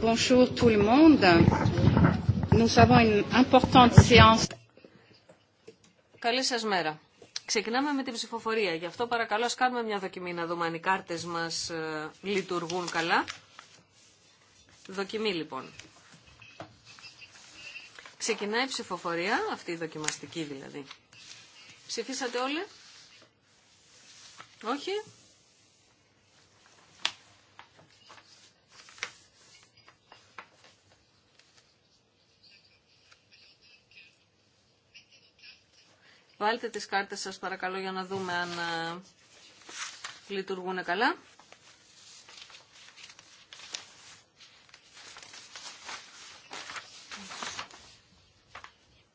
Bonjour Καλή σας μέρα. Ξεκινάμε με την ψηφοφορία. Γι' αυτό παρακαλώ ας κάνουμε μια δοκιμή να δούμε αν οι κάρτες μας ε, λειτουργούν καλά. Δοκιμή λοιπόν. Ξεκινάει η ψηφοφορία, αυτή η δοκιμαστική δηλαδή. Ψηφίσατε όλοι. Όχι. Βάλτε τις κάρτες σας παρακαλώ για να δούμε αν ε, λειτουργούν καλά.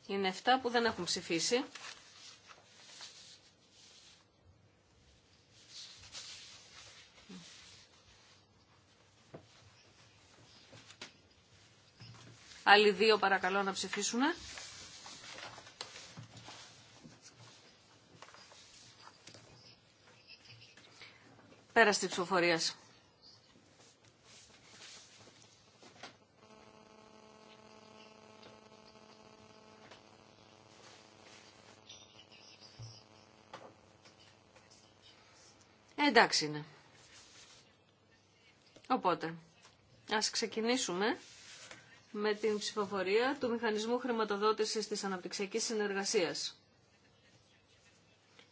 Είναι 7 που δεν έχουν ψηφίσει. Άλλοι δύο παρακαλώ να ψηφίσουνε. Πέραστη της ψηφοφορίας. Ε, εντάξει είναι. Οπότε, ας ξεκινήσουμε με την ψηφοφορία του Μηχανισμού Χρηματοδότησης της Αναπτυξιακής Συνεργασίας.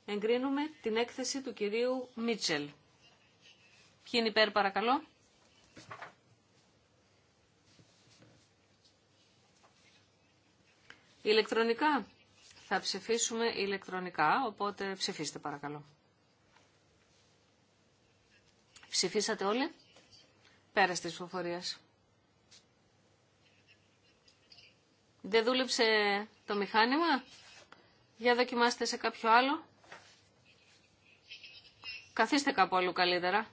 Εγκρίνουμε την έκθεση του κυρίου Μίτσελ. Ποιοι είναι υπέρ παρακαλώ. Ηλεκτρονικά. Θα ψηφίσουμε ηλεκτρονικά, οπότε ψηφίστε παρακαλώ. Ψηφίσατε όλοι. Πέρα τη ψηφοφορία. Δεν δούλεψε το μηχάνημα. Για δοκιμάστε σε κάποιο άλλο. Καθίστε κάπου αλλού καλύτερα.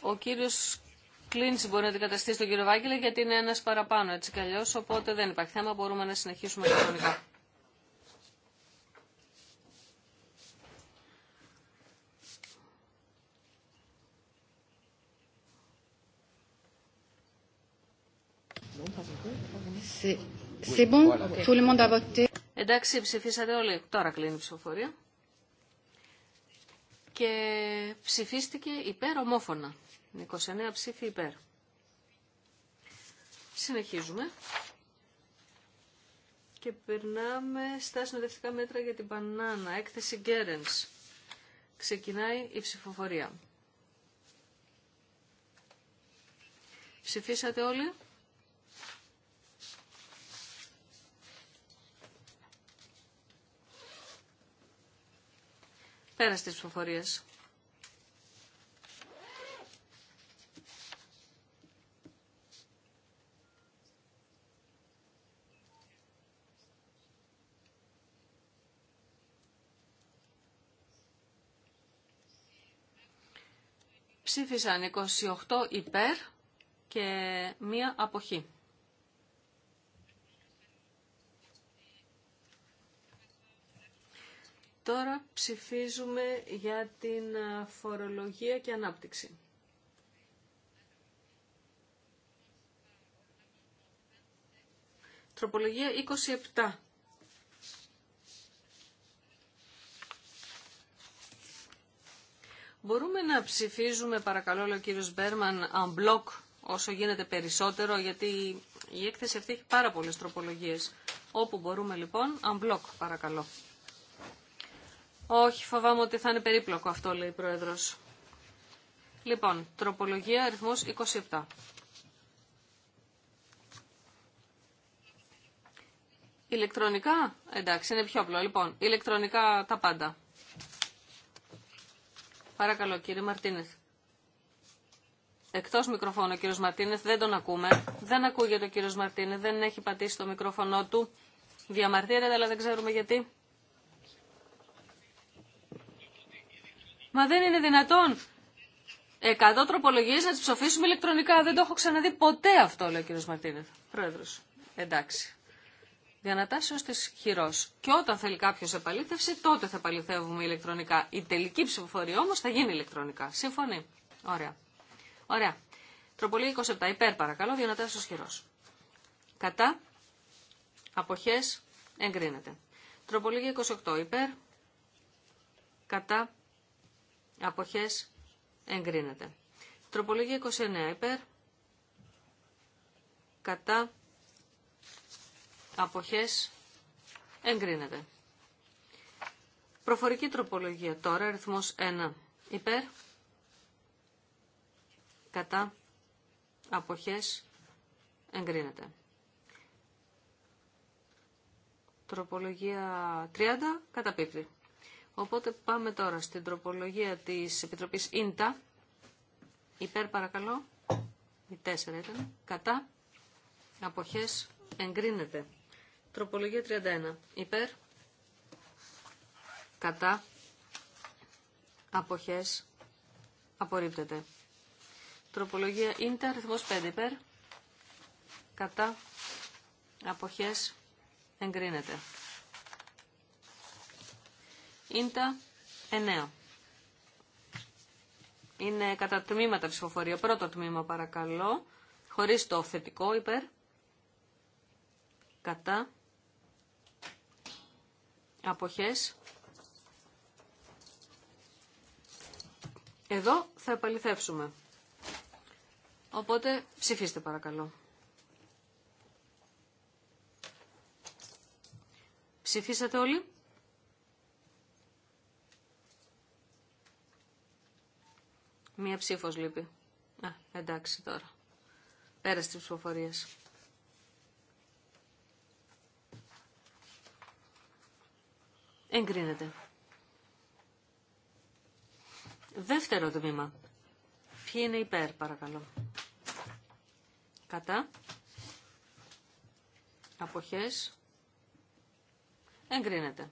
Ο κύριος Κλίντσι μπορεί να αντικαταστήσει τον κύριο Βάγκελε γιατί είναι ένας παραπάνω έτσι κι αλλιώς, οπότε δεν υπάρχει θέμα, μπορούμε να συνεχίσουμε κανονικά. Εντάξει, ψηφίσατε όλοι. Τώρα κλείνει η ψηφοφορία. Και ψηφίστηκε υπέρ ομόφωνα. 29 ψήφοι υπέρ. Συνεχίζουμε. Και περνάμε στα συνοδευτικά μέτρα για την μπανάνα. Έκθεση Γκέρενς. Ξεκινάει η ψηφοφορία. Ψηφίσατε όλοι. Πέρα στις ψηφοφορίες Ψήφισαν 28 υπέρ και μία αποχή. Τώρα ψηφίζουμε για την φορολογία και ανάπτυξη. Τροπολογία 27. Μπορούμε να ψηφίζουμε, παρακαλώ, λέει ο κύριος Μπέρμαν, unblock όσο γίνεται περισσότερο, γιατί η έκθεση αυτή έχει πάρα πολλές τροπολογίες. Όπου μπορούμε λοιπόν, unblock, παρακαλώ. Όχι, φοβάμαι ότι θα είναι περίπλοκο αυτό, λέει η Προεδρο. Λοιπόν, τροπολογία αριθμό 27. Ηλεκτρονικά, εντάξει, είναι πιο απλό. Λοιπόν, ηλεκτρονικά τα πάντα. Παρακαλώ, κύριε Μαρτίνεθ. Εκτός μικροφώνου ο κύριος Μαρτίνεθ, δεν τον ακούμε. Δεν ακούγεται ο κύριος Μαρτίνεθ, δεν έχει πατήσει το μικρόφωνο του. Διαμαρτύρεται, αλλά δεν ξέρουμε γιατί. Μα δεν είναι δυνατόν 100 τροπολογίε να τι ψηφίσουμε ηλεκτρονικά. Δεν το έχω ξαναδεί ποτέ αυτό, λέει ο κύριο Μαρτίνεθ. Πρόεδρο. Εντάξει. Διανατάσσεω τη χειρό. Και όταν θέλει κάποιο επαλήθευση, τότε θα επαληθεύουμε ηλεκτρονικά. Η τελική ψηφοφορία όμω θα γίνει ηλεκτρονικά. Σύμφωνοι. Ωραία. Ωραία. Τροπολογία 27. Υπέρ παρακαλώ. Διανατάσσεω χειρό. Κατά. Αποχέ. Εγκρίνεται. Τροπολογία 28. Υπέρ. Κατά. Αποχές εγκρίνεται. Τροπολογία 29 υπέρ. Κατά. Αποχές εγκρίνεται. Προφορική τροπολογία τώρα, Ρυθμός 1 υπέρ. Κατά. Αποχές εγκρίνεται. Τροπολογία 30 καταπίπτει. Οπότε πάμε τώρα στην τροπολογία της Επιτροπής ΙΝΤΑ. Υπέρ παρακαλώ. Η 4 ήταν. Κατά. Αποχές εγκρίνεται. Τροπολογία 31. Υπέρ. Κατά. Αποχές απορρίπτεται. Τροπολογία ΙΝΤΑ. ρυθμός 5. Υπέρ. Κατά. Αποχές εγκρίνεται. Ίντα 9. Είναι κατά τμήματα ψηφοφορία. Πρώτο τμήμα παρακαλώ. Χωρίς το θετικό υπέρ. Κατά. Αποχές. Εδώ θα επαληθεύσουμε. Οπότε ψηφίστε παρακαλώ. Ψηφίσατε όλοι. Μία ψήφο λείπει. Α, εντάξει τώρα. Πέρασε τη ψηφοφορία. Εγκρίνεται. Δεύτερο τμήμα. Ποιοι είναι υπέρ, παρακαλώ. Κατά. Αποχές. Εγκρίνεται.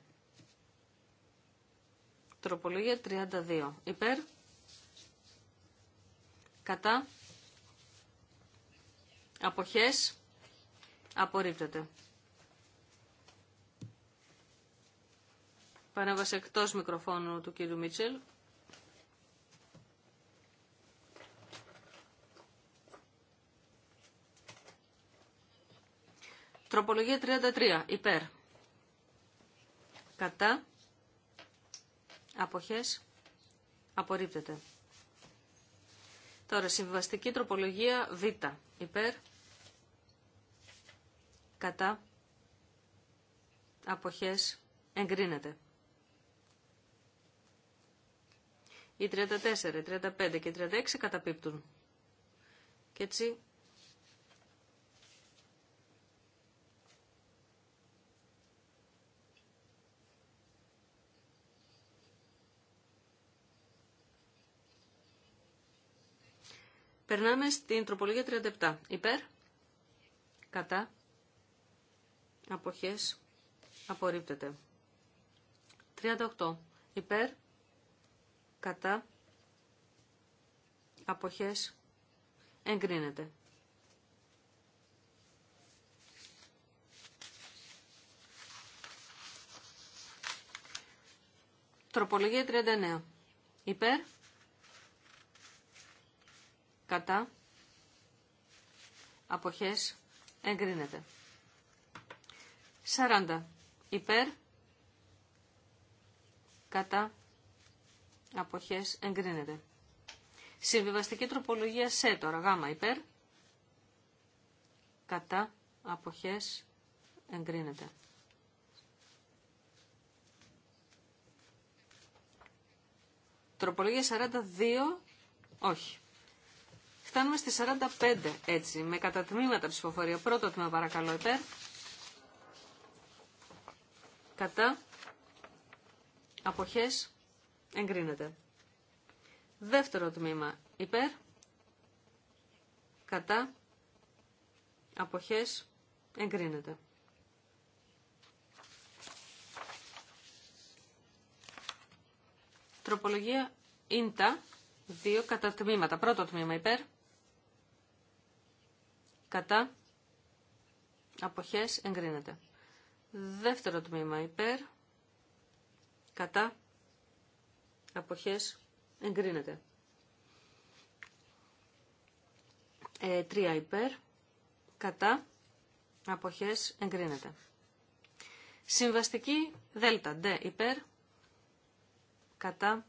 Τροπολογία 32. Υπέρ κατά, αποχές, απορρίπτεται. Παρέμβαση εκτός μικροφώνου του κύριου Μίτσελ. Τροπολογία 33. Υπέρ. Κατά. Αποχές. Απορρίπτεται. Τώρα, συμβαστική τροπολογία Β. Υπέρ. Κατά. Αποχές. Εγκρίνεται. Οι 34, 35 και 36 καταπίπτουν. Και έτσι Περνάμε στην τροπολογία 37. Υπέρ, κατά, αποχές, απορρίπτεται. 38. Υπέρ, κατά, αποχές, εγκρίνεται. Τροπολογία 39. Υπέρ, κατά, αποχές, εγκρίνεται. 40 υπέρ, κατά, αποχές, εγκρίνεται. Συμβιβαστική τροπολογία σε τώρα, γάμα υπέρ, κατά, αποχές, εγκρίνεται. Τροπολογία 42, όχι. Φτάνουμε στη 45 έτσι, με κατατμήματα ψηφοφορία. Πρώτο τμήμα παρακαλώ υπέρ. Κατά. Αποχές. Εγκρίνεται. Δεύτερο τμήμα υπέρ. Κατά. Αποχές. Εγκρίνεται. Τροπολογία ίντα. Δύο κατατμήματα. Πρώτο τμήμα υπέρ κατά, αποχές, εγκρίνεται. Δεύτερο τμήμα υπέρ, κατά, αποχές, εγκρίνεται. Ε, τρία υπέρ, κατά, αποχές, εγκρίνεται. Συμβαστική δέλτα, ντε υπέρ, κατά,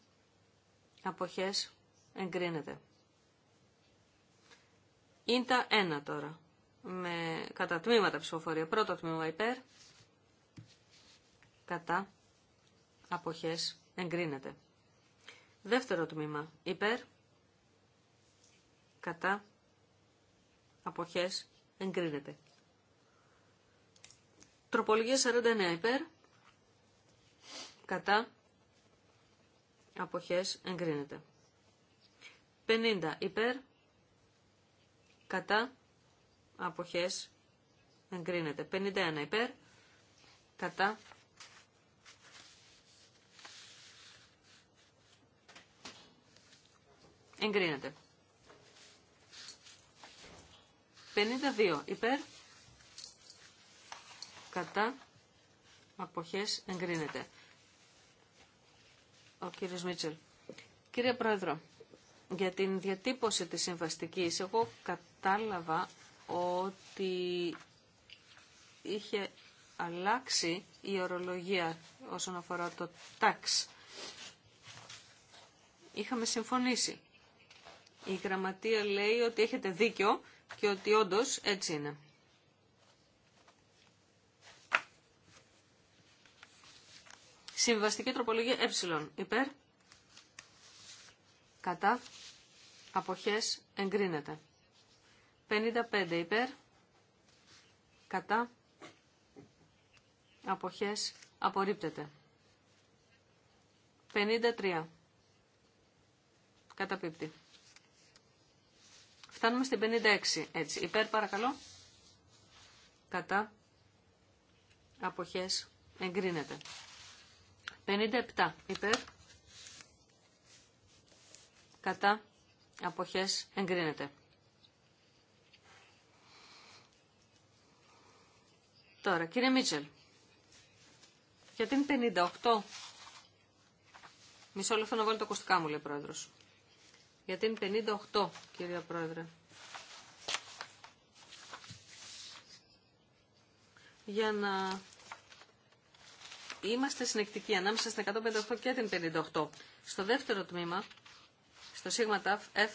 αποχές, εγκρίνεται. Είναι τα 1 τώρα. Με κατά τμήματα ψηφοφορία. Πρώτο τμήμα υπέρ. Κατά. Αποχές. Εγκρίνεται. Δεύτερο τμήμα υπέρ. Κατά. Αποχές. Εγκρίνεται. Τροπολογία 49 υπέρ. Κατά. Αποχές εγκρίνεται. 50 υπέρ κατά αποχές εγκρίνεται. 51 υπέρ κατά εγκρίνεται. 52 υπέρ κατά αποχές εγκρίνεται. Ο κύριος Μίτσελ. Κύριε Πρόεδρο, για την διατύπωση της συμβαστικής, εγώ κατά κατάλαβα ότι είχε αλλάξει η ορολογία όσον αφορά το τάξ. Είχαμε συμφωνήσει. Η γραμματεία λέει ότι έχετε δίκιο και ότι όντως έτσι είναι. Συμβαστική τροπολογία ε, υπέρ, κατά, αποχές, εγκρίνεται. 55 υπέρ, κατά, αποχές, απορρίπτεται. 53, καταπίπτει. Φτάνουμε στην 56, έτσι. Υπέρ παρακαλώ, κατά, αποχές, εγκρίνεται. 57 υπέρ, κατά, αποχές, εγκρίνεται. Τώρα, κύριε Μίτσελ, για την 58, μισό λεπτό να βάλω τα ακουστικά μου, λέει ο πρόεδρο. Για την 58, κύριε πρόεδρε. Για να είμαστε συνεκτικοί ανάμεσα στην 158 και την 58. Στο δεύτερο τμήμα, στο σίγμα F,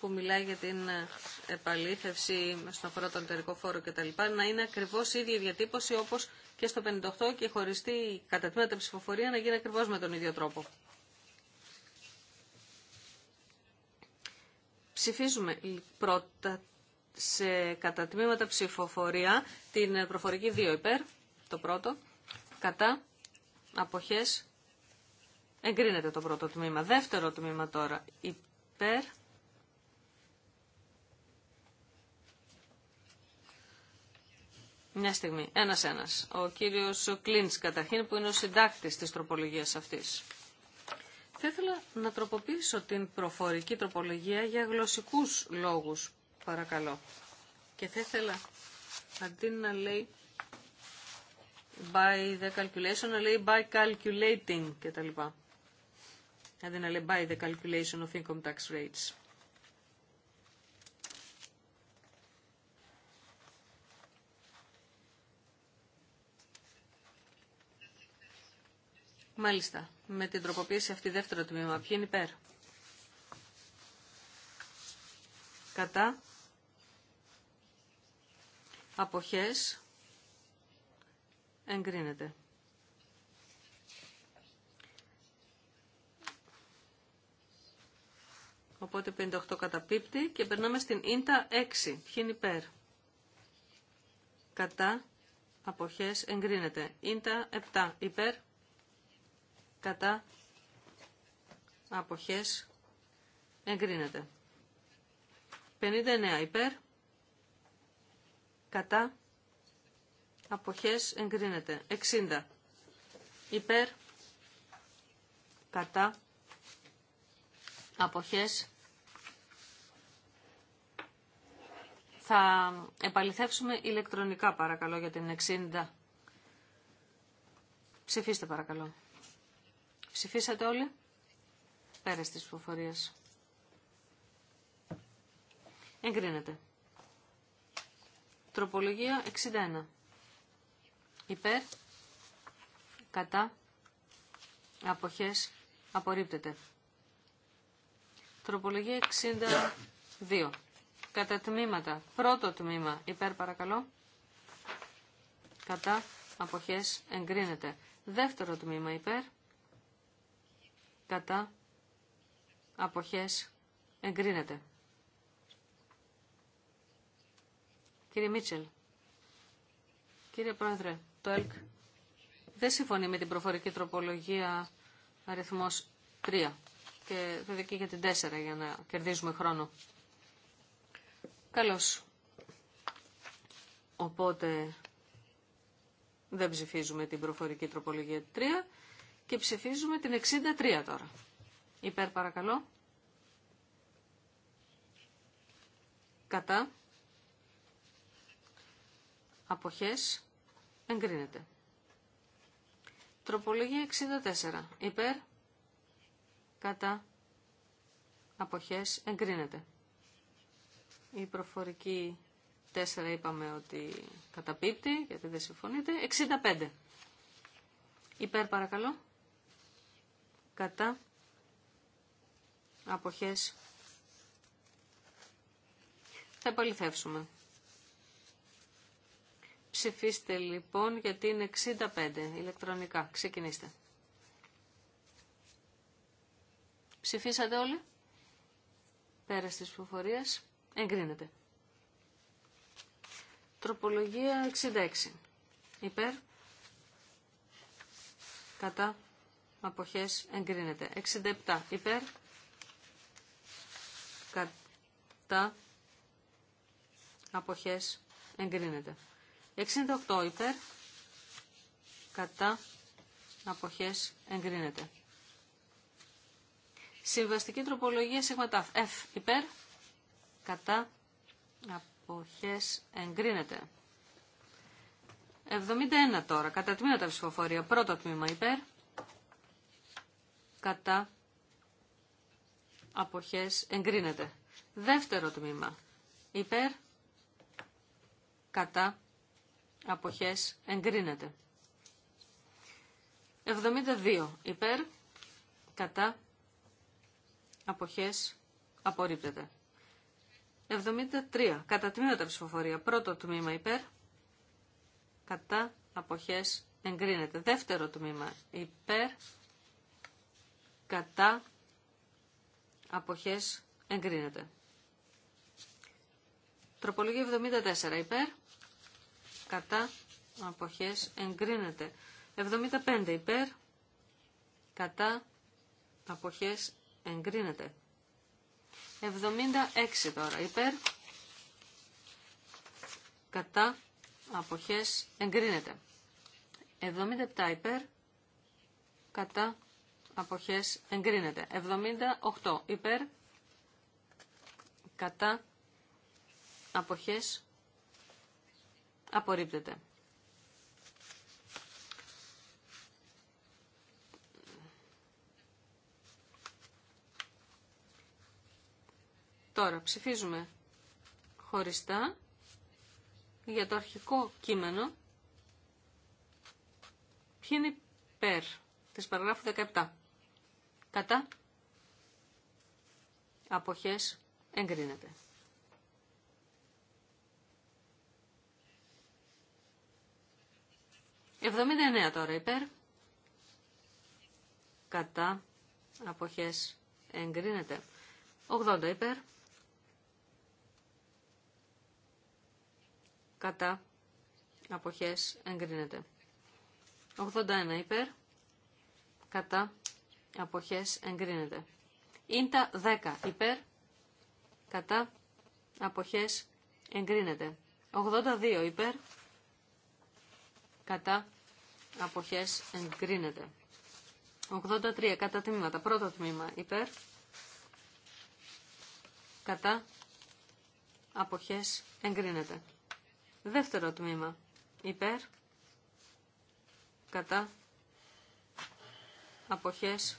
που μιλάει για την ε, επαλήθευση στον αφορά τον εταιρικό φόρο κτλ. να είναι ακριβώς η ίδια διατύπωση όπως και στο 58 και χωριστή κατά τμήματα ψηφοφορία να γίνει ακριβώς με τον ίδιο τρόπο. Ψηφίζουμε πρώτα σε κατά τμήματα ψηφοφορία την ε, προφορική 2 υπέρ, το πρώτο, κατά αποχές εγκρίνεται το πρώτο τμήμα. Δεύτερο τμήμα τώρα υπέρ Μια στιγμή. Ένας-ένας. Ο κύριος Κλίντς καταρχήν που είναι ο συντάκτης της τροπολογίας αυτής. Θα ήθελα να τροποποιήσω την προφορική τροπολογία για γλωσσικούς λόγους, παρακαλώ. Και θα ήθελα αντί να λέει by the calculation, να λέει by calculating κτλ. Αντί να λέει by the calculation of income tax rates. Μάλιστα, με την τροποποίηση αυτή δεύτερο τμήμα. Ποιοι είναι υπέρ. Κατά. Αποχές. Εγκρίνεται. Οπότε 58 καταπίπτει και περνάμε στην ίντα 6. Ποιοι είναι υπέρ. Κατά. Αποχές εγκρίνεται. Ίντα 7 υπέρ κατά αποχές εγκρίνεται. 59 υπέρ κατά αποχές εγκρίνεται. 60 υπέρ κατά αποχές θα επαληθεύσουμε ηλεκτρονικά παρακαλώ για την 60. Ψηφίστε παρακαλώ. Ψηφίσατε όλοι. Πέρα τη ψηφοφορία. Εγκρίνεται. Τροπολογία 61. Υπέρ. Κατά. Αποχές. Απορρίπτεται. Τροπολογία 62. Κατά τμήματα. Πρώτο τμήμα. Υπέρ παρακαλώ. Κατά. Αποχές. Εγκρίνεται. Δεύτερο τμήμα. Υπέρ κατά αποχές εγκρίνεται. Κύριε Μίτσελ, κύριε Πρόεδρε, το ΕΛΚ δεν συμφωνεί με την προφορική τροπολογία αριθμός 3 και θα και για την 4 για να κερδίζουμε χρόνο. Καλώς. Οπότε δεν ψηφίζουμε την προφορική τροπολογία 3 και ψηφίζουμε την 63 τώρα. Υπέρ παρακαλώ. Κατά. Αποχές. Εγκρίνεται. Τροπολογία 64. Υπέρ. Κατά. Αποχές. Εγκρίνεται. Η προφορική 4 είπαμε ότι καταπίπτει, γιατί δεν συμφωνείτε. 65. Υπέρ παρακαλώ κατά αποχές θα επαληθεύσουμε. Ψηφίστε λοιπόν γιατί είναι 65 ηλεκτρονικά. Ξεκινήστε. Ψηφίσατε όλοι. Πέρας της ψηφοφορίας. Εγκρίνεται. Τροπολογία 66. Υπέρ. Κατά αποχές εγκρίνεται. 67 υπέρ, κατά, αποχές εγκρίνεται. 68 υπέρ, κατά, αποχές εγκρίνεται. Συμβαστική τροπολογία σιγματάφ. F υπέρ, κατά, αποχές εγκρίνεται. 71 τώρα, κατά τμήματα ψηφοφορία. Πρώτο τμήμα υπέρ, κατά αποχές εγκρίνεται. Δεύτερο τμήμα υπέρ κατά αποχές εγκρίνεται. 72 υπέρ κατά αποχές απορρίπτεται. 73 κατά τμήματα ψηφοφορία. Πρώτο τμήμα υπέρ κατά αποχές εγκρίνεται. Δεύτερο τμήμα υπέρ κατά αποχές εγκρίνεται. Τροπολογία 74 υπέρ, κατά αποχές εγκρίνεται. 75 υπέρ, κατά αποχές εγκρίνεται. 76 τώρα υπέρ, κατά αποχές εγκρίνεται. 77 υπέρ, κατά αποχές εγκρίνεται. 78 υπέρ κατά αποχές απορρίπτεται. Τώρα ψηφίζουμε χωριστά για το αρχικό κείμενο. Ποιοι είναι υπέρ της παραγράφου 17. Κατά. Αποχές εγκρίνεται. 79 τώρα υπέρ. Κατά. Αποχές εγκρίνεται. 80 υπέρ. Κατά. Αποχές εγκρίνεται. 81 υπέρ. Κατά αποχές εγκρίνεται. Ίντα 10 υπέρ, κατά, αποχές εγκρίνεται. 82 υπέρ, κατά, αποχές εγκρίνεται. 83 κατά τμήματα, πρώτο τμήμα υπέρ, κατά, αποχές εγκρίνεται. Δεύτερο τμήμα υπέρ, κατά, αποχές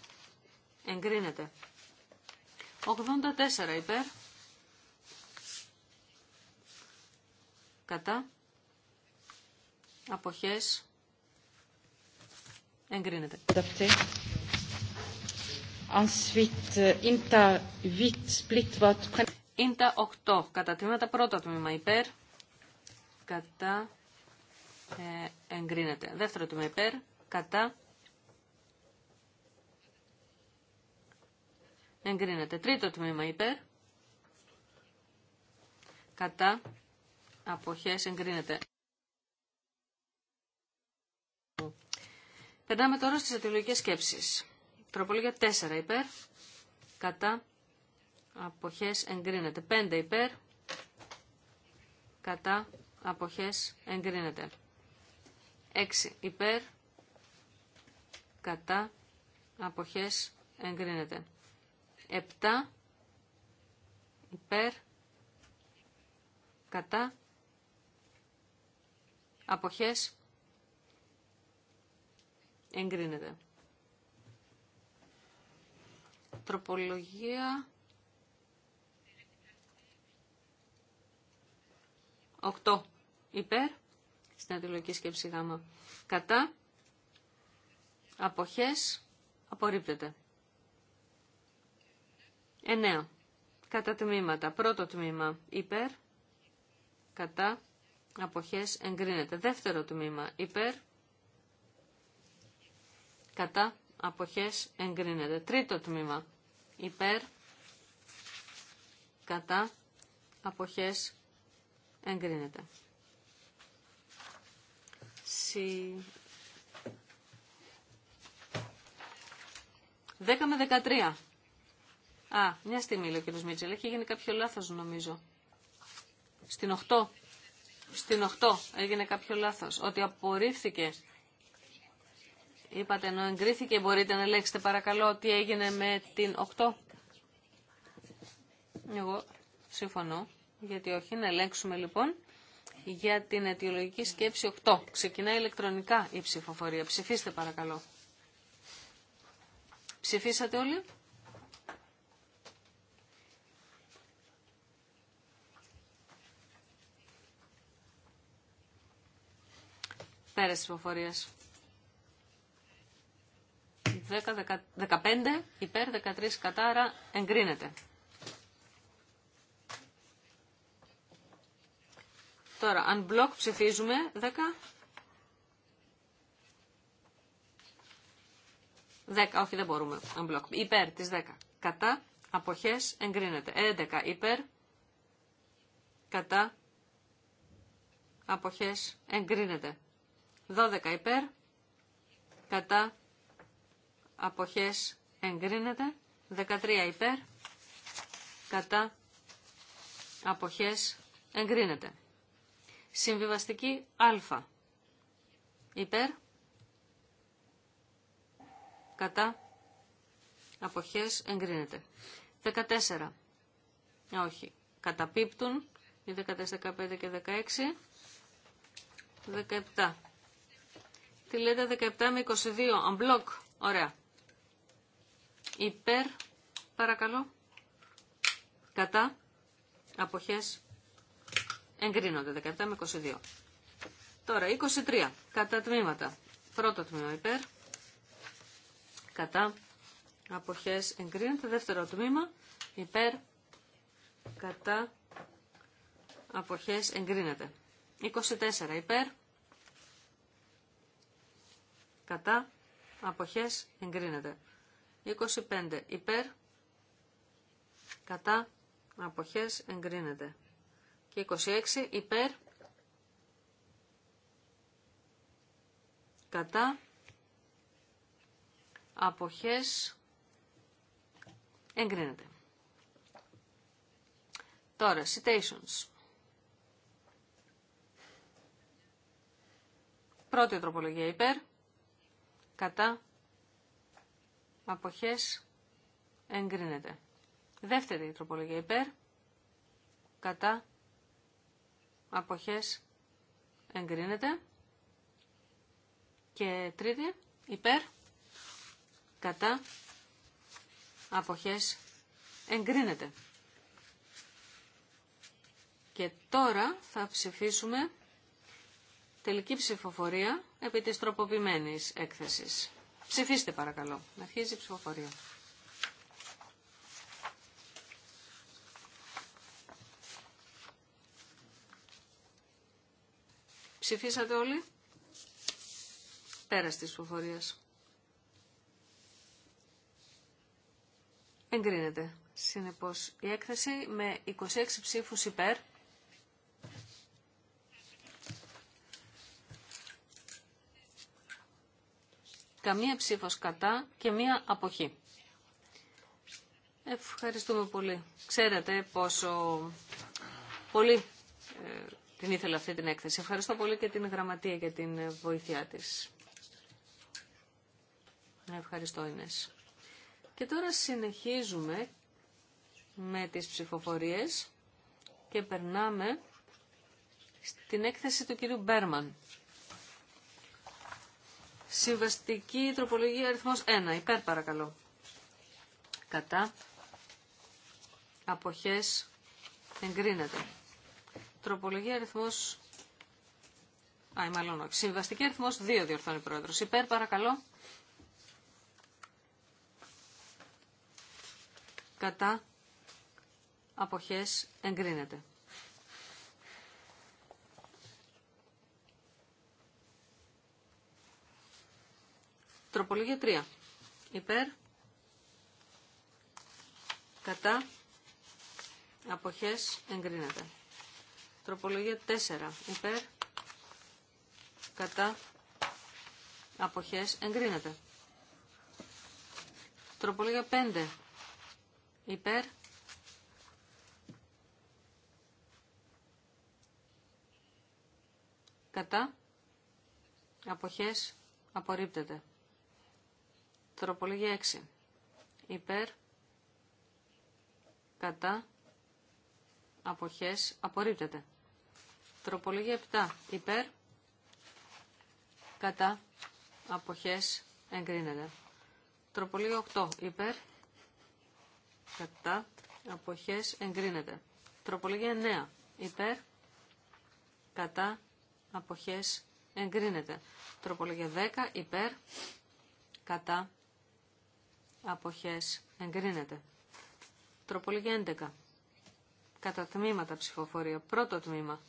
εγκρίνεται. 84 υπέρ, κατά, αποχές εγκρίνεται. Ίντα 8, κατά τμήματα πρώτο τμήμα υπέρ, κατά, ε, εγκρίνεται. Δεύτερο τμήμα υπέρ, κατά, Εγκρίνεται. Τρίτο τμήμα υπέρ. Κατά. Αποχές εγκρίνεται. Περνάμε τώρα στις αιτιολογικές σκέψεις. Τροπολογία 4 υπέρ. Κατά. Αποχές εγκρίνεται. 5 υπέρ. Κατά. Αποχές εγκρίνεται. 6 υπέρ. Κατά. Αποχές εγκρίνεται. Επτά, υπέρ κατά αποχές εγκρίνεται. Τροπολογία 8 υπέρ στην αντιλογική σκέψη γάμα. Κατά αποχές απορρίπτεται. 9. Κατά τμήματα. Πρώτο τμήμα υπέρ, κατά, αποχές εγκρίνεται. Δεύτερο τμήμα υπέρ, κατά, αποχές εγκρίνεται. Τρίτο τμήμα υπέρ, κατά, αποχές εγκρίνεται. Συ... 10 με 13 Α, μια στιγμή λέει ο κύριο Μίτσελ. Έχει γίνει κάποιο λάθο νομίζω. Στην 8. Στην 8 έγινε κάποιο λάθο. Ότι απορρίφθηκε. Είπατε ενώ εγκρίθηκε. Μπορείτε να λέξετε παρακαλώ τι έγινε με την 8. Εγώ συμφωνώ. Γιατί όχι. Να ελέγξουμε λοιπόν για την αιτιολογική σκέψη 8. Ξεκινάει ηλεκτρονικά η ψηφοφορία. Ψηφίστε παρακαλώ. Ψηφίσατε όλοι. Πέρα τη 10, 10, 15 υπέρ 13 κατάρα εγκρίνεται. Τώρα, αν μπλοκ ψηφίζουμε 10. 10, όχι δεν μπορούμε, αν μπλοκ. Υπέρ τις 10. Κατά, αποχές, εγκρίνεται. 11 υπέρ, κατά, αποχές, εγκρίνεται. 12 υπέρ, κατά αποχές εγκρίνεται. 13 υπέρ, κατά αποχές εγκρίνεται. Συμβιβαστική α. Υπέρ, κατά αποχές εγκρίνεται. 14. Όχι. Καταπίπτουν οι 14, 15 και 16. 17. Τη λέτε 17 με 22. Unblock. Ωραία. Υπέρ. Παρακαλώ. Κατά. Αποχές. Εγκρίνονται 17 με 22. Τώρα 23. Κατά τμήματα. Πρώτο τμήμα υπέρ. Κατά. Αποχές εγκρίνονται. Δεύτερο τμήμα υπέρ. Κατά. Αποχές εγκρίνεται. 24 υπέρ κατά, αποχές, εγκρίνεται. 25 υπέρ, κατά, αποχές, εγκρίνεται. Και 26 υπέρ, κατά, αποχές, εγκρίνεται. Τώρα, citations. Πρώτη τροπολογία υπέρ, κατά, αποχές, εγκρίνεται. Δεύτερη τροπολογία υπέρ, κατά, αποχές, εγκρίνεται. Και τρίτη, υπέρ, κατά, αποχές, εγκρίνεται. Και τώρα θα ψηφίσουμε Τελική ψηφοφορία επί της τροποποιημένης έκθεσης. Ψηφίστε παρακαλώ. Αρχίζει η ψηφοφορία. Ψηφίσατε όλοι. Πέρας της ψηφοφορίας. Εγκρίνεται. Συνεπώς η έκθεση με 26 ψήφους υπέρ, καμία ψήφος κατά και μία αποχή. Ευχαριστούμε πολύ. Ξέρετε πόσο πολύ ε, την ήθελα αυτή την έκθεση. Ευχαριστώ πολύ και την γραμματεία για την ε, βοήθειά της. Ευχαριστώ, Ινές. Και τώρα συνεχίζουμε με τις ψηφοφορίες και περνάμε στην έκθεση του κυρίου Μπέρμαν. Συμβαστική τροπολογία αριθμός 1. Υπέρ παρακαλώ. Κατά. Αποχές. Εγκρίνεται. Τροπολογία αριθμός... Α, μάλλον Συμβαστική αριθμός 2 διορθώνει πρόεδρος. Υπέρ παρακαλώ. Κατά. Αποχές. Εγκρίνεται. Τροπολογία 3. Υπέρ. Κατά. Αποχές εγκρίνεται. Τροπολογία 4. Υπέρ. Κατά. Αποχές εγκρίνεται. Τροπολογία 5. Υπέρ. Κατά. Αποχές απορρίπτεται. Τροπολογία 6. Υπέρ. Κατά. Αποχές. Απορρίπτεται. Τροπολογία 7. Υπέρ. Κατά. Αποχές. Εγκρίνεται. Τροπολογία 8. Υπέρ. Κατά. Αποχές. Εγκρίνεται. Τροπολογία 9. Υπέρ. Κατά. Αποχές. Εγκρίνεται. Τροπολογία 10. Υπέρ. Κατά αποχές εγκρίνεται. Τροπολογία 11. Κατά τμήματα ψηφοφορία. Πρώτο τμήμα.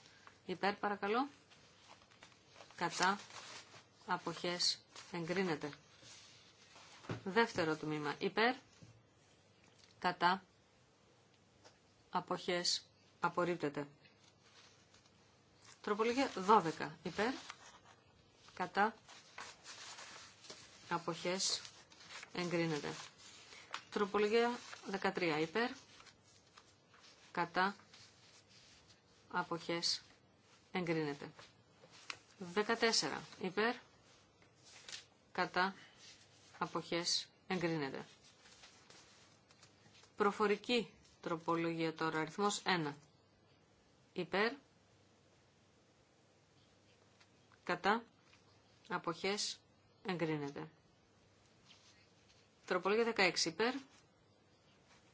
Υπέρ παρακαλώ. Κατά αποχές εγκρίνεται. Δεύτερο τμήμα. Υπέρ. Κατά αποχές απορρίπτεται. Τροπολογία 12. Υπέρ. Κατά αποχές εγκρίνεται. Τροπολογία 13 υπέρ, κατά, αποχές, εγκρίνεται. 14 υπέρ, κατά, αποχές, εγκρίνεται. Προφορική τροπολογία τώρα, αριθμός 1. Υπέρ, κατά, αποχές, εγκρίνεται. Τροπολογία 16 υπέρ,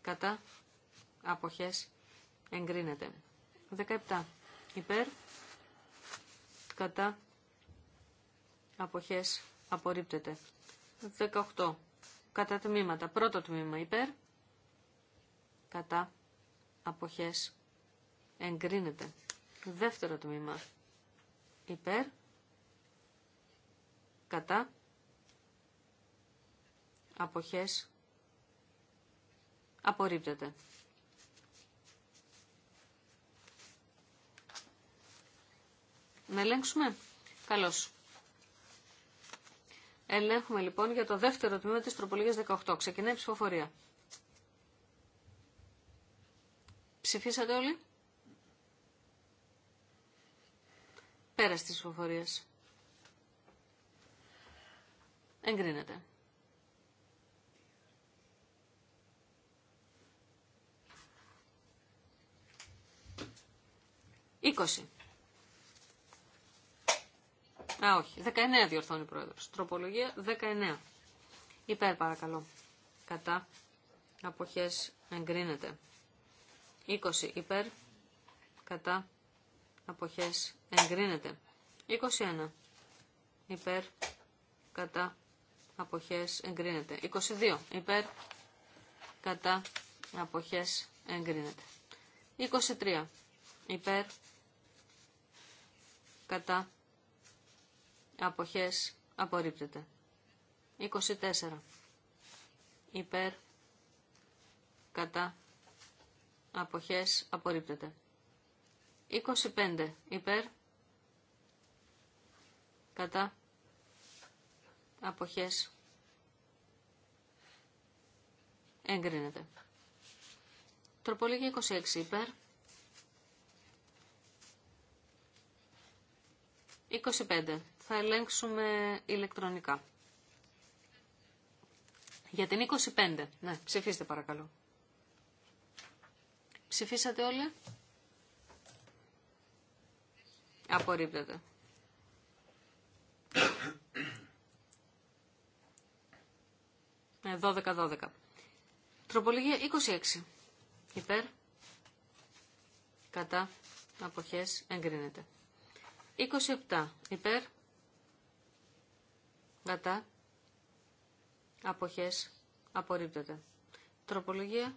κατά, αποχές, εγκρίνεται. 17 υπέρ, κατά, αποχές, απορρίπτεται. 18 κατά τμήματα. Πρώτο τμήμα υπέρ, κατά, αποχές, εγκρίνεται. Δεύτερο τμήμα υπέρ, κατά, αποχές απορρίπτεται. Να ελέγξουμε. Καλώς. Ελέγχουμε λοιπόν για το δεύτερο τμήμα της τροπολογίας 18. Ξεκινάει η ψηφοφορία. Ψηφίσατε όλοι. Πέρα της ψηφοφορίας. Εγκρίνεται. 20. Α, όχι. 19 διορθώνει ο πρόεδρος. Τροπολογία 19. Υπέρ παρακαλώ. Κατά. Αποχές εγκρίνεται. 20 υπέρ. Κατά. Αποχές εγκρίνεται. 21 υπέρ. Κατά. Αποχές εγκρίνεται. 22 υπέρ. Κατά. Αποχές εγκρίνεται. 23 υπέρ κατά αποχές απορρίπτεται. 24 υπέρ κατά αποχές απορρίπτεται. 25 υπέρ κατά αποχές εγκρίνεται. Τροπολογία 26 υπέρ 25. Θα ελέγξουμε ηλεκτρονικά. Για την 25. Ναι, ψηφίστε παρακαλώ. Ψηφίσατε όλοι. Απορρίπτεται. 12-12. Ναι, Τροπολογία 26. Υπέρ. Κατά. Αποχές. Εγκρίνεται. 27 υπέρ, κατά, αποχές, απορρίπτεται. Τροπολογία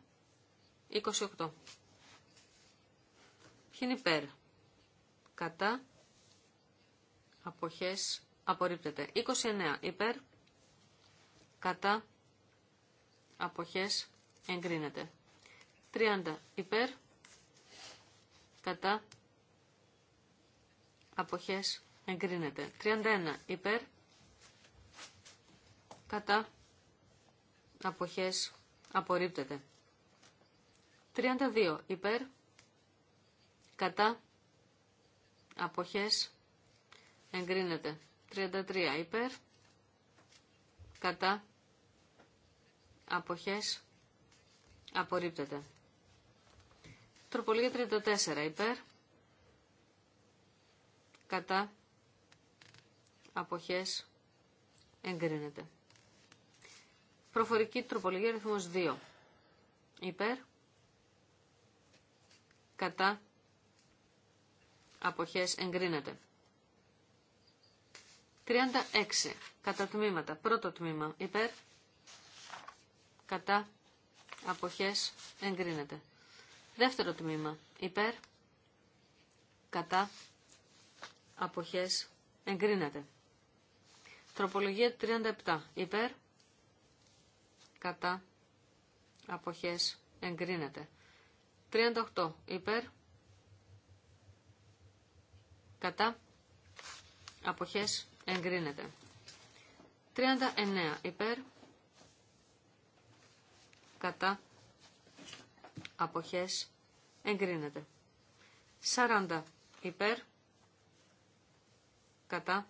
28. Ποιοι είναι υπέρ, κατά, αποχές, απορρίπτεται. 29 υπέρ, κατά, αποχές, εγκρίνεται. 30 υπέρ, κατά, αποχές εγκρίνεται. 31 υπέρ κατά αποχές απορρίπτεται. 32 υπέρ κατά αποχές εγκρίνεται. 33 υπέρ κατά αποχές απορρίπτεται. Τροπολογία 34 υπέρ κατά αποχές εγκρίνεται. Προφορική τροπολογία αριθμός 2. Υπέρ, κατά, αποχές εγκρίνεται. 36. Κατά τμήματα. Πρώτο τμήμα. Υπέρ, κατά, αποχές εγκρίνεται. Δεύτερο τμήμα. Υπέρ, κατά, αποχές εγκρίνεται. Τροπολογία 37. Υπέρ, κατά, αποχές εγκρίνεται. 38. Υπέρ, κατά, αποχές εγκρίνεται. 39. Υπέρ, κατά, αποχές εγκρίνεται. 40. Υπέρ, κατά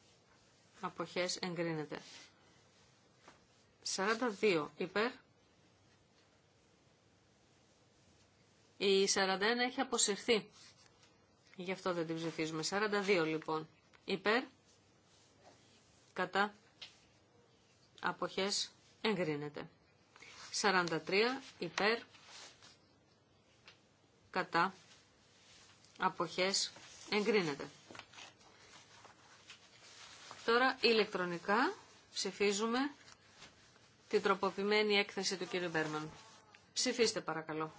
αποχές εγκρίνεται. 42 υπέρ. Η 41 έχει αποσυρθεί. Γι' αυτό δεν την ψηφίζουμε. 42 λοιπόν. Υπέρ. Κατά. Αποχές εγκρίνεται. 43 υπέρ. Κατά. Αποχές εγκρίνεται. Τώρα ηλεκτρονικά ψηφίζουμε την τροποποιημένη έκθεση του κύριου Μπέρμαν. Ψηφίστε παρακαλώ.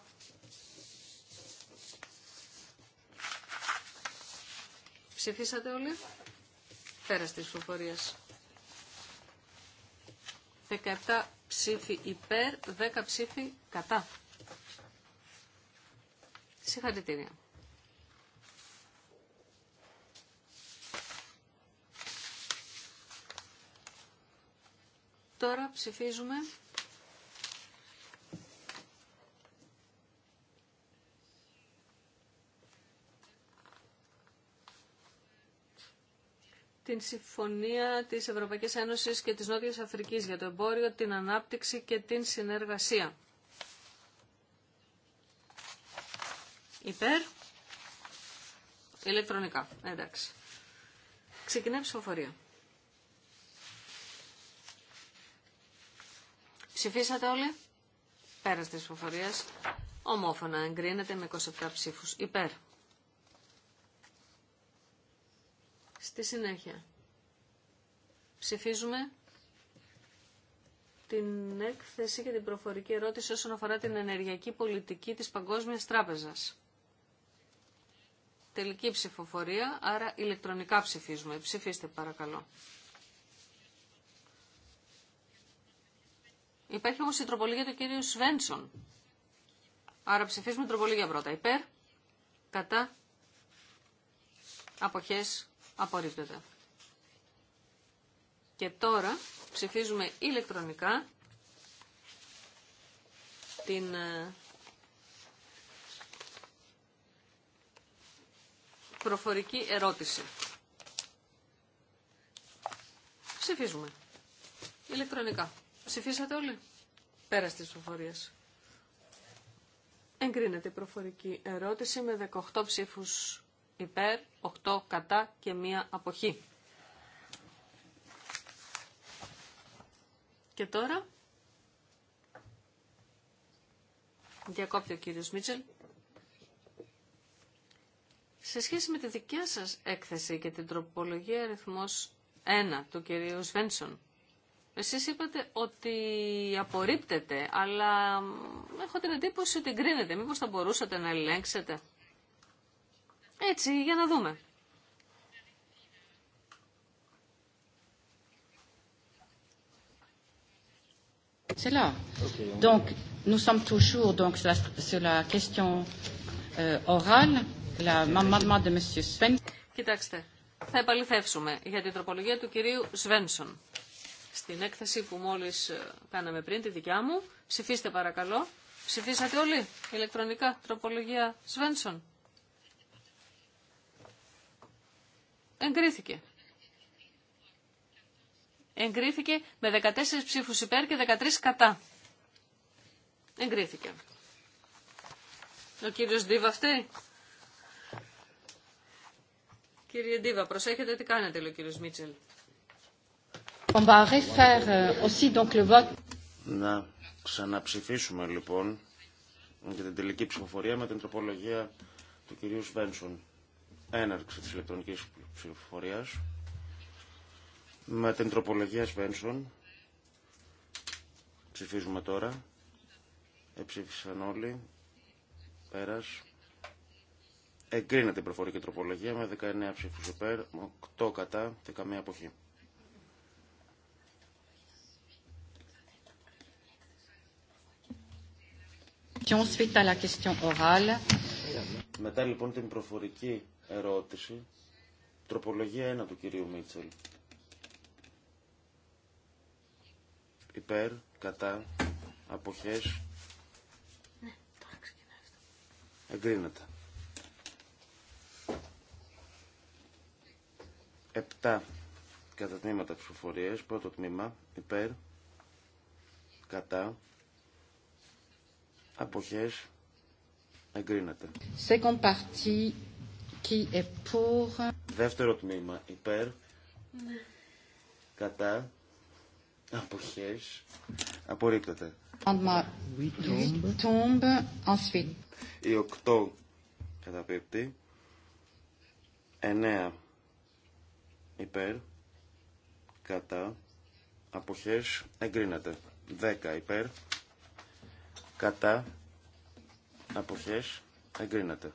Ψηφίσατε όλοι. Πέρα τη ψηφοφορία. 17 ψηφί υπέρ, 10 ψηφί κατά. Συγχαρητήρια. Τώρα ψηφίζουμε την Συμφωνία της Ευρωπαϊκής Ένωσης και της Νότιας Αφρικής για το εμπόριο, την ανάπτυξη και την συνεργασία. Υπέρ. Ηλεκτρονικά. Εντάξει. Ξεκινάει η ψηφοφορία. Ψηφίσατε όλοι. Πέρα τη ψηφοφορία. Ομόφωνα εγκρίνεται με 27 ψήφους. Υπέρ. Στη συνέχεια. Ψηφίζουμε την έκθεση και την προφορική ερώτηση όσον αφορά την ενεργειακή πολιτική της Παγκόσμιας Τράπεζας. Τελική ψηφοφορία, άρα ηλεκτρονικά ψηφίζουμε. Ψηφίστε παρακαλώ. Υπάρχει όμως η τροπολογία του κύριου Σβένσον. Άρα ψηφίζουμε τροπολογία πρώτα. Υπέρ, κατά, αποχές, απορρίπτεται. Και τώρα ψηφίζουμε ηλεκτρονικά την ε, προφορική ερώτηση. Ψηφίζουμε ηλεκτρονικά. Ψηφίσατε όλοι. Πέρα τη προφορίες. Εγκρίνεται η προφορική ερώτηση με 18 ψήφους υπέρ, 8 κατά και μία αποχή. Και τώρα διακόπτει ο κύριος Μίτσελ. Σε σχέση με τη δικιά σας έκθεση και την τροπολογία αριθμός 1 του κυρίου Σβένσον, εσείς είπατε ότι απορρίπτεται, αλλά έχω την εντύπωση ότι εγκρίνεται. Μήπως θα μπορούσατε να ελέγξετε. Έτσι, για να δούμε. C'est là. Donc, nous sommes toujours donc, sur, la, sur la question euh, orale, la maman de M. Svensson. Κοιτάξτε, θα επαληθεύσουμε για την τροπολογία του κυρίου Svensson στην έκθεση που μόλις ε, κάναμε πριν, τη δικιά μου. Ψηφίστε παρακαλώ. Ψηφίσατε όλοι ηλεκτρονικά τροπολογία Σβένσον. Εγκρίθηκε. Εγκρίθηκε με 14 ψήφους υπέρ και 13 κατά. Εγκρίθηκε. Ο κύριος Ντίβα αυτή. Κύριε Ντίβα, προσέχετε τι κάνετε, λέει ο κύριος Μίτσελ. Euh, Να ξαναψηφίσουμε λοιπόν για την τελική ψηφοφορία με την τροπολογία του κυρίου Σβένσον. Έναρξη της ηλεκτρονικής ψηφοφορίας με την τροπολογία Σβένσον. Ψηφίζουμε τώρα. Εψήφισαν όλοι. Πέρας. Εγκρίνεται η προφορική τροπολογία με 19 ψήφους υπέρ, 8 κατά και καμία αποχή. Ensuite, à la question orale. Μετά λοιπόν την προφορική ερώτηση, τροπολογία 1 του κυρίου Μίτσελ. Υπέρ, κατά, αποχές. Ναι, τώρα Εγκρίνεται. Επτά κατά τμήματα ψηφοφορίες, πρώτο τμήμα, υπέρ, κατά, Αποχές. Εγκρίνεται. Second party, qui est pour... Δεύτερο τμήμα. Υπέρ. Ναι. Κατά. Αποχές. Απορρίπτεται. Η οκτώ καταπίπτει. Εννέα. Υπέρ. Κατά. Αποχές. Εγκρίνεται. Δέκα. Υπέρ κατά αποχές εγκρίνεται.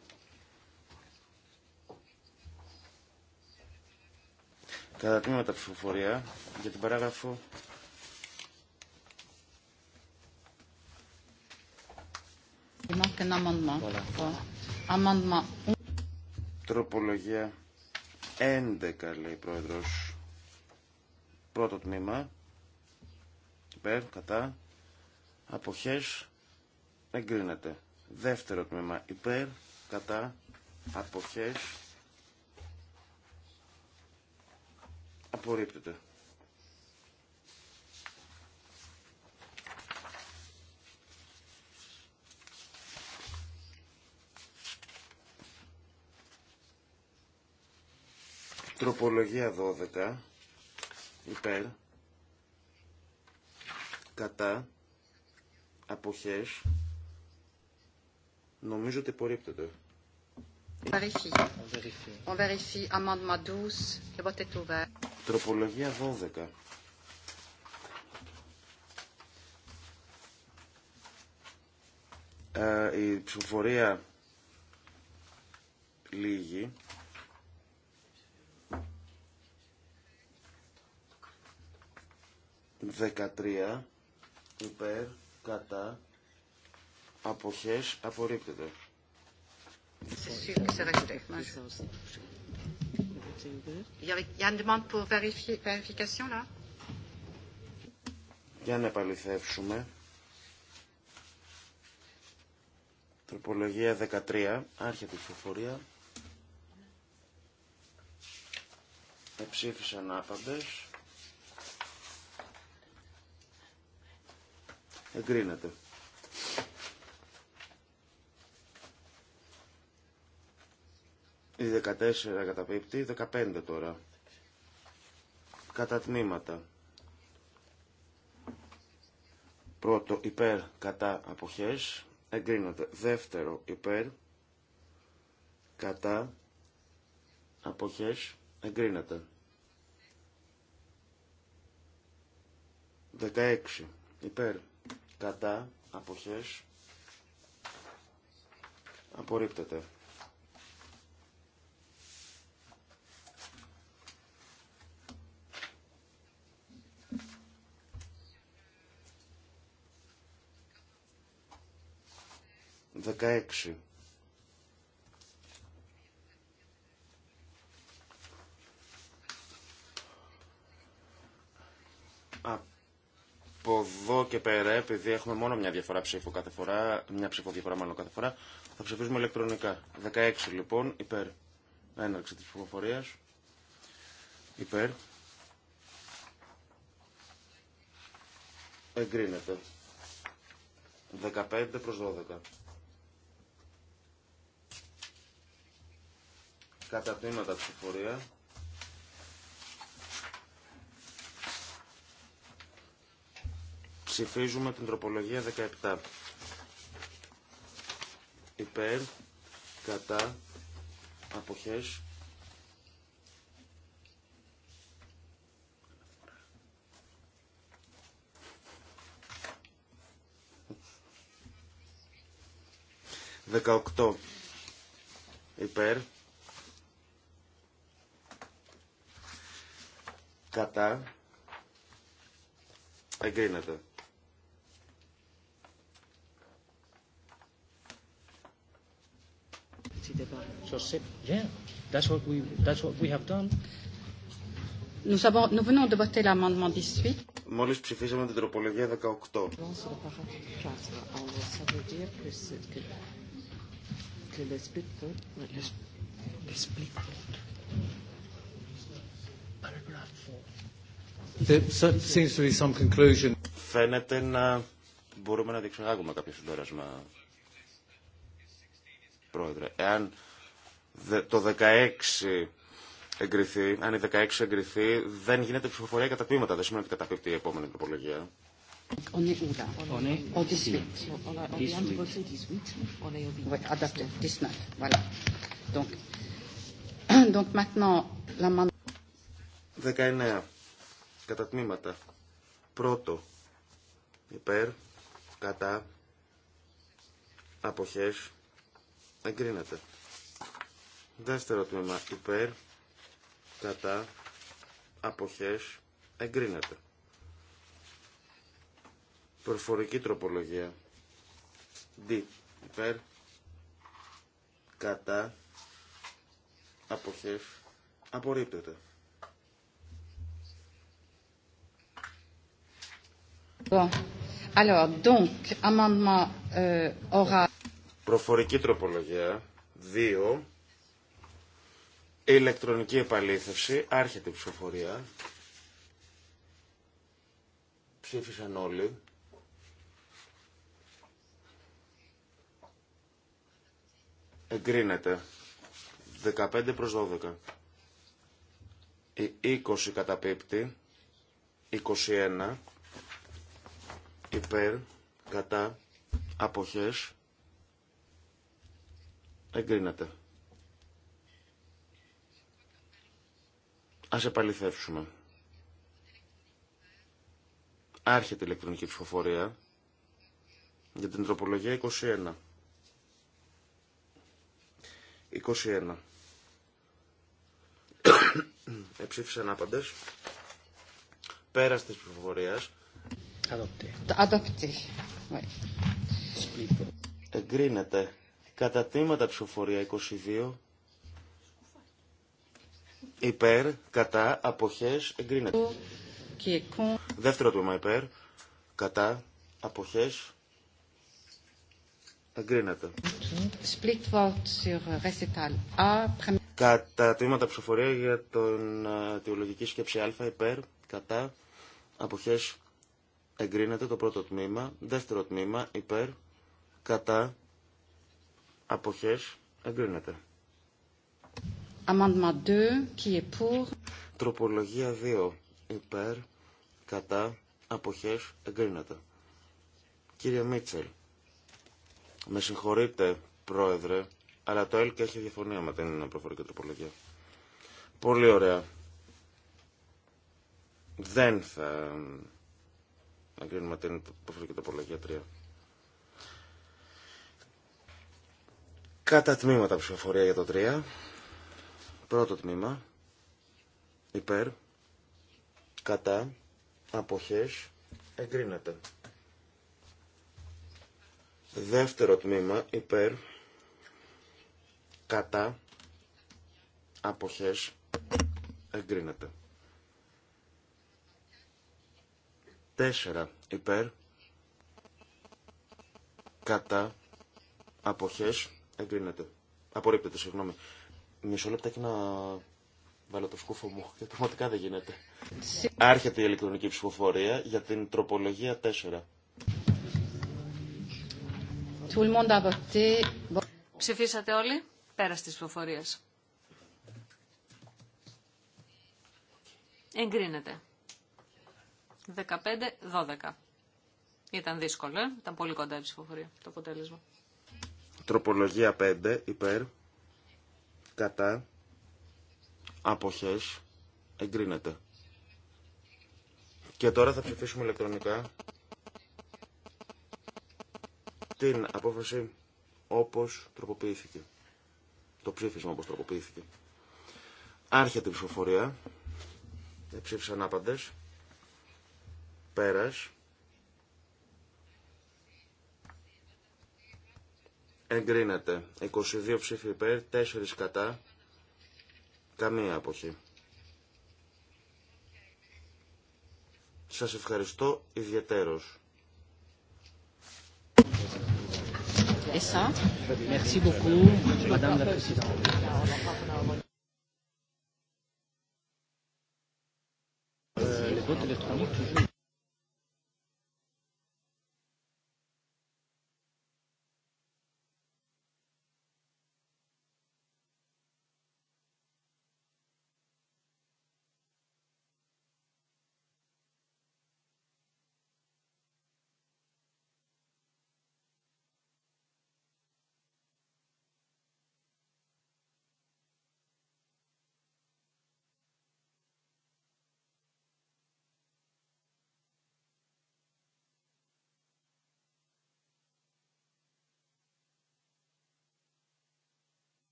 Κατά τμήματα ψηφοφορία για την παράγραφο Τροπολογία 11 λέει πρόεδρος. Πρώτο τμήμα. Υπέρ, κατά. Αποχές εγκρίνεται. Δεύτερο τμήμα υπέρ, κατά, αποχές, απορρίπτεται. Τροπολογία 12 υπέρ κατά αποχές Νομίζω ότι υπορρίπτεται. Τροπολογία 12. Ε, η ψηφοφορία λίγη. Δεκατρία υπέρ κατά αποχές απορρίπτεται. Για να επαληθεύσουμε. Τροπολογία 13, άρχεται η ψηφοφορία. Εψήφισαν άπαντες. Εγκρίνεται. Η 14 καταπίπτει, 15 τώρα. Κατά τμήματα. Πρώτο υπέρ κατά αποχές, εγκρίνονται. Δεύτερο υπέρ κατά αποχές, εγκρίνεται. 16 υπέρ κατά αποχές, απορρίπτεται. 16. από εδώ και πέρα, επειδή έχουμε μόνο μια διαφορά ψήφου κάθε φορά, μια ψήφο διαφορά μάλλον κάθε φορά, θα ψηφίσουμε ηλεκτρονικά. 16 λοιπόν, υπέρ. Έναρξη της ψηφοφορίας. Υπέρ. Εγκρίνεται. 15 προς 12. κατά τμήματα ψηφορία. Ψηφίζουμε την τροπολογία 17. Υπέρ, κατά, αποχές. Δεκαοκτώ. Υπέρ, Κατά. Εγκρίνεται. So, yeah, that's what we, that's what we have done. Nous, avons, nous venons de voter l'amendement 18. Μόλις ψηφίσαμε την τροπολογία 18. Le split vote. Le split vote. Φαίνεται να μπορούμε να διεξαγάγουμε κάποιο συμπέρασμα, Πρόεδρε. Εάν το 16 εγκριθεί, αν η 16 εγκριθεί, δεν γίνεται ψηφοφορία κατά τμήματα. Δεν σημαίνει ότι καταπίπτει η επόμενη τροπολογία. 19. Κατά τμήματα. Πρώτο. Υπέρ. Κατά. Αποχές. Εγκρίνεται. Δεύτερο τμήμα. Υπέρ. Κατά. Αποχές. Εγκρίνεται. Προφορική τροπολογία. D. Υπέρ. Κατά. Αποχές. Απορρίπτεται. Bon. Alors, donc, amendement, euh, aura... Προφορική τροπολογία 2. Ηλεκτρονική επαλήθευση. Άρχεται η ψηφοφορία. Ψήφισαν όλοι. Εγκρίνεται. 15 προς 12. Η 20 καταπίπτει. 21 υπέρ, κατά, αποχές, εγκρίνεται. Ας επαληθεύσουμε. Άρχεται η ηλεκτρονική ψηφοφορία για την τροπολογία 21. 21. Εψήφισαν άπαντες. Πέρας της ψηφοφορίας Adopté. Adopté. Ναι. Εγκρίνεται. Κατά τμήματα ψηφοφορία 22. Υπέρ, κατά, αποχές, εγκρίνεται. Δεύτερο τμήμα υπέρ, κατά, αποχές, εγκρίνεται. Split vote sur recital A. Κατά τμήματα ψηφοφορία για την ε, αιτιολογική σκέψη α, υπέρ, κατά, αποχές, εγκρίνεται το πρώτο τμήμα, δεύτερο τμήμα υπέρ, κατά, αποχές, εγκρίνεται. Amendement 2, qui Τροπολογία 2, υπέρ, κατά, αποχές, εγκρίνεται. Κύριε Μίτσελ, με συγχωρείτε, πρόεδρε, αλλά το ΕΛΚ έχει διαφωνία με την προφορική τροπολογία. Πολύ ωραία. Δεν θα να κρίνουμε την προφορική τροπολογία 3. Κατά τμήματα ψηφοφορία για το 3. Πρώτο τμήμα. Υπέρ. Κατά. Αποχές. Εγκρίνεται. Δεύτερο τμήμα. Υπέρ. Κατά. Αποχές. Εγκρίνεται. Τέσσερα υπέρ κατά αποχές εγκρίνεται. Απορρίπτεται, συγγνώμη. Μισό λεπτάκι να βάλω το σκούφο μου, γιατί πραγματικά δεν γίνεται. Άρχεται η ηλεκτρονική ψηφοφορία για την τροπολογία 4. Ψηφίσατε όλοι πέρα τη ψηφοφορία. Εγκρίνεται. 15-12. Ήταν δύσκολο, ε. ήταν πολύ κοντά η ψηφοφορία το αποτέλεσμα. Τροπολογία 5 υπέρ κατά αποχές εγκρίνεται. Και τώρα θα ψηφίσουμε ηλεκτρονικά την απόφαση όπως τροποποιήθηκε. Το ψήφισμα όπως τροποποιήθηκε. Άρχεται η ψηφοφορία. ψήφισαν άπαντες. Πέρας. Εγκρίνεται. 22 ψήφοι υπέρ, 4 κατά, καμία αποχή. Σας ευχαριστώ ιδιαίτερος. Merci beaucoup, Madame la Présidente. Euh, toujours.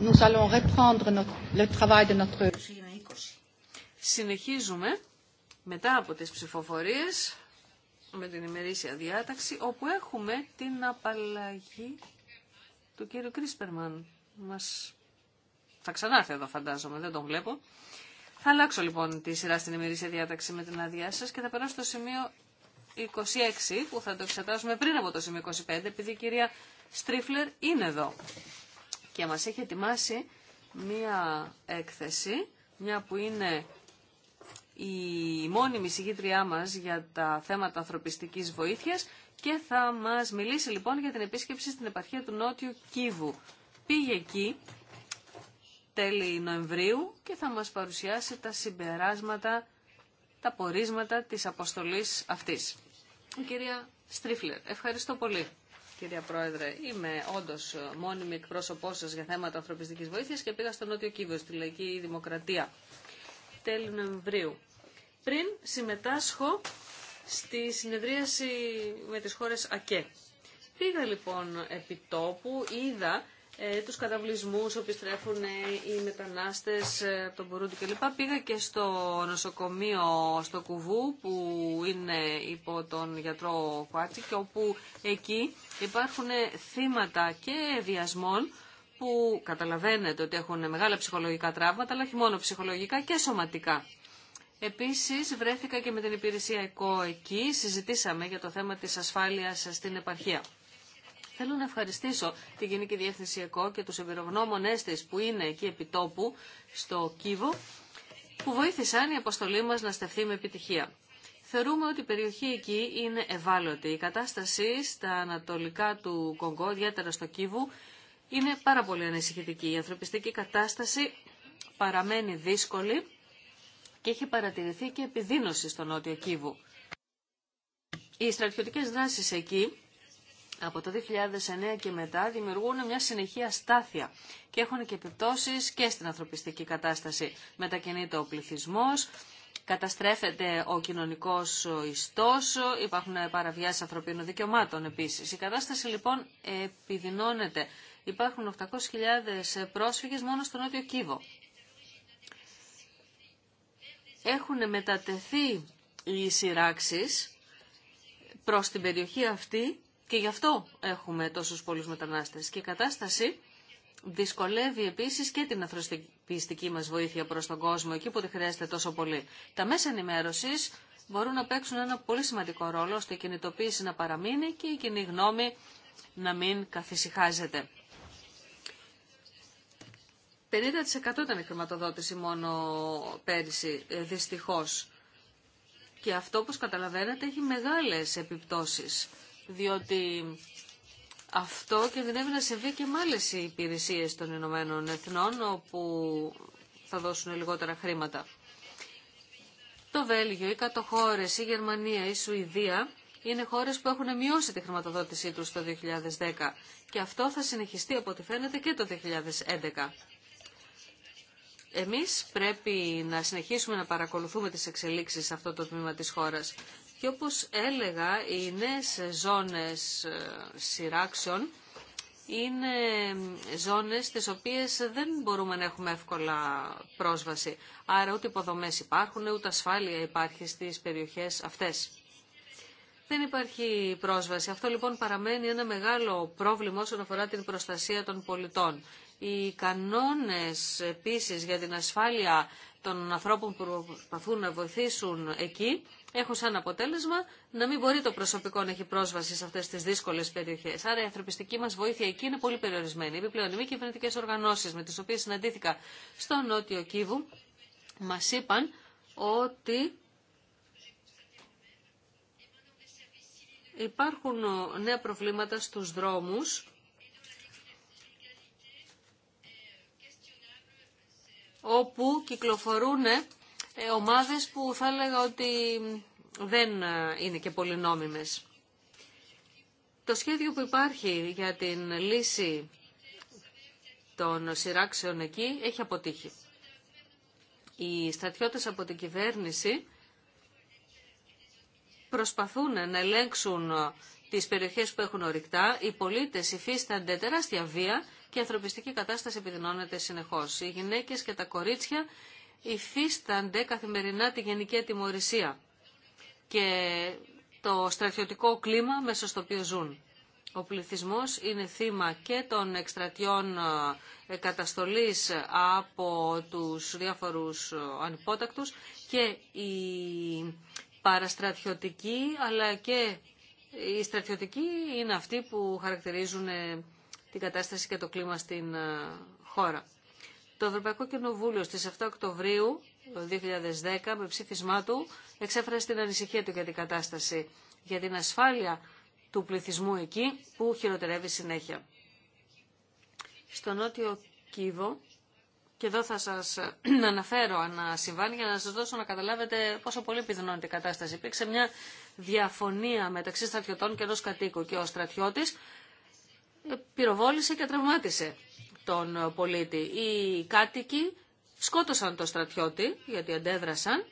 Nous allons reprendre le travail de notre... Συνεχίζουμε μετά από τις ψηφοφορίες με την ημερήσια διάταξη όπου έχουμε την απαλλαγή του κύριου Κρίσπερμαν. Μας... Θα ξανάρθει εδώ φαντάζομαι, δεν τον βλέπω. Θα αλλάξω λοιπόν τη σειρά στην ημερήσια διάταξη με την άδειά σα και θα περάσω στο σημείο 26 που θα το εξετάσουμε πριν από το σημείο 25 επειδή η κυρία Στρίφλερ είναι εδώ και μας έχει ετοιμάσει μία έκθεση, μια που είναι η μόνιμη συγκήτριά μας για τα θέματα ανθρωπιστικής βοήθειας και θα μας μιλήσει λοιπόν για την επίσκεψη στην επαρχία του Νότιου Κίβου. Πήγε εκεί τέλη Νοεμβρίου και θα μας παρουσιάσει τα συμπεράσματα, τα πορίσματα της αποστολής αυτής. Η κυρία Στρίφλερ, ευχαριστώ πολύ κυρία Πρόεδρε. Είμαι όντω μόνιμη εκπρόσωπό σα για θέματα ανθρωπιστική βοήθεια και πήγα στο Νότιο Κύβο, στη Λαϊκή Δημοκρατία, τέλη Νοεμβρίου. Πριν συμμετάσχω στη συνεδρίαση με τις χώρες ΑΚΕ. Πήγα λοιπόν επί τόπου, είδα ε, τους καταβλισμούς όπου στρέφουν ε, οι μετανάστες ε, από τον Μπουρούντι κλπ. Πήγα και στο νοσοκομείο στο Κουβού που είναι υπό τον γιατρό Κουάτσι και όπου εκεί υπάρχουν θύματα και βιασμών που καταλαβαίνετε ότι έχουν μεγάλα ψυχολογικά τραύματα αλλά όχι μόνο ψυχολογικά και σωματικά. Επίσης βρέθηκα και με την υπηρεσία ΕΚΟ εκεί, συζητήσαμε για το θέμα της ασφάλειας στην επαρχία. Θέλω να ευχαριστήσω την Γενική Διεύθυνση ΕΚΟ και τους εμπειρογνώμων της που είναι εκεί τόπου, στο Κίβο, που βοήθησαν η αποστολή μας να στεφθεί με επιτυχία. Θεωρούμε ότι η περιοχή εκεί είναι ευάλωτη. Η κατάσταση στα ανατολικά του Κονγκό, ιδιαίτερα στο Κίβου, είναι πάρα πολύ ανησυχητική. Η ανθρωπιστική κατάσταση παραμένει δύσκολη και έχει παρατηρηθεί και επιδείνωση στο νότιο Κίβου. Οι στρατιωτικές δράσεις εκεί από το 2009 και μετά δημιουργούν μια συνεχή αστάθεια και έχουν και επιπτώσεις και στην ανθρωπιστική κατάσταση. Μετακινείται ο πληθυσμός, καταστρέφεται ο κοινωνικός ιστός, υπάρχουν παραβιάσεις ανθρωπίνων δικαιωμάτων επίσης. Η κατάσταση λοιπόν επιδεινώνεται. Υπάρχουν 800.000 πρόσφυγες μόνο στο Νότιο Κίβο. Έχουν μετατεθεί οι σειράξεις προς την περιοχή αυτή και γι' αυτό έχουμε τόσους πολλούς μετανάστες. Και η κατάσταση δυσκολεύει επίσης και την ανθρωπιστική μας βοήθεια προς τον κόσμο, εκεί που τη χρειάζεται τόσο πολύ. Τα μέσα ενημέρωσης μπορούν να παίξουν ένα πολύ σημαντικό ρόλο, ώστε η κινητοποίηση να παραμείνει και η κοινή γνώμη να μην καθησυχάζεται. 50% ήταν η χρηματοδότηση μόνο πέρυσι, ε, δυστυχώς. Και αυτό, όπως καταλαβαίνετε, έχει μεγάλες επιπτώσεις διότι αυτό κινδυνεύει να συμβεί και με οι υπηρεσίες των Ηνωμένων Εθνών, όπου θα δώσουν λιγότερα χρήματα. Το Βέλγιο, οι κατοχώρε, η Γερμανία, η Σουηδία είναι χώρες που έχουν μειώσει τη χρηματοδότησή του το 2010 και αυτό θα συνεχιστεί από ό,τι φαίνεται και το 2011. Εμείς πρέπει να συνεχίσουμε να παρακολουθούμε τις εξελίξεις σε αυτό το τμήμα της χώρας. Και όπως έλεγα, οι νέες ζώνες ε, σειράξεων είναι ζώνες τις οποίες δεν μπορούμε να έχουμε εύκολα πρόσβαση. Άρα ούτε υποδομές υπάρχουν, ούτε ασφάλεια υπάρχει στις περιοχές αυτές. Δεν υπάρχει πρόσβαση. Αυτό λοιπόν παραμένει ένα μεγάλο πρόβλημα όσον αφορά την προστασία των πολιτών. Οι κανόνες επίσης για την ασφάλεια των ανθρώπων που προσπαθούν να βοηθήσουν εκεί έχουν σαν αποτέλεσμα να μην μπορεί το προσωπικό να έχει πρόσβαση σε αυτέ τι δύσκολε περιοχέ. Άρα η ανθρωπιστική μα βοήθεια εκεί είναι πολύ περιορισμένη. Επιπλέον, οι μη κυβερνητικέ οργανώσει με τι οποίε συναντήθηκα στο Νότιο Κίβου μα είπαν ότι υπάρχουν νέα προβλήματα στους δρόμους όπου κυκλοφορούν ε, ομάδες που θα έλεγα ότι δεν ε, είναι και πολύ Το σχέδιο που υπάρχει για την λύση των σειράξεων εκεί έχει αποτύχει. Οι στρατιώτες από την κυβέρνηση προσπαθούν να ελέγξουν ε, τις περιοχές που έχουν ορυκτά. Οι πολίτες υφίστανται τεράστια βία και η ανθρωπιστική κατάσταση επιδεινώνεται συνεχώς. Οι γυναίκες και τα κορίτσια υφίστανται καθημερινά τη γενική ατιμορρησία και το στρατιωτικό κλίμα μέσα στο οποίο ζουν. Ο πληθυσμός είναι θύμα και των εκστρατιών ε, καταστολής από τους διάφορους ε, ανυπότακτους και η παραστρατιωτική αλλά και οι στρατιωτικοί είναι αυτοί που χαρακτηρίζουν ε, την κατάσταση και το κλίμα στην χώρα. Το Ευρωπαϊκό Κοινοβούλιο στις 7 Οκτωβρίου 2010 με ψήφισμά του εξέφρασε την ανησυχία του για την κατάσταση, για την ασφάλεια του πληθυσμού εκεί που χειροτερεύει συνέχεια. Στο νότιο Κίβο, και εδώ θα σας αναφέρω ένα συμβάν για να σας δώσω να καταλάβετε πόσο πολύ επιδεινώνεται η κατάσταση. Υπήρξε μια διαφωνία μεταξύ στρατιωτών και ενός κατοίκου και ο στρατιώτης ε, πυροβόλησε και τραυμάτισε τον πολίτη. Οι κάτοικοι σκότωσαν τον στρατιώτη γιατί αντέδρασαν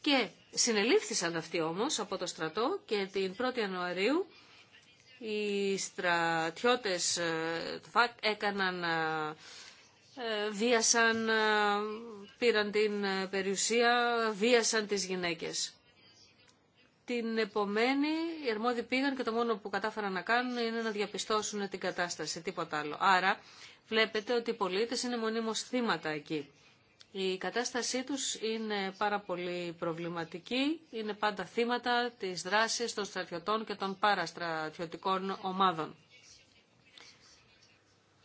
και συνελήφθησαν αυτοί όμως από το στρατό και την 1η Ιανουαρίου οι στρατιώτες ε, έκαναν ε, ε, βίασαν, πήραν την περιουσία, βίασαν τις γυναίκες. Την επομένη οι αρμόδιοι πήγαν και το μόνο που κατάφεραν να κάνουν είναι να διαπιστώσουν την κατάσταση, τίποτα άλλο. Άρα βλέπετε ότι οι πολίτες είναι μονίμως θύματα εκεί. Η κατάστασή τους είναι πάρα πολύ προβληματική, είναι πάντα θύματα της δράσης των στρατιωτών και των παραστρατιωτικών ομάδων.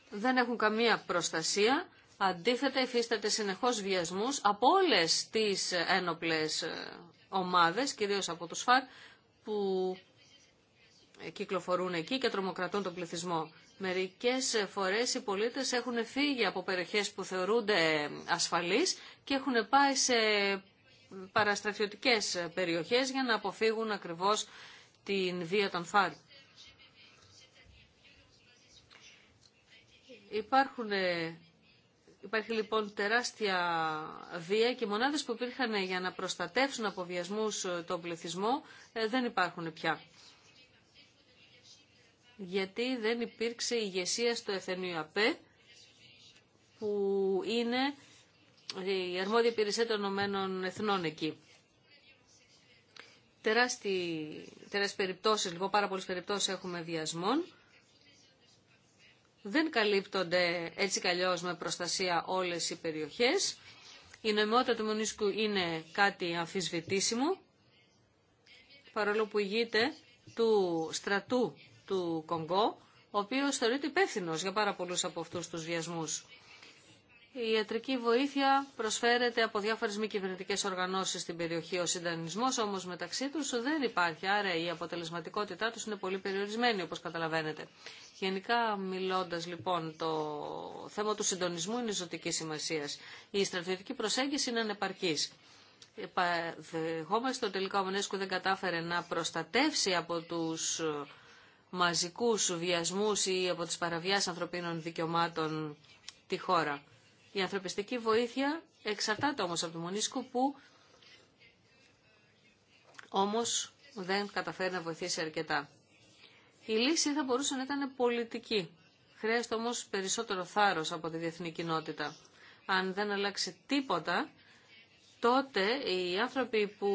Δεν έχουν καμία προστασία, αντίθετα υφίσταται συνεχώς βιασμούς από όλες τις ένοπλες ε, ομάδες, κυρίως από τους ΦΑΡ, που κυκλοφορούν εκεί και τρομοκρατούν τον πληθυσμό. Μερικές φορές οι πολίτες έχουν φύγει από περιοχές που θεωρούνται ασφαλείς και έχουν πάει σε παραστρατιωτικές περιοχές για να αποφύγουν ακριβώς την βία των ΦΑΡ. Υπάρχουν, υπάρχει λοιπόν τεράστια βία και οι μονάδες που υπήρχαν για να προστατεύσουν από βιασμούς τον πληθυσμό ε, δεν υπάρχουν πια γιατί δεν υπήρξε ηγεσία στο απέ, που είναι η αρμόδια υπηρεσία των Ηνωμένων Εθνών εκεί. τεράστιες περιπτώσεις, λοιπόν πάρα πολλές περιπτώσεις έχουμε διασμών. Δεν καλύπτονται έτσι καλλιώς με προστασία όλες οι περιοχές. Η νομιμότητα του Μονίσκου είναι κάτι αμφισβητήσιμο, παρόλο που ηγείται του στρατού του Κονγκό, ο οποίο θεωρείται υπεύθυνο για πάρα πολλού από αυτού του βιασμού. Η ιατρική βοήθεια προσφέρεται από διάφορε μη κυβερνητικέ οργανώσει στην περιοχή. Ο συντανισμό όμω μεταξύ του δεν υπάρχει, άρα η αποτελεσματικότητά του είναι πολύ περιορισμένη όπω καταλαβαίνετε. Γενικά μιλώντα λοιπόν το θέμα του συντονισμού είναι ζωτική σημασία. Η στρατιωτική προσέγγιση είναι ανεπαρκή. Δεχόμαστε ότι τελικά ο δεν κατάφερε να προστατεύσει από τους μαζικού παραβιάσεις ανθρωπίνων δικαιωμάτων τη χώρα. Η ανθρωπιστική βοήθεια εξαρτάται όμως από το Μονίσκο που όμως δεν καταφέρει να βοηθήσει αρκετά. Η λύση θα μπορούσε να ήταν πολιτική. Χρειάζεται όμως περισσότερο θάρρος από τη διεθνή κοινότητα. Αν δεν αλλάξει τίποτα, τότε οι άνθρωποι που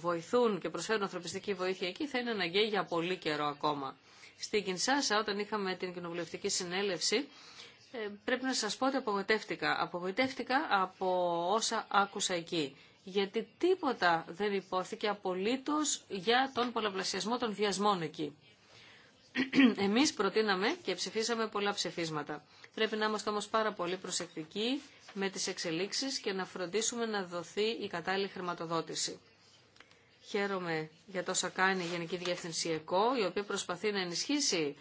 βοηθούν και προσφέρουν ανθρωπιστική βοήθεια εκεί θα είναι αναγκαίοι για πολύ καιρό ακόμα. Στην Κινσάσα, όταν είχαμε την κοινοβουλευτική συνέλευση, ε, πρέπει να σας πω ότι απογοητεύτηκα. Απογοητεύτηκα από όσα άκουσα εκεί. Γιατί τίποτα δεν υπόθηκε απολύτως για τον πολλαπλασιασμό των βιασμών εκεί. Εμεί προτείναμε και ψηφίσαμε πολλά ψηφίσματα. Πρέπει να είμαστε όμω πάρα πολύ προσεκτικοί με τι εξελίξει και να φροντίσουμε να δοθεί η κατάλληλη χρηματοδότηση. Χαίρομαι για τόσα κάνει η Γενική Διεύθυνση ΕΚΟ, η οποία προσπαθεί να ενισχύσει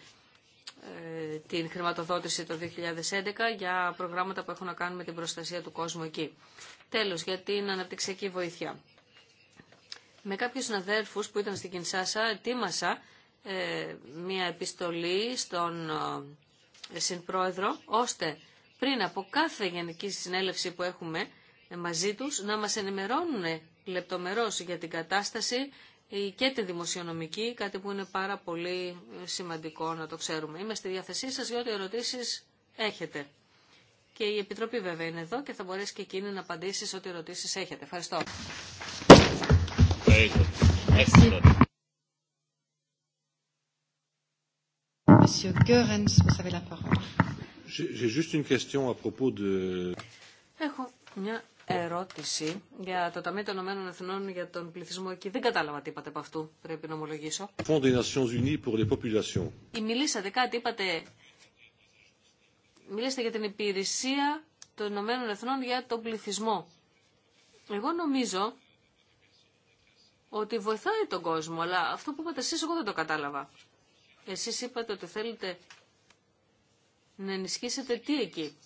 ε, την χρηματοδότηση το 2011 για προγράμματα που έχουν να κάνουν με την προστασία του κόσμου εκεί. Τέλος, για την αναπτυξιακή βοήθεια. Με κάποιους αδέρφους που ήταν στην Κινσάσα ετοίμασα ε, μία επιστολή στον ε, συμπρόεδρο, ώστε πριν από κάθε γενική συνέλευση που έχουμε ε, μαζί τους, να μας ενημερώνουν λεπτομερώς για την κατάσταση και τη δημοσιονομική, κάτι που είναι πάρα πολύ σημαντικό να το ξέρουμε. Είμαι στη διάθεσή σας για ό,τι ερωτήσεις έχετε. Και η Επιτροπή βέβαια είναι εδώ και θα μπορέσει και εκείνη να απαντήσει σε ό,τι ερωτήσεις έχετε. Ευχαριστώ. Έχω μια ερώτηση για το Ταμείο των Ηνωμένων Εθνών για τον πληθυσμό εκεί. Δεν κατάλαβα τι είπατε από αυτού, πρέπει να ομολογήσω. μιλήσατε κάτι, είπατε... Μιλήσατε για την υπηρεσία των Ηνωμένων Εθνών για τον πληθυσμό. Εγώ νομίζω ότι βοηθάει τον κόσμο, αλλά αυτό που είπατε εσείς εγώ δεν το κατάλαβα. Εσείς είπατε ότι θέλετε να ενισχύσετε τι εκεί.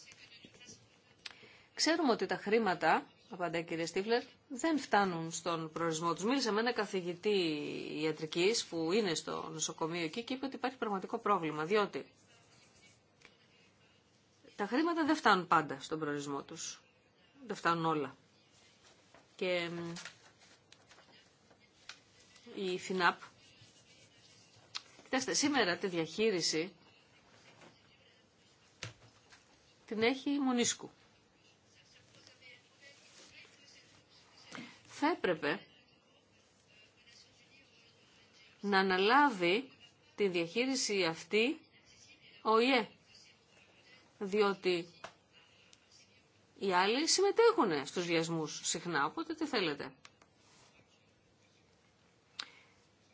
Ξέρουμε ότι τα χρήματα, απαντάει η κυρία Στίφλερ, δεν φτάνουν στον προορισμό τους. Μίλησα με ένα καθηγητή ιατρικής που είναι στο νοσοκομείο εκεί και είπε ότι υπάρχει πραγματικό πρόβλημα, διότι τα χρήματα δεν φτάνουν πάντα στον προορισμό τους. Δεν φτάνουν όλα. Και η ΦΙΝΑΠ Κοιτάξτε, σήμερα τη διαχείριση την έχει η Μονίσκου. Θα έπρεπε να αναλάβει τη διαχείριση αυτή ο ΙΕ. Διότι οι άλλοι συμμετέχουν στους διασμούς συχνά, οπότε τι θέλετε.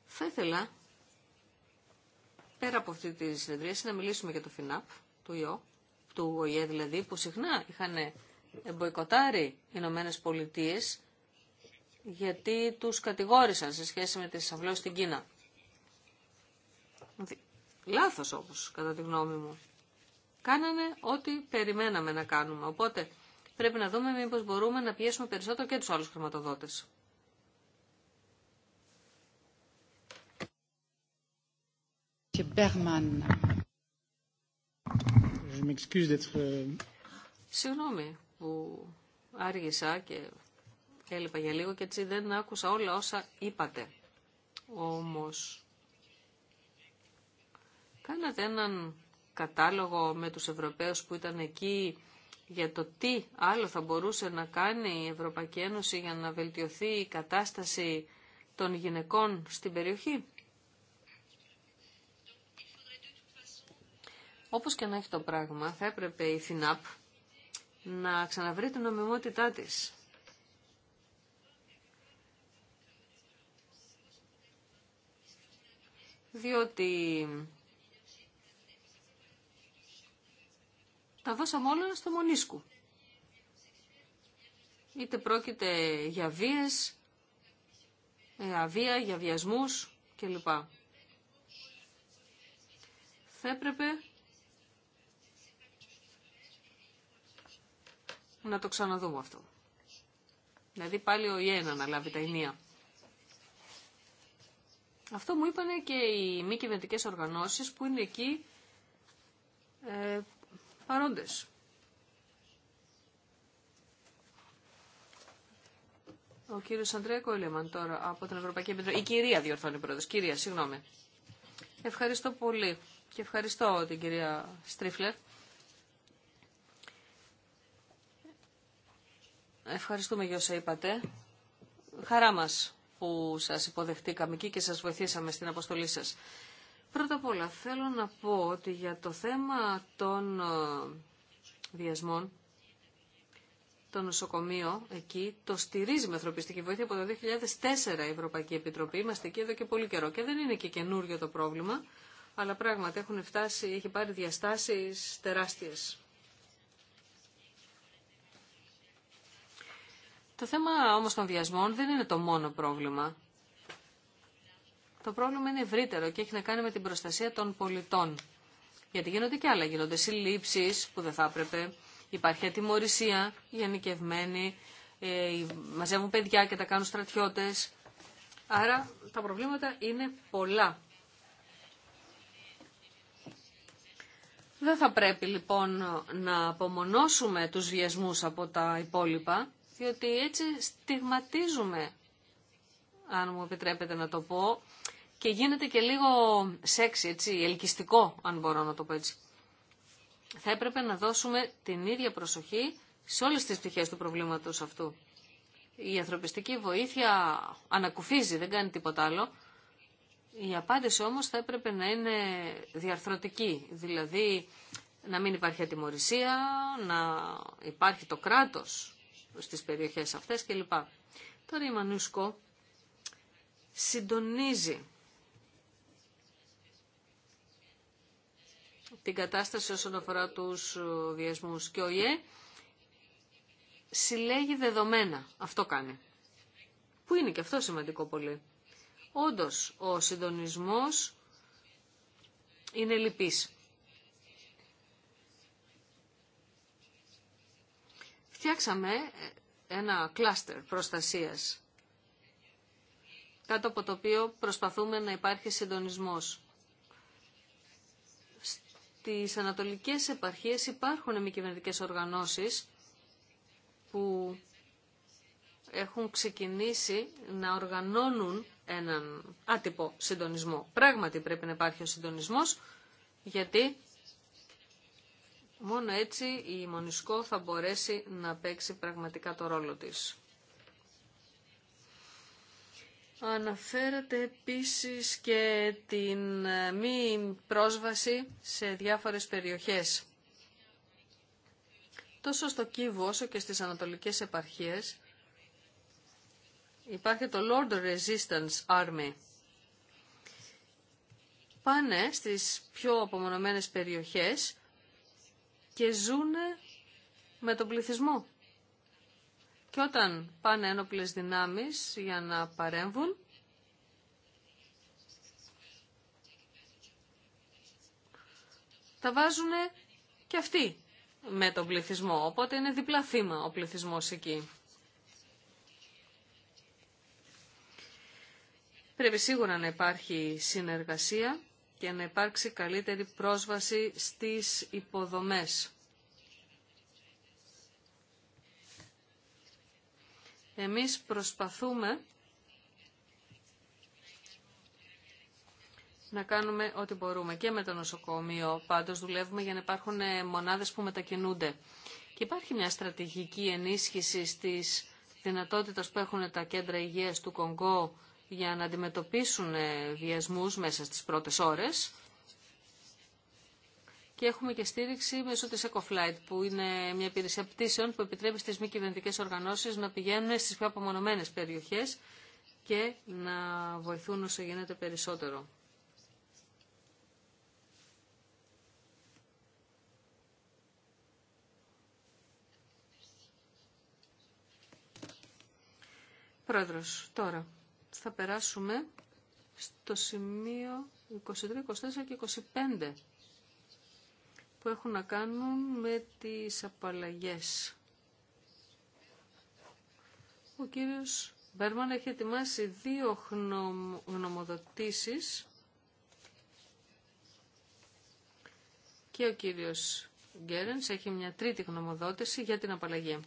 Θα ήθελα πέρα από αυτή τη συνεδρία, να μιλήσουμε για το ΦΙΝΑΠ, του ΙΟ, του ΟΙΕ δηλαδή, που συχνά είχαν εμποϊκοτάρει οι Ηνωμένε Πολιτείε γιατί τους κατηγόρησαν σε σχέση με τις αυλώσεις στην Κίνα. Λάθος όπως, κατά τη γνώμη μου. Κάνανε ό,τι περιμέναμε να κάνουμε. Οπότε πρέπει να δούμε μήπως μπορούμε να πιέσουμε περισσότερο και τους άλλους χρηματοδότες. Euh, Συγγνώμη που άργησα και έλειπα για λίγο και έτσι δεν άκουσα όλα όσα είπατε. Όμως, κάνατε έναν κατάλογο με τους Ευρωπαίους που ήταν εκεί για το τι άλλο θα μπορούσε να κάνει η Ευρωπαϊκή Ένωση για να βελτιωθεί η κατάσταση των γυναικών στην περιοχή. Όπως και να έχει το πράγμα, θα έπρεπε η ΦΙΝΑΠ να ξαναβρει την νομιμότητά της. Διότι τα δώσαμε όλα στο Μονίσκου. Είτε πρόκειται για βίες, ε, αβία, για βιασμούς κλπ. Θα έπρεπε να το ξαναδούμε αυτό. Δηλαδή πάλι ο Ιένα να λάβει τα ενία. Αυτό μου είπανε και οι μη κυβερνητικέ οργανώσεις που είναι εκεί ε, παρόντες. Ο κύριος Αντρέα Κόλεμαν τώρα από την Ευρωπαϊκή Επιτροπή. Η κυρία διορθώνει πρώτος. Κυρία, συγγνώμη. Ευχαριστώ πολύ και ευχαριστώ την κυρία Στρίφλερ Ευχαριστούμε για όσα είπατε. Χαρά μας που σας υποδεχτήκαμε εκεί και σας βοηθήσαμε στην αποστολή σας. Πρώτα απ' όλα θέλω να πω ότι για το θέμα των βιασμών, ε, το νοσοκομείο εκεί το στηρίζει με ανθρωπιστική βοήθεια από το 2004 η Ευρωπαϊκή Επιτροπή. Είμαστε εκεί εδώ και πολύ καιρό και δεν είναι και καινούριο το πρόβλημα, αλλά πράγματι έχουν φτάσει, έχει πάρει διαστάσεις τεράστιες. Το θέμα όμως των βιασμών δεν είναι το μόνο πρόβλημα. Το πρόβλημα είναι ευρύτερο και έχει να κάνει με την προστασία των πολιτών. Γιατί γίνονται και άλλα. Γίνονται συλλήψεις που δεν θα έπρεπε. Υπάρχει ατιμορρησία, γενικευμένη. Ε, μαζεύουν παιδιά και τα κάνουν στρατιώτες. Άρα τα προβλήματα είναι πολλά. Δεν θα πρέπει λοιπόν να απομονώσουμε τους βιασμούς από τα υπόλοιπα, διότι έτσι στιγματίζουμε, αν μου επιτρέπετε να το πω, και γίνεται και λίγο σεξι, έτσι, ελκυστικό, αν μπορώ να το πω έτσι. Θα έπρεπε να δώσουμε την ίδια προσοχή σε όλες τις πτυχές του προβλήματος αυτού. Η ανθρωπιστική βοήθεια ανακουφίζει, δεν κάνει τίποτα άλλο. Η απάντηση όμως θα έπρεπε να είναι διαρθρωτική, δηλαδή να μην υπάρχει ατιμορρησία, να υπάρχει το κράτος στις περιοχές αυτές κλπ. Τώρα η Μανούσκο συντονίζει την κατάσταση όσον αφορά τους βιασμούς και ο ΙΕ συλλέγει δεδομένα. Αυτό κάνει. Που είναι και αυτό σημαντικό πολύ. Όντως, ο συντονισμός είναι λυπής. φτιάξαμε ε, ένα κλάστερ προστασίας, κάτω από το οποίο προσπαθούμε να υπάρχει συντονισμός. Στις ανατολικές επαρχίες υπάρχουν μη κυβερνητικέ οργανώσεις που έχουν ξεκινήσει να οργανώνουν έναν άτυπο συντονισμό. Πράγματι πρέπει να υπάρχει ο συντονισμός, γιατί Μόνο έτσι η Μονισκό θα μπορέσει να παίξει πραγματικά το ρόλο της. Αναφέρατε επίσης και την ε, μη πρόσβαση σε διάφορες περιοχές. Τόσο στο Κίβο όσο και στις ανατολικές επαρχίες υπάρχει το Lord Resistance Army. Πάνε στις πιο απομονωμένες περιοχές και ζουν με τον πληθυσμό. Και όταν πάνε ένοπλες δυνάμεις για να παρέμβουν, τα βάζουν και αυτοί με τον πληθυσμό. Οπότε είναι διπλά θύμα ο πληθυσμός εκεί. Πρέπει σίγουρα να υπάρχει συνεργασία και να υπάρξει καλύτερη πρόσβαση στις υποδομές. Εμείς προσπαθούμε να κάνουμε ό,τι μπορούμε. Και με το νοσοκομείο πάντως δουλεύουμε για να υπάρχουν ε, μονάδες που μετακινούνται. Και υπάρχει μια στρατηγική ενίσχυση της δυνατότητας που έχουν τα κέντρα υγείας του Κονγκό για να αντιμετωπίσουν ε, βιασμούς μέσα στις πρώτες ώρες. Και έχουμε και στήριξη μέσω της EcoFlight, που είναι μια υπηρεσία πτήσεων που επιτρέπει στις μη κυβερνητικέ οργανώσεις να πηγαίνουν στις πιο απομονωμένες περιοχές και να βοηθούν όσο γίνεται περισσότερο. Πρόεδρος, τώρα θα περάσουμε στο σημείο 23, 24 και 25 που έχουν να κάνουν με τις απαλλαγές. Ο κύριος Μπέρμαν έχει ετοιμάσει δύο γνωμοδοτήσεις και ο κύριος Γκέρενς έχει μια τρίτη γνωμοδότηση για την απαλλαγή.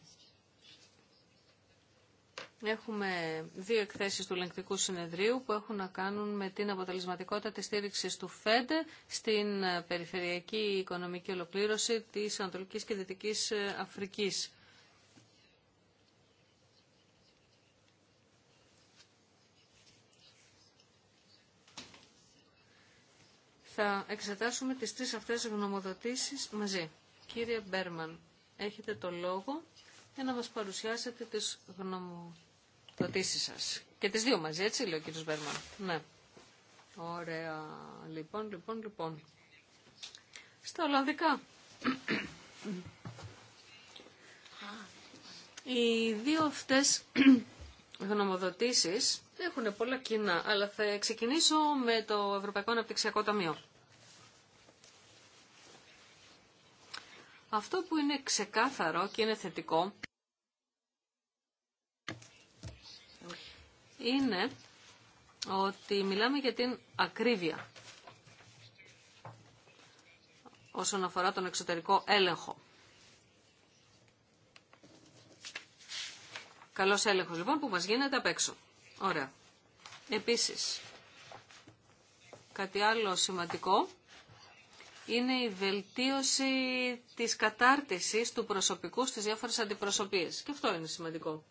Έχουμε δύο εκθέσεις του Λεγκτικού Συνεδρίου που έχουν να κάνουν με την αποτελεσματικότητα της στήριξης του ΦΕΔ στην περιφερειακή οικονομική ολοκλήρωση της Ανατολικής και Δυτικής Αφρικής. Θα εξετάσουμε τις τρεις αυτές γνωμοδοτήσεις μαζί. Κύριε Μπέρμαν, έχετε το λόγο για να μας παρουσιάσετε τις γνωμοδοτήσεις ερωτήσεις σας. Και τις δύο μαζί, έτσι λέει ο κύριος Μπέρμαν. Ναι. Ωραία. Λοιπόν, λοιπόν, λοιπόν. Στα Ολλανδικά. Οι δύο αυτές γνωμοδοτήσεις έχουν πολλά κοινά, αλλά θα ξεκινήσω με το Ευρωπαϊκό Αναπτυξιακό Ταμείο. Αυτό που είναι ξεκάθαρο και είναι θετικό είναι ότι μιλάμε για την ακρίβεια όσον αφορά τον εξωτερικό έλεγχο. Καλός έλεγχος λοιπόν που μας γίνεται απ' έξω. Ωραία. Επίσης, κάτι άλλο σημαντικό είναι η βελτίωση της κατάρτισης του προσωπικού στις διάφορες αντιπροσωπείες. Και αυτό είναι σημαντικό.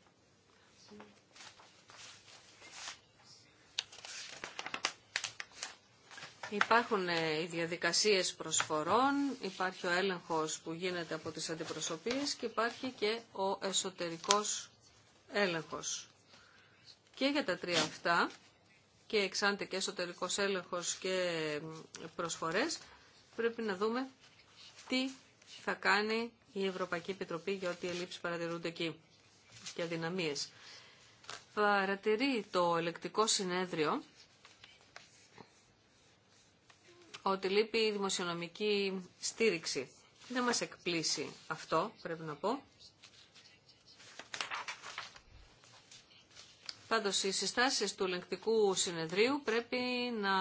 Υπάρχουν ε, οι διαδικασίες προσφορών, υπάρχει ο έλεγχος που γίνεται από τις αντιπροσωπείες και υπάρχει και ο εσωτερικός έλεγχος. Και για τα τρία αυτά, και εξάντε και εσωτερικός έλεγχος και προσφορές, πρέπει να δούμε τι θα κάνει η Ευρωπαϊκή Επιτροπή για ό,τι ελλείψεις παρατηρούνται εκεί και αδυναμίες. Παρατηρεί το ελεκτικό συνέδριο ότι λείπει η δημοσιονομική στήριξη. Δεν μας εκπλήσει αυτό, πρέπει να πω. Πάντως, οι συστάσεις του ελεγκτικού συνεδρίου πρέπει να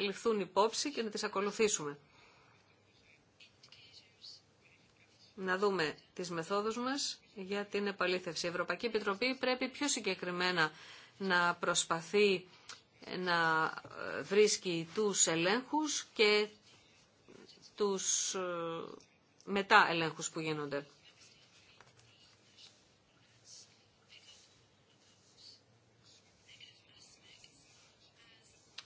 ληφθούν υπόψη και να τις ακολουθήσουμε. Να δούμε τις μεθόδους μας για την επαλήθευση. Η Ευρωπαϊκή Επιτροπή πρέπει πιο συγκεκριμένα να προσπαθεί να ε, βρίσκει τους ελέγχους και τους ε, μετά ελέγχους που γίνονται.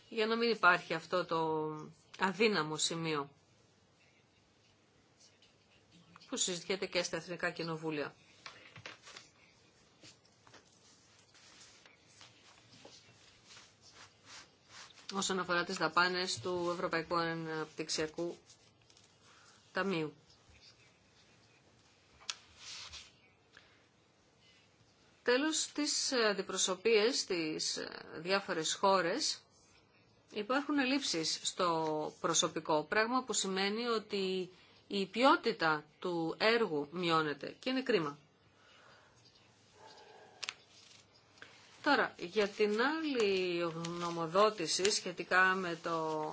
Για να μην υπάρχει αυτό το αδύναμο σημείο που συζητιέται και στα Εθνικά Κοινοβούλια. όσον αφορά τις δαπάνες του Ευρωπαϊκού Αναπτυξιακού Ταμείου. Τέλος, τις αντιπροσωπίες στις διάφορες χώρες υπάρχουν ελλείψεις στο προσωπικό, πράγμα που σημαίνει ότι η ποιότητα του έργου μειώνεται και είναι κρίμα. Τώρα, για την άλλη γνωμοδότηση σχετικά με το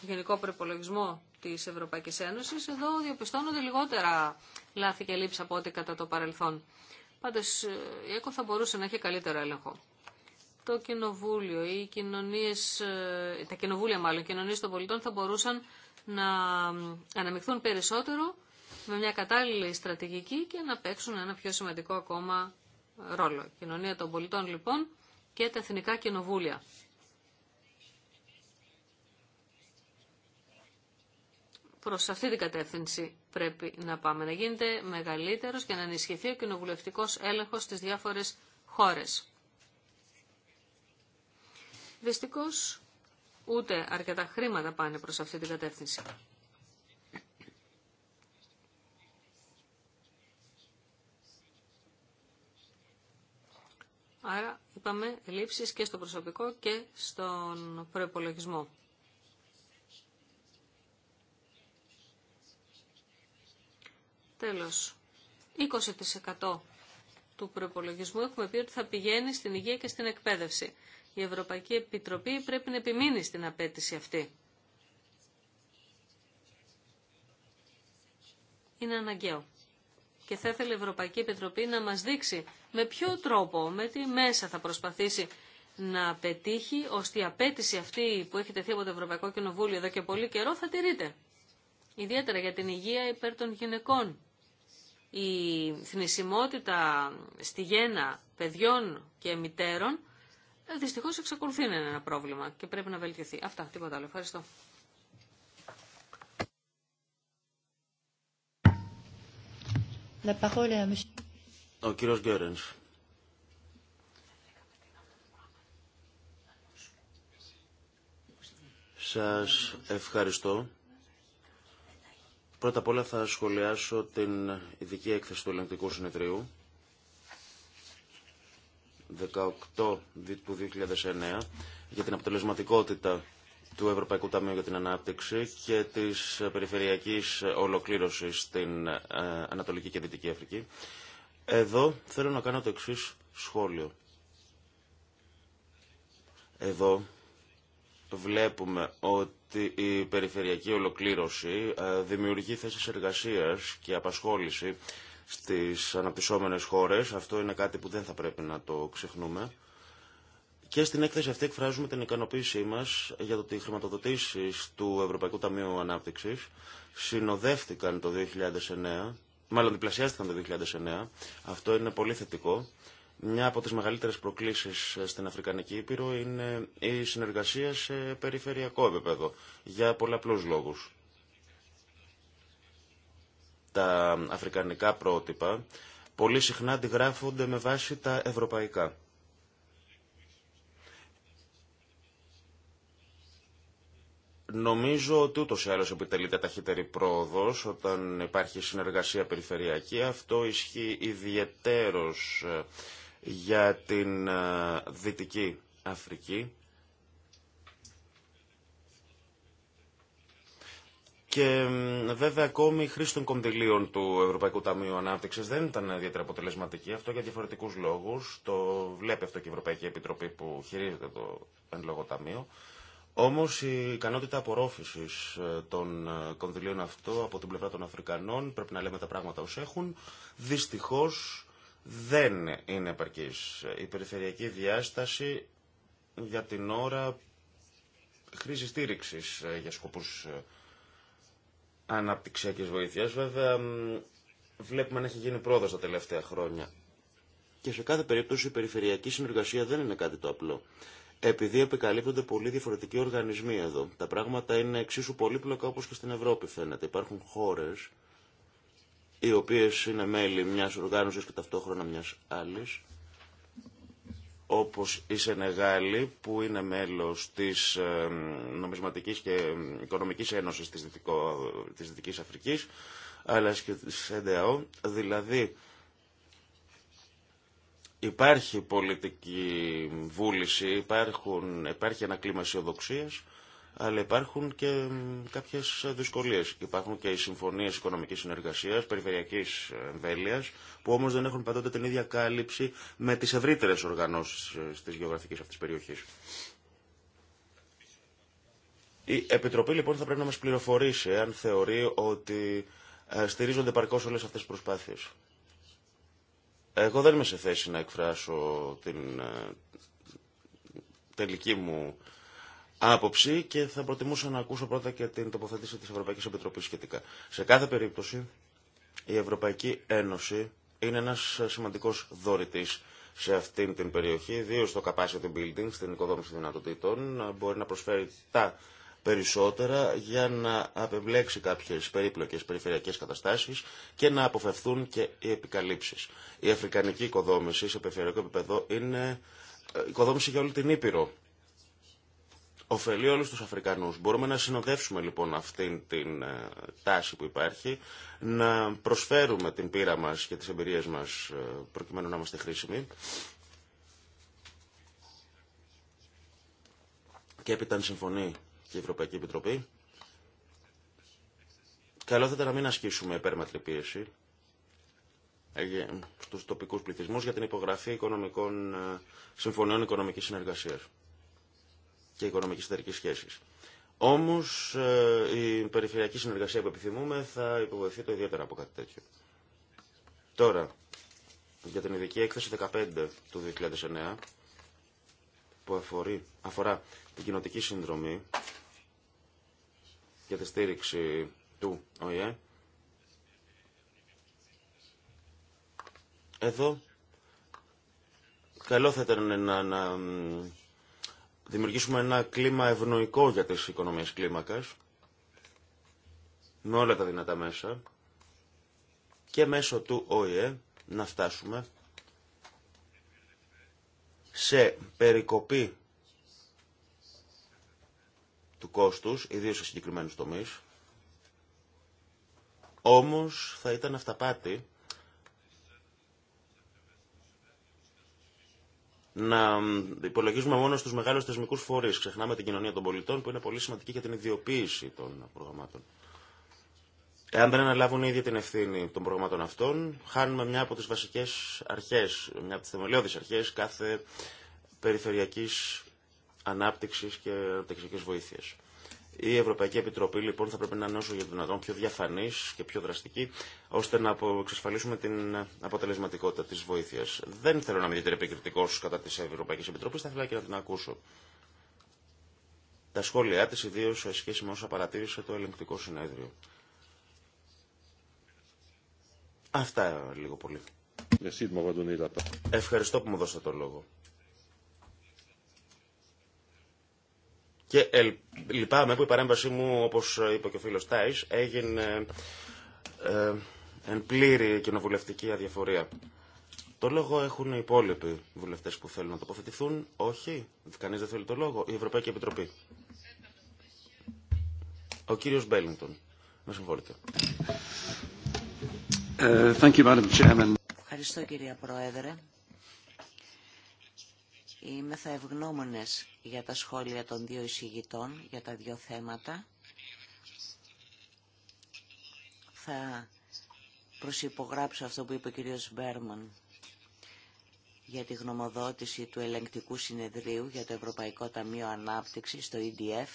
γενικό προπολογισμό της Ευρωπαϊκής Ένωσης, εδώ διαπιστώνονται λιγότερα λάθη και λήψη από ό,τι κατά το παρελθόν. Πάντως, η ΕΚΟ θα μπορούσε να έχει καλύτερο έλεγχο. Το κοινοβούλιο, οι κοινωνίες, ε, τα κοινοβούλια μάλλον, οι κοινωνίες των πολιτών θα μπορούσαν να αναμειχθούν περισσότερο με μια κατάλληλη στρατηγική και να παίξουν ένα πιο σημαντικό ακόμα ρόλο. Η κοινωνία των πολιτών λοιπόν και τα εθνικά κοινοβούλια. Προς αυτή την κατεύθυνση πρέπει να πάμε, να γίνεται μεγαλύτερος και να ενισχυθεί ο κοινοβουλευτικός έλεγχος στις διάφορες χώρες. Δυστυχώς ούτε αρκετά χρήματα πάνε προς αυτή την κατεύθυνση. Άρα είπαμε λήψεις και στο προσωπικό και στον προϋπολογισμό. Τέλος, 20% του προπολογισμού έχουμε πει ότι θα πηγαίνει στην υγεία και στην εκπαίδευση. Η Ευρωπαϊκή Επιτροπή πρέπει να επιμείνει στην απέτηση αυτή. Είναι αναγκαίο και θα ήθελε η Ευρωπαϊκή Επιτροπή να μας δείξει με ποιο τρόπο, με τι μέσα θα προσπαθήσει να πετύχει, ώστε η απέτηση αυτή που έχει τεθεί από το Ευρωπαϊκό Κοινοβούλιο εδώ και πολύ καιρό θα τηρείται. Ιδιαίτερα για την υγεία υπέρ των γυναικών. Η θνησιμότητα στη γέννα παιδιών και μητέρων δυστυχώς εξακολουθεί να είναι ένα πρόβλημα και πρέπει να βελτιωθεί. Αυτά, τίποτα άλλο. Ευχαριστώ. Ο κύριος Γκέρενς. Σας ευχαριστώ. Πρώτα απ' όλα θα σχολιάσω την ειδική έκθεση του Ελεγκτικού Συνεδρίου 18 του 2009 για την αποτελεσματικότητα του Ευρωπαϊκού Ταμείου για την Ανάπτυξη και της περιφερειακής ολοκλήρωσης στην ε, Ανατολική και Δυτική Αφρική. Εδώ θέλω να κάνω το εξή σχόλιο. Εδώ βλέπουμε ότι η περιφερειακή ολοκλήρωση ε, δημιουργεί θέσεις εργασίας και απασχόληση στις αναπτυσσόμενες χώρες. Αυτό είναι κάτι που δεν θα πρέπει να το ξεχνούμε. Και στην έκθεση αυτή εκφράζουμε την ικανοποίησή μα για το ότι οι χρηματοδοτήσει του Ευρωπαϊκού Ταμείου Ανάπτυξη συνοδεύτηκαν το 2009, μάλλον διπλασιάστηκαν το 2009. Αυτό είναι πολύ θετικό. Μια από τι μεγαλύτερε προκλήσει στην Αφρικανική Ήπειρο είναι η συνεργασία σε περιφερειακό επίπεδο για πολλαπλού λόγου. Τα αφρικανικά πρότυπα πολύ συχνά αντιγράφονται με βάση τα ευρωπαϊκά. Νομίζω ότι ούτως ή άλλως επιτελείται ταχύτερη πρόοδος όταν υπάρχει συνεργασία περιφερειακή. Αυτό ισχύει ιδιαιτέρως ε, για την ε, Δυτική Αφρική. Και βέβαια ακόμη η χρήση των κοντιλίων του Ευρωπαϊκού Ταμείου Ανάπτυξης δεν ήταν ιδιαίτερα αποτελεσματική. Αυτό για διαφορετικούς λόγους Το βλέπει αυτό και η Ευρωπαϊκή Επιτροπή που χειρίζεται το εν λόγω ταμείο. Όμω η ικανότητα απορρόφησης ε, των ε, κονδυλίων αυτό από την πλευρά των Αφρικανών, πρέπει να λέμε τα πράγματα ως έχουν, δυστυχώς δεν είναι επαρκή Η περιφερειακή διάσταση για την ώρα χρήση στήριξη ε, για σκοπούς ανάπτυξιακή βοήθειας. Βέβαια βλέπουμε να έχει γίνει πρόοδος τα τελευταία χρόνια. Και σε κάθε περίπτωση η περιφερειακή συνεργασία δεν είναι κάτι το απλό επειδή επικαλύπτονται πολύ διαφορετικοί οργανισμοί εδώ. Τα πράγματα είναι εξίσου πολύπλοκα όπως και στην Ευρώπη φαίνεται. Υπάρχουν χώρες οι οποίες είναι μέλη μιας οργάνωσης και ταυτόχρονα μιας άλλης, όπως η Σενεγάλη που είναι μέλος της ε, Νομισματικής και ε, Οικονομικής Ένωσης της, Δυτικό, της Δυτικής Αφρικής, αλλά και της ΕΝΤΕΑΟ, δηλαδή Υπάρχει πολιτική βούληση, υπάρχουν, υπάρχει ένα κλίμα αισιοδοξία, αλλά υπάρχουν και κάποιε δυσκολίε. Υπάρχουν και οι συμφωνίε οικονομική συνεργασία, περιφερειακή εμβέλεια, που όμω δεν έχουν παντότε την ίδια κάλυψη με τι ευρύτερε οργανώσει ε, τη γεωγραφική αυτή περιοχή. Η Επιτροπή λοιπόν θα πρέπει να μας πληροφορήσει αν θεωρεί ότι ε, στηρίζονται παρκώ όλε αυτέ τις προσπάθειε. Εγώ δεν είμαι σε θέση να εκφράσω την ε, τελική μου άποψη και θα προτιμούσα να ακούσω πρώτα και την τοποθέτηση της Ευρωπαϊκής Επιτροπής σχετικά. Σε κάθε περίπτωση η Ευρωπαϊκή Ένωση είναι ένας σημαντικός δωρητής σε αυτήν την περιοχή, ιδίω στο capacity building, στην οικοδόμηση δυνατοτήτων, μπορεί να προσφέρει τα περισσότερα για να απεμπλέξει κάποιες περίπλοκες περιφερειακές καταστάσεις και να αποφευθούν και οι επικαλύψεις. Η αφρικανική οικοδόμηση σε περιφερειακό επίπεδο είναι ε, οικοδόμηση για όλη την Ήπειρο. Οφελεί όλους τους Αφρικανούς. Μπορούμε να συνοδεύσουμε λοιπόν αυτήν την ε, τάση που υπάρχει, να προσφέρουμε την πείρα μας και τις εμπειρίες μας ε, προκειμένου να είμαστε χρήσιμοι. Και έπειτα συμφωνεί και η Ευρωπαϊκή Επιτροπή. Καλό θα ήταν να μην ασκήσουμε υπέρματρη πίεση ε, στους τοπικούς πληθυσμούς για την υπογραφή οικονομικών, ε, συμφωνιών οικονομικής συνεργασίας και οικονομικής εταιρικής σχέσης. Όμως ε, η περιφερειακή συνεργασία που επιθυμούμε θα υποβοηθεί το ιδιαίτερα από κάτι τέτοιο. Τώρα, για την ειδική έκθεση 15 του 2009 που αφορεί, αφορά την κοινοτική συνδρομή για τη στήριξη του ΟΗΕ. Εδώ καλό θα ήταν να, να δημιουργήσουμε ένα κλίμα ευνοϊκό για τις οικονομίες κλίμακας με όλα τα δυνατά μέσα και μέσω του ΟΗΕ να φτάσουμε σε περικοπή του κόστους, ιδίως σε συγκεκριμένους τομείς. Όμως θα ήταν αυταπάτη να υπολογίζουμε μόνο στους μεγάλους θεσμικούς φορείς. Ξεχνάμε την κοινωνία των πολιτών που είναι πολύ σημαντική για την ιδιοποίηση των προγραμμάτων. Εάν δεν αναλάβουν ίδια την ευθύνη των προγραμμάτων αυτών, χάνουμε μια από τις βασικές αρχές, μια από τις θεμελιώδεις αρχές κάθε περιφερειακής ανάπτυξης και τεχνικής βοήθειας. Η Ευρωπαϊκή Επιτροπή λοιπόν θα πρέπει να είναι όσο για δυνατόν πιο διαφανή και πιο δραστική, ώστε να εξασφαλίσουμε την αποτελεσματικότητα τη βοήθεια. Δεν θέλω να είμαι ιδιαίτερα επικριτικό κατά τη Ευρωπαϊκή Επιτροπή, θα ήθελα και να την ακούσω. Τα σχόλιά τη, ιδίω σε σχέση με όσα παρατήρησε το ελεγκτικό συνέδριο. Αυτά λίγο πολύ. Ευχαριστώ που μου δώσατε το λόγο. Και λυπάμαι που η παρέμβασή μου, όπως είπε και ο φίλος Τάις, έγινε ε, εν πλήρη κοινοβουλευτική αδιαφορία. Το λόγο έχουν οι υπόλοιποι βουλευτές που θέλουν να τοποθετηθούν. Όχι, κανεί δεν θέλει το λόγο. Η Ευρωπαϊκή Επιτροπή. Ο κύριος Μπέλινγκτον. Με συγχωρείτε. Ε, Ευχαριστώ κύριε Πρόεδρε. Είμαι θα ευγνώμονες για τα σχόλια των δύο εισηγητών για τα δύο θέματα. Θα προσυπογράψω αυτό που είπε ο κύριος Μπέρμαν για τη γνωμοδότηση του ελεγκτικού συνεδρίου για το Ευρωπαϊκό Ταμείο Ανάπτυξης, το EDF.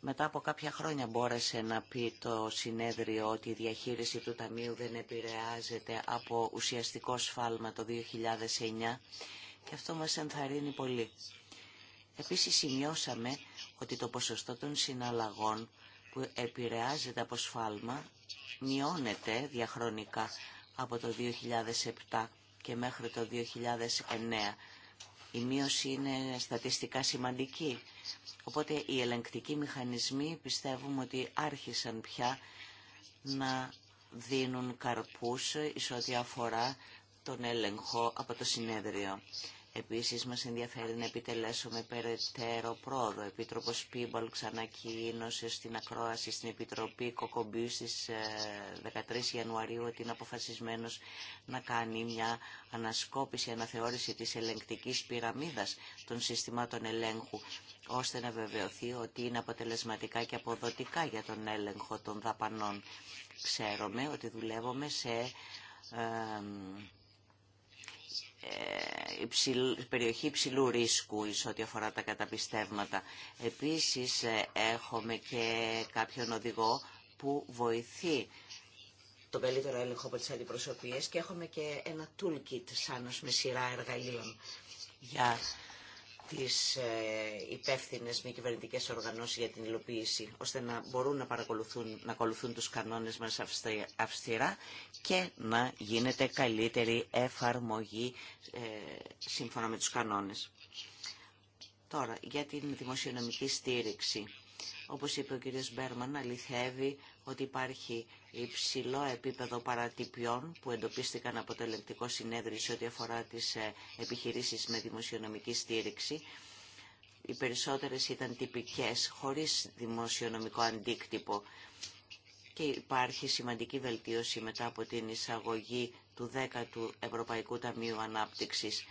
Μετά από κάποια χρόνια μπόρεσε να πει το συνέδριο ότι η διαχείριση του Ταμείου δεν επηρεάζεται από ουσιαστικό σφάλμα το 2009 και αυτό μας ενθαρρύνει πολύ. Επίσης σημειώσαμε ότι το ποσοστό των συναλλαγών που επηρεάζεται από σφάλμα μειώνεται διαχρονικά από το 2007 και μέχρι το 2009. Η μείωση είναι στατιστικά σημαντική. Οπότε οι ελεγκτικοί μηχανισμοί πιστεύουμε ότι άρχισαν πια να δίνουν καρπούς εις ό,τι αφορά τον έλεγχο από το συνέδριο. Επίσης μας ενδιαφέρει να επιτελέσουμε περαιτέρω πρόοδο. Επίτροπος Πίμπολ ξανακοίνωσε στην ακρόαση στην Επιτροπή Κοκομπίου στις 13 ε, Ιανουαρίου ότι είναι αποφασισμένος να κάνει μια ανασκόπηση, αναθεώρηση της ελεγκτικής πυραμίδας των συστημάτων ελέγχου ώστε να βεβαιωθεί ότι είναι αποτελεσματικά και αποδοτικά για τον έλεγχο των δαπανών. Ξέρουμε ότι δουλεύουμε σε... Ε, ε, περιοχή ψηλού ρίσκου εις ό,τι αφορά τα καταπιστεύματα. Επίσης ε, έχουμε και κάποιον οδηγό που βοηθεί τον καλύτερο έλεγχο από τις αντιπροσωπείες και έχουμε και ένα toolkit σαν με σειρά εργαλείων για τις ε, υπεύθυνες μη κυβερνητικέ οργανώσεις για την υλοποίηση, ώστε να μπορούν να παρακολουθούν, να ακολουθούν τους κανόνες μας αυστηρά και να γίνεται καλύτερη εφαρμογή ε, σύμφωνα με τους κανόνες. Τώρα, για την δημοσιονομική στήριξη. Όπως είπε ο κ. Μπέρμαν, αληθεύει ότι υπάρχει υψηλό επίπεδο παρατυπιών που εντοπίστηκαν από το Ελεκτικό συνέδριο σε ό,τι αφορά τις ε, επιχειρήσεις με δημοσιονομική στήριξη. Οι περισσότερες ήταν τυπικές, χωρίς δημοσιονομικό αντίκτυπο και υπάρχει σημαντική βελτίωση μετά από την εισαγωγή του 10ου Ευρωπαϊκού Ταμείου Ανάπτυξης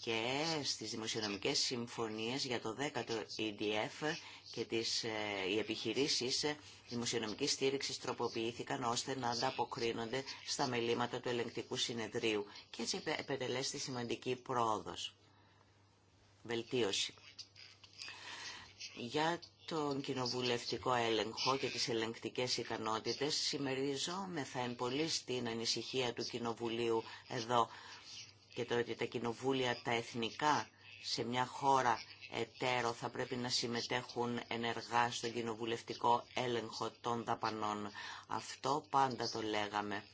και στις δημοσιονομικές συμφωνίες για το 10ο EDF και τις, ε, οι επιχειρήσεις δημοσιονομικής στήριξης τροποποιήθηκαν ώστε να ανταποκρίνονται στα μελήματα του ελεγκτικού συνεδρίου και έτσι επετελέστη σημαντική πρόοδος, βελτίωση. Για τον κοινοβουλευτικό έλεγχο και τις ελεγκτικές ικανότητες συμμεριζόμεθα εν πολύ στην ανησυχία του Κοινοβουλίου εδώ και το ότι τα κοινοβούλια τα εθνικά σε μια χώρα εταίρο θα πρέπει να συμμετέχουν ενεργά στον κοινοβουλευτικό έλεγχο των δαπανών. Αυτό πάντα το λέγαμε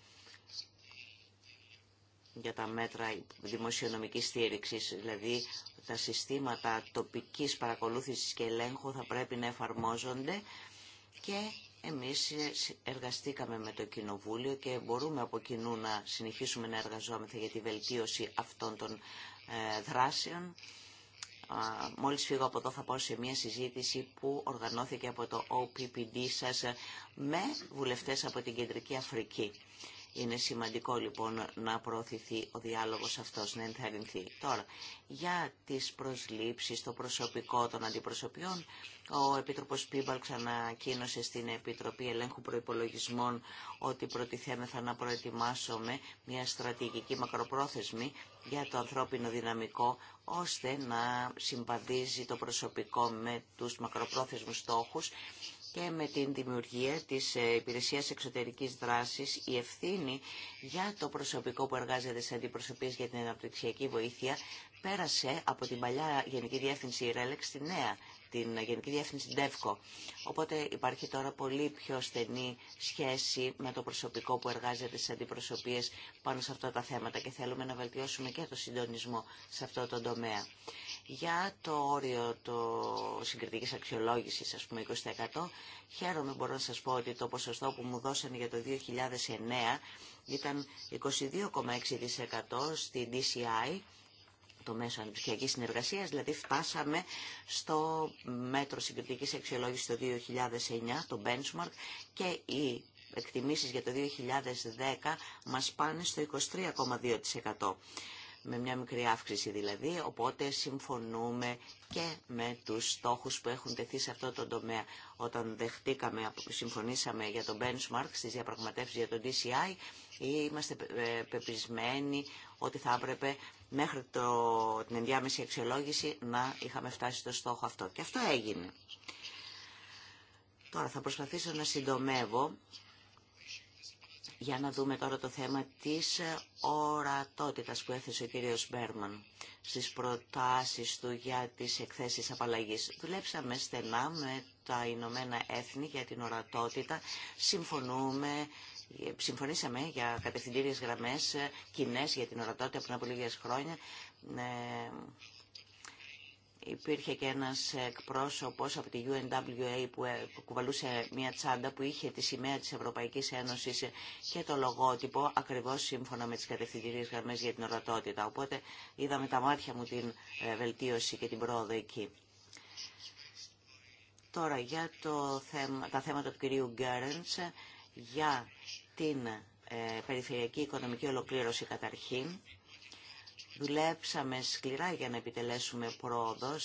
για τα μέτρα δημοσιονομικής στήριξης, δηλαδή τα συστήματα τοπικής παρακολούθησης και ελέγχου θα πρέπει να εφαρμόζονται και εμείς εργαστήκαμε με το Κοινοβούλιο και μπορούμε από κοινού να συνεχίσουμε να εργαζόμεθα για τη βελτίωση αυτών των ε, δράσεων. Μόλις φύγω από εδώ θα πάω σε μια συζήτηση που οργανώθηκε από το OPPD σας με βουλευτές από την Κεντρική Αφρική. Είναι σημαντικό λοιπόν να προωθηθεί ο διάλογος αυτός, να ενθαρρυνθεί. Τώρα, για τις προσλήψεις, το προσωπικό των αντιπροσωπιών, ο Επίτροπος Πίμπαλ ξανακοίνωσε στην Επιτροπή Ελέγχου Προϋπολογισμών ότι προτιθέμεθα να προετοιμάσουμε μια στρατηγική μακροπρόθεσμη για το ανθρώπινο δυναμικό, ώστε να συμπαντίζει το προσωπικό με τους μακροπρόθεσμους στόχους και με την δημιουργία της ε, Υπηρεσίας Εξωτερικής Δράσης η ευθύνη για το προσωπικό που εργάζεται σε αντιπροσωπείες για την αναπτυξιακή βοήθεια πέρασε από την παλιά Γενική Διεύθυνση ΡΕΛΕΚ στη νέα, την Γενική Διεύθυνση ΝΤΕΒΚΟ. Οπότε υπάρχει τώρα πολύ πιο στενή σχέση με το προσωπικό που εργάζεται σε αντιπροσωπείες πάνω σε αυτά τα θέματα και θέλουμε να βελτιώσουμε και το συντονισμό σε αυτό το τομέα. Για το όριο το συγκριτικής αξιολόγησης, ας πούμε 20%, χαίρομαι μπορώ να σας πω ότι το ποσοστό που μου δώσανε για το 2009 ήταν 22,6% στη DCI, το μέσο ανεπτυξιακής συνεργασίας, δηλαδή φτάσαμε στο μέτρο συγκριτικής αξιολόγησης το 2009, το benchmark, και οι εκτιμήσεις για το 2010 μας πάνε στο 23,2% με μια μικρή αύξηση δηλαδή, οπότε συμφωνούμε και με τους στόχους που έχουν τεθεί σε αυτό το τομέα. Όταν δεχτήκαμε, συμφωνήσαμε για το benchmark στις διαπραγματεύσεις για το DCI, είμαστε ε, πεπισμένοι ότι θα έπρεπε μέχρι το, την ενδιάμεση αξιολόγηση να είχαμε φτάσει στο στόχο αυτό. Και αυτό έγινε. Τώρα θα προσπαθήσω να συντομεύω για να δούμε τώρα το θέμα της ορατότητας που έθεσε ο κύριος Μπέρμαν στις προτάσεις του για τις εκθέσεις απαλλαγής. Δουλέψαμε στενά με τα Ηνωμένα Έθνη για την ορατότητα. Συμφωνούμε συμφωνήσαμε για κατευθυντήριες γραμμές ε, κοινέ για την ορατότητα πριν από λίγες χρόνια. Ε, υπήρχε και ένας εκπρόσωπος από τη UNWA ε, που κουβαλούσε μια τσάντα που είχε τη σημαία της Ευρωπαϊκής Ένωσης και το λογότυπο ακριβώς σύμφωνα με τις κατευθυντηρίες γραμμές για την ορατότητα. Οπότε είδα τα μάτια μου την ε, βελτίωση και την πρόοδο εκεί. Τώρα για το θέμα, τα θέματα του κυρίου Γκέρντς, για την ε, περιφερειακή οικονομική ολοκλήρωση καταρχήν Δουλέψαμε σκληρά για να επιτελέσουμε πρόοδο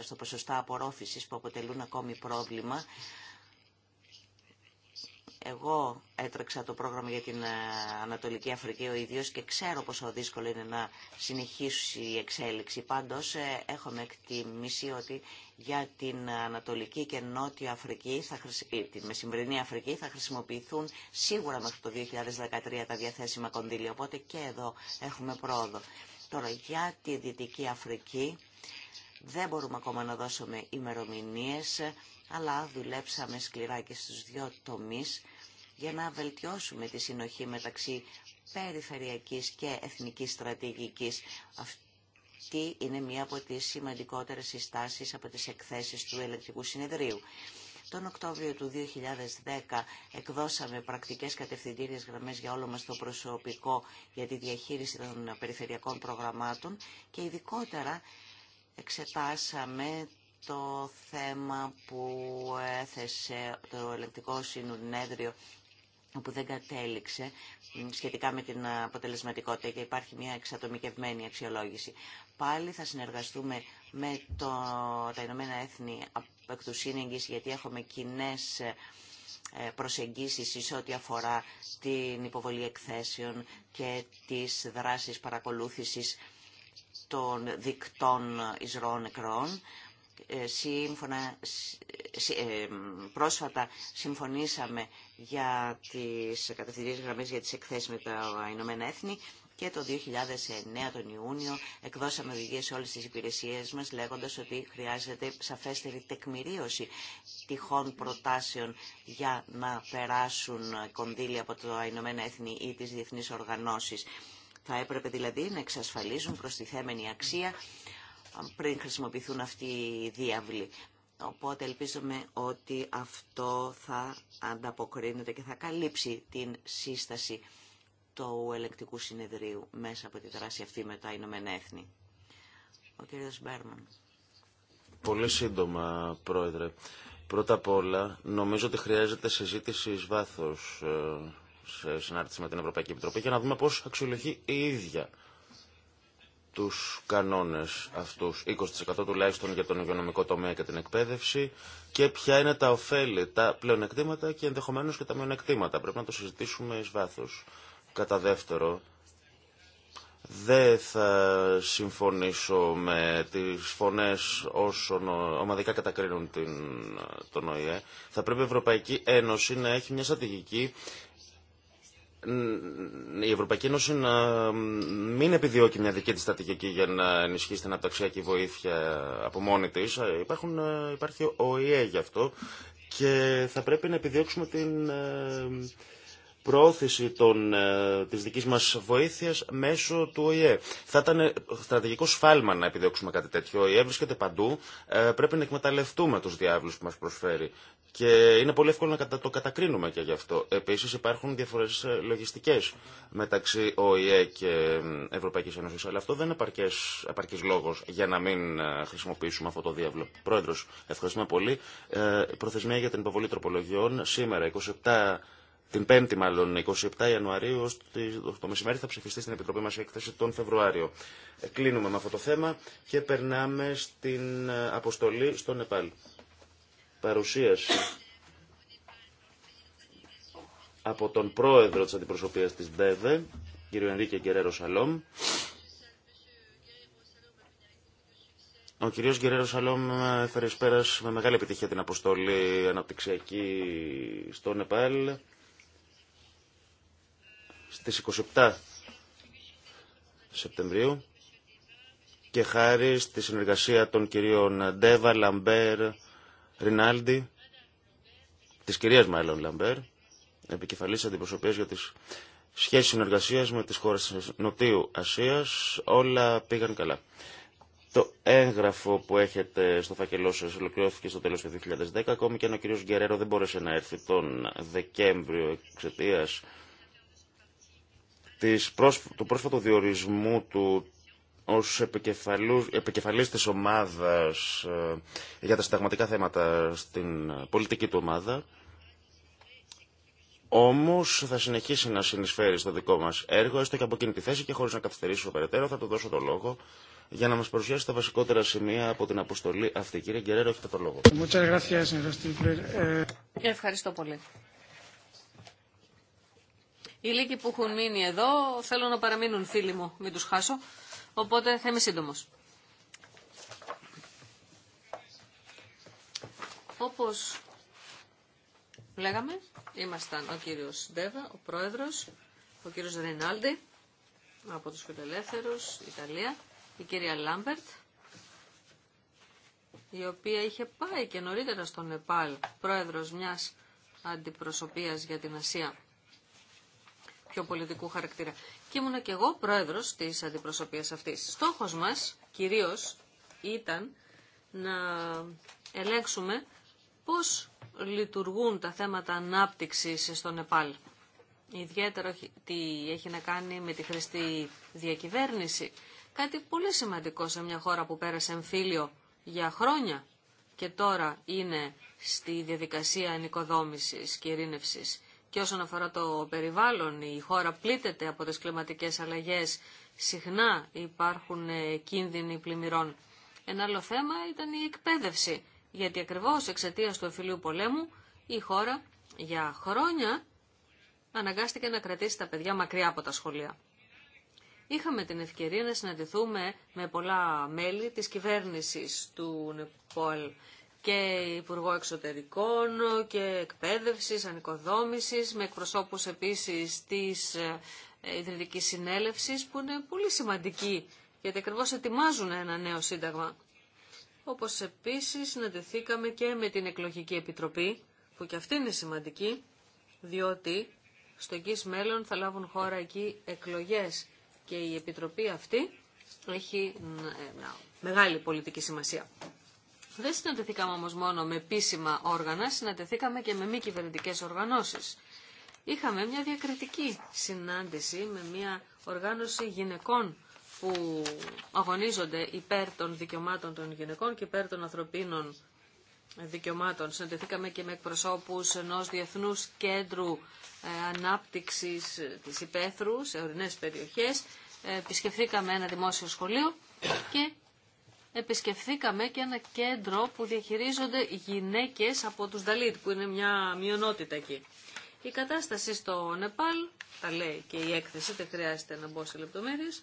στο ποσοστά απορρόφησης που αποτελούν ακόμη πρόβλημα. Εγώ έτρεξα το πρόγραμμα για την ε, Ανατολική Αφρική ο ίδιος και ξέρω πόσο δύσκολο είναι να συνεχίσει η εξέλιξη. Πάντως ε, έχουμε εκτιμήσει ότι για την Ανατολική και Νότια Αφρική, θα χρησι... Ε, τη Μεσημβρινή Αφρική, θα χρησιμοποιηθούν σίγουρα μέχρι το 2013 τα διαθέσιμα κονδύλια. Οπότε και εδώ έχουμε πρόοδο. Τώρα για τη Δυτική Αφρική δεν μπορούμε ακόμα να δώσουμε ημερομηνίες, αλλά δουλέψαμε σκληρά και στους δύο τομείς για να βελτιώσουμε τη συνοχή μεταξύ περιφερειακής και εθνικής στρατηγικής. Αυτή είναι μία από τις σημαντικότερες συστάσεις από τις εκθέσεις του Ελεκτικού Συνεδρίου. Τον Οκτώβριο του 2010 εκδώσαμε πρακτικές κατευθυντήριες γραμμές για όλο μας το προσωπικό για τη διαχείριση των περιφερειακών προγραμμάτων και ειδικότερα εξετάσαμε το θέμα που έθεσε το ελεκτικό συνουνέδριο που δεν κατέληξε σχετικά με την αποτελεσματικότητα και υπάρχει μια εξατομικευμένη αξιολόγηση. Πάλι θα συνεργαστούμε με το, τα Ηνωμένα Έθνη εκ του σύνεγγης, γιατί έχουμε κοινέ ε, προσεγγίσεις σε ό,τι αφορά την υποβολή εκθέσεων και τις δράσεις παρακολούθησης των δικτών εισρώων νεκρών. Ε, ε, πρόσφατα συμφωνήσαμε για τις κατευθυντήριες γραμμές για τις εκθέσεις με τα Ηνωμένα Έθνη και το 2009 τον Ιούνιο εκδώσαμε οδηγίες σε όλες τις υπηρεσίες μας λέγοντας ότι χρειάζεται σαφέστερη τεκμηρίωση τυχόν προτάσεων για να περάσουν κονδύλια από το Ηνωμένα Έθνη ή τις διεθνείς οργανώσεις. Θα έπρεπε δηλαδή να εξασφαλίζουν προστιθέμενη αξία πριν χρησιμοποιηθούν αυτοί οι διάβλοι. Οπότε ελπίζουμε ότι αυτό θα ανταποκρίνεται και θα καλύψει την σύσταση του ελεκτικού συνεδρίου μέσα από τη δράση αυτή με τα Ηνωμένα Έθνη. Ο κύριος Μπέρμαν. Πολύ σύντομα, Πρόεδρε. Πρώτα απ' όλα, νομίζω ότι χρειάζεται συζήτηση εις βάθος ε, σε συνάρτηση με την Ευρωπαϊκή Επιτροπή για να δούμε πώς αξιολογεί η ίδια τους κανόνες αυτούς, 20% τουλάχιστον για τον υγειονομικό τομέα και την εκπαίδευση και ποια είναι τα ωφέλη, τα πλεονεκτήματα και ενδεχομένως και τα μειονεκτήματα. Πρέπει να το συζητήσουμε εις βάθος. Κατά δεύτερο, δεν θα συμφωνήσω με τις φωνές όσων ομαδικά κατακρίνουν την, τον ΟΗΕ. Θα πρέπει η Ευρωπαϊκή Ένωση να έχει μια στρατηγική η Ευρωπαϊκή Ένωση να μην επιδιώκει μια δική της στρατηγική για να ενισχύσει την αναπτυξιακή βοήθεια από μόνη της. Υπάρχουν, ε, υπάρχει ο ΙΕ γι' αυτό και θα πρέπει να επιδιώξουμε την ε, προώθηση των, ε, της δικής μας βοήθειας μέσω του ΟΗΕ. Θα ήταν στρατηγικό σφάλμα να επιδιώξουμε κάτι τέτοιο. Ο ΟΗΕ βρίσκεται παντού. πρέπει να εκμεταλλευτούμε τους διάβλους που μας προσφέρει. Και είναι πολύ εύκολο να το κατακρίνουμε και γι' αυτό. Επίση υπάρχουν διαφορέ ε, λογιστικέ μεταξύ ΟΗΕ και Ευρωπαϊκή Ένωση. Αλλά αυτό δεν είναι επαρκή λόγο για να μην ε, χρησιμοποιήσουμε αυτό το διάβλο. Πρόεδρο, ευχαριστούμε πολύ. Ε, προθεσμία για την υποβολή τροπολογιών σήμερα, 27, την 5η μάλλον, 27 Ιανουαρίου, το μεσημέρι θα ψηφιστεί στην Επιτροπή μα έκθεση τον Φεβρουάριο. Ε, κλείνουμε με αυτό το θέμα και περνάμε στην αποστολή στο Νεπάλ παρουσίαση από τον πρόεδρο της αντιπροσωπείας της ΔΕΒΕ, κύριο Ενρίκε Γκερέρο Σαλόμ. Ο κύριος Γκερέρο Σαλόμ έφερε πέρας με μεγάλη επιτυχία την αποστολή αναπτυξιακή στο Νεπάλ στις 27 Σεπτεμβρίου και χάρη στη συνεργασία των κυρίων Ντέβα, Λαμπέρ, Ρινάλντι, της κυρίας Μάιλον Λαμπέρ, επικεφαλής αντιπροσωπείας για τις σχέσεις συνεργασίας με τις χώρες της Νοτιού Ασίας, όλα πήγαν καλά. Το έγγραφο που έχετε στο φάκελό σα ολοκληρώθηκε στο τέλο του 2010. Ακόμη και αν ο κ. Γκερέρο δεν μπόρεσε να έρθει τον Δεκέμβριο εξαιτία του πρόσφατου διορισμού του ως επικεφαλής της ομάδας ε, για τα συνταγματικά θέματα στην πολιτική του ομάδα, όμως θα συνεχίσει να συνεισφέρει στο δικό μας έργο, έστω και από εκείνη τη θέση και χωρίς να καθυστερήσω περαιτέρω, θα του δώσω το λόγο για να μας παρουσιάσει τα βασικότερα σημεία από την αποστολή αυτή. Κύριε Γκερέρο, έχετε το λόγο. Ε, Ευχαριστώ πολύ. Οι λίγοι που έχουν μείνει εδώ θέλω να παραμείνουν φίλοι μου, μην τους χάσω. Οπότε θα είμαι σύντομος. Όπως λέγαμε, ήμασταν ο κύριος Ντέβα, ο πρόεδρος, ο κύριος Ρινάλντι από τους Φιλελεύθερους, Ιταλία, η κυρία Λάμπερτ, η οποία είχε πάει και νωρίτερα στο Νεπάλ, πρόεδρος μιας αντιπροσωπείας για την Ασία πιο πολιτικού χαρακτήρα. Και ήμουν και εγώ πρόεδρος της αντιπροσωπείας αυτής. Στόχος μας κυρίως ήταν να ελέγξουμε πώς λειτουργούν τα θέματα ανάπτυξης στο Νεπάλ. Ιδιαίτερα τι έχει να κάνει με τη χρηστή διακυβέρνηση. Κάτι πολύ σημαντικό σε μια χώρα που πέρασε εμφύλιο για χρόνια και τώρα είναι στη διαδικασία ανοικοδόμησης και ειρήνευσης. Και όσον αφορά το περιβάλλον, η χώρα πλήττεται από τις κλιματικές αλλαγές. Συχνά υπάρχουν ε, κίνδυνοι πλημμυρών. Ένα άλλο θέμα ήταν η εκπαίδευση, γιατί ακριβώς εξαιτία του εμφυλίου πολέμου η χώρα για χρόνια αναγκάστηκε να κρατήσει τα παιδιά μακριά από τα σχολεία. Είχαμε την ευκαιρία να συναντηθούμε με πολλά μέλη της κυβέρνησης του Νεπόλ και Υπουργό Εξωτερικών και Εκπαίδευσης, Ανοικοδόμησης, με εκπροσώπους επίσης της ε, Ιδρυτικής Συνέλευσης που είναι πολύ σημαντική γιατί ακριβώς ετοιμάζουν ένα νέο σύνταγμα. Όπως επίσης συναντηθήκαμε και με την Εκλογική Επιτροπή που και αυτή είναι σημαντική διότι στο εγγύς μέλλον θα λάβουν χώρα εκεί εκλογές και η Επιτροπή αυτή έχει ε, μεγάλη πολιτική σημασία. Δεν συναντηθήκαμε όμως μόνο με επίσημα όργανα, συναντηθήκαμε και με μη κυβερνητικέ οργανώσεις. Είχαμε μια διακριτική συνάντηση με μια οργάνωση γυναικών που αγωνίζονται υπέρ των δικαιωμάτων των γυναικών και υπέρ των ανθρωπίνων δικαιωμάτων. Συναντηθήκαμε και με εκπροσώπους ενός Διεθνούς Κέντρου ε, Ανάπτυξης ε, της Υπέθρου σε ορεινές περιοχές. Ε, επισκεφθήκαμε ένα δημόσιο σχολείο και επισκεφθήκαμε και ένα κέντρο που διαχειρίζονται γυναίκες από τους Δαλίτ, που είναι μια μειονότητα εκεί. Η κατάσταση στο Νεπάλ, τα λέει και η έκθεση, δεν χρειάζεται να μπω σε λεπτομέρειες,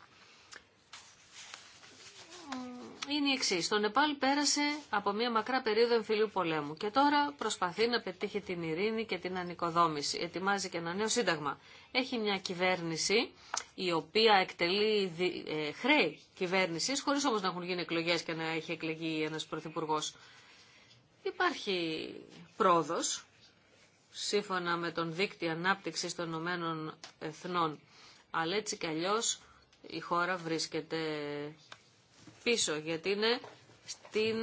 είναι η εξή. Το Νεπάλ πέρασε από μια μακρά περίοδο εμφυλίου πολέμου και τώρα προσπαθεί να πετύχει την ειρήνη και την ανοικοδόμηση. Ετοιμάζει και ένα νέο σύνταγμα έχει μια κυβέρνηση η οποία εκτελεί ε, χρέη κυβέρνηση, χωρί όμω να έχουν γίνει εκλογέ και να έχει εκλεγεί ένα πρωθυπουργό. Υπάρχει πρόοδο σύμφωνα με τον δίκτυο ανάπτυξη των Ηνωμένων Εθνών. Αλλά έτσι κι αλλιώ η χώρα βρίσκεται πίσω γιατί είναι στην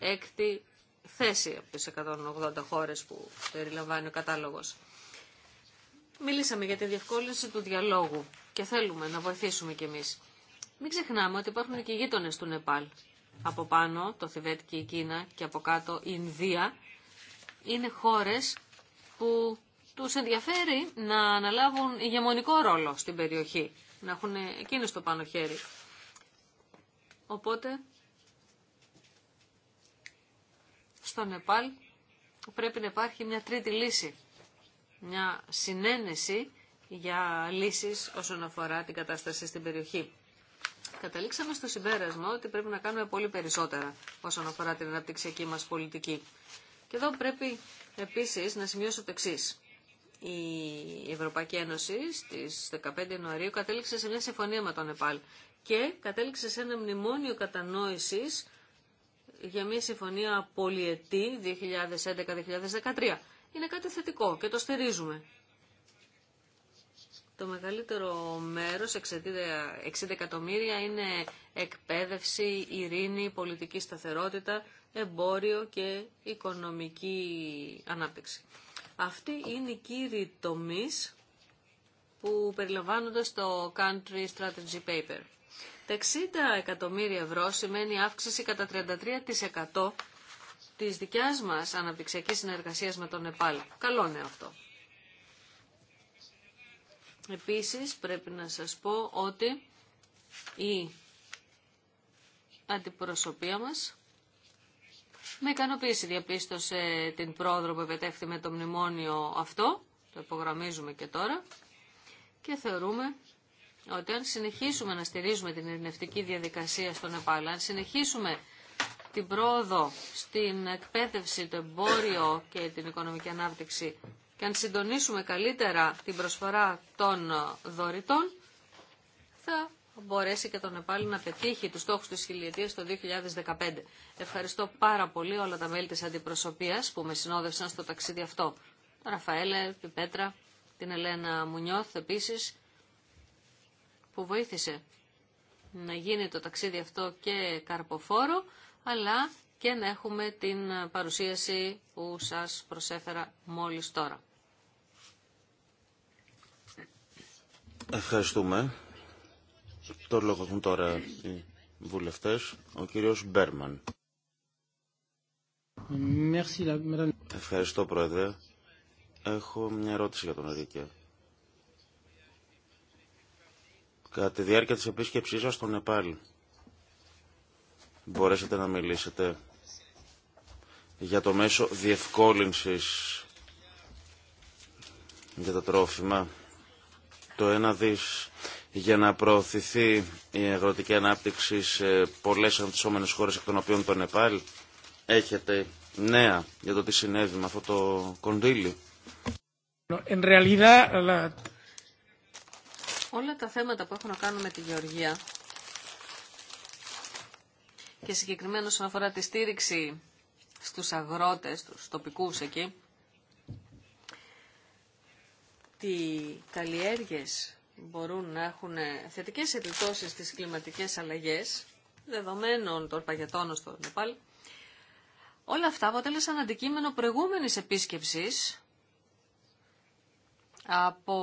136η θέση από τις 180 χώρες που περιλαμβάνει ο κατάλογος. Μιλήσαμε για τη διευκόλυνση του διαλόγου και θέλουμε να βοηθήσουμε κι εμείς. Μην ξεχνάμε ότι υπάρχουν και γείτονες του Νεπάλ. Από πάνω το Θιβέτ και η Κίνα και από κάτω η Ινδία είναι χώρες που τους ενδιαφέρει να αναλάβουν ηγεμονικό ρόλο στην περιοχή, να έχουν εκείνες το πάνω χέρι. Οπότε, στο Νεπάλ πρέπει να υπάρχει μια τρίτη λύση μια συνένεση για λύσεις όσον αφορά την κατάσταση στην περιοχή. Καταλήξαμε στο συμπέρασμα ότι πρέπει να κάνουμε πολύ περισσότερα όσον αφορά την αναπτυξιακή μας πολιτική. Και εδώ πρέπει επίσης να σημειώσω το εξή. Η Ευρωπαϊκή Ένωση στις 15 Ιανουαρίου κατέληξε σε μια συμφωνία με τον ΕΠΑΛ και κατέληξε σε ένα μνημόνιο κατανόησης για μια συμφωνία πολιετή 2011-2013 είναι κάτι θετικό και το στηρίζουμε. Το μεγαλύτερο μέρος, 60 εκατομμύρια, είναι εκπαίδευση, ειρήνη, πολιτική σταθερότητα, εμπόριο και οικονομική ανάπτυξη. Αυτοί είναι οι κύριοι τομείς που περιλαμβάνονται στο Country Strategy Paper. Τα 60 εκατομμύρια ευρώ σημαίνει αύξηση κατά 33% της δικιάς μας αναπτυξιακής συνεργασίας με τον ΕΠΑΛ. Καλό είναι αυτό. Επίσης πρέπει να σας πω ότι η αντιπροσωπεία μας με ικανοποίηση διαπίστωσε την πρόοδο που επετέχθη με το μνημόνιο αυτό, το υπογραμμίζουμε και τώρα, και θεωρούμε ότι αν συνεχίσουμε να στηρίζουμε την ειρηνευτική διαδικασία στον ΕΠΑΛ, αν συνεχίσουμε την πρόοδο στην εκπαίδευση, το εμπόριο και την οικονομική ανάπτυξη και αν συντονίσουμε καλύτερα την προσφορά των δωρητών, θα μπορέσει και τον Νεπάλ να πετύχει τους στόχους της χιλιετίας το 2015. Ευχαριστώ πάρα πολύ όλα τα μέλη της αντιπροσωπείας που με συνόδευσαν στο ταξίδι αυτό. Τον Ραφαέλε, την Πέτρα, την Ελένα Μουνιώθ επίσης, που βοήθησε να γίνει το ταξίδι αυτό και καρποφόρο αλλά και να έχουμε την παρουσίαση που σας προσέφερα μόλις τώρα. Ευχαριστούμε. Το λόγο έχουν τώρα οι βουλευτές. Ο κύριος Μπέρμαν. Ευχαριστώ, Πρόεδρε. Έχω μια ερώτηση για τον Ερικέ. Κατά τη διάρκεια της επίσκεψής σας στο Νεπάλ, μπορέσετε να μιλήσετε για το μέσο διευκόλυνσης για τα τρόφιμα. Το ένα δις για να προωθηθεί η αγροτική ανάπτυξη σε πολλές αντισώμενες χώρες εκ των οποίων το Νεπάλ. Έχετε νέα για το τι συνέβη με αυτό το κονδύλι. Όλα τα θέματα που έχουν να κάνουν με τη γεωργία και συγκεκριμένα όσον αφορά τη στήριξη στους αγρότες, τους τοπικούς εκεί, τι καλλιέργειες μπορούν να έχουν θετικές επιπτώσεις στις κλιματικές αλλαγές, δεδομένων των παγετών στο Νεπάλ, όλα αυτά αποτέλεσαν αντικείμενο προηγούμενης επίσκεψης από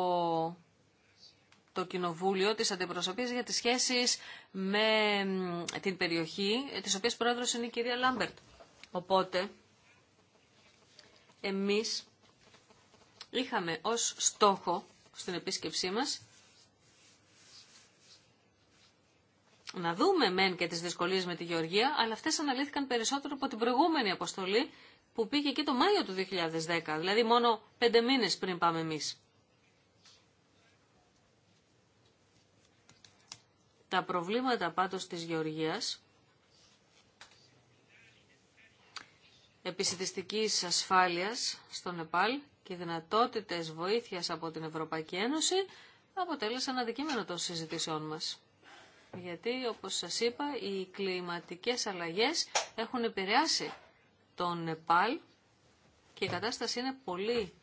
το Κοινοβούλιο της Αντιπροσωπείας για τις σχέσεις με την περιοχή, της οποίας πρόεδρος είναι η κυρία Λάμπερτ. Οπότε, εμείς είχαμε ως στόχο στην επίσκεψή μας να δούμε μεν και τις δυσκολίες με τη Γεωργία, αλλά αυτές αναλύθηκαν περισσότερο από την προηγούμενη αποστολή που πήγε εκεί το Μάιο του 2010, δηλαδή μόνο πέντε μήνες πριν πάμε εμείς. Τα προβλήματα πάντως της γεωργίας επισητιστικής ασφάλειας στο Νεπάλ και δυνατότητες βοήθειας από την Ευρωπαϊκή Ένωση αποτέλεσαν αντικείμενο των συζητήσεών μας. Γιατί, όπως σας είπα, οι κλιματικές αλλαγές έχουν επηρεάσει τον Νεπάλ και η κατάσταση είναι πολύ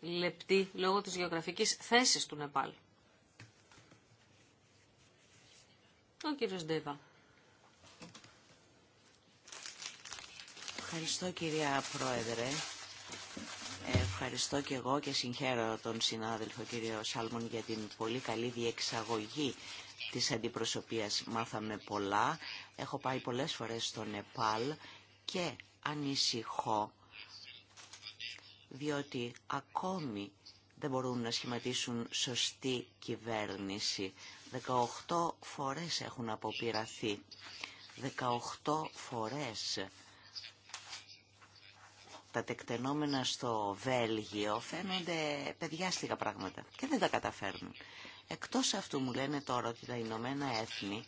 λεπτή λόγω της γεωγραφικής θέσης του Νεπάλ. Ο κύριος Ντέβα. Ευχαριστώ κυρία Πρόεδρε. Ευχαριστώ και εγώ και συγχαίρω τον συνάδελφο κύριο Σάλμον για την πολύ καλή διεξαγωγή της αντιπροσωπείας. Μάθαμε πολλά. Έχω πάει πολλές φορές στο Νεπάλ και ανησυχώ διότι ακόμη δεν μπορούν να σχηματίσουν σωστή κυβέρνηση. 18 φορές έχουν αποπειραθεί. 18 φορές. Τα τεκτενόμενα στο Βέλγιο φαίνονται παιδιάστικα πράγματα και δεν τα καταφέρνουν. Εκτός αυτού μου λένε τώρα ότι τα Ηνωμένα Έθνη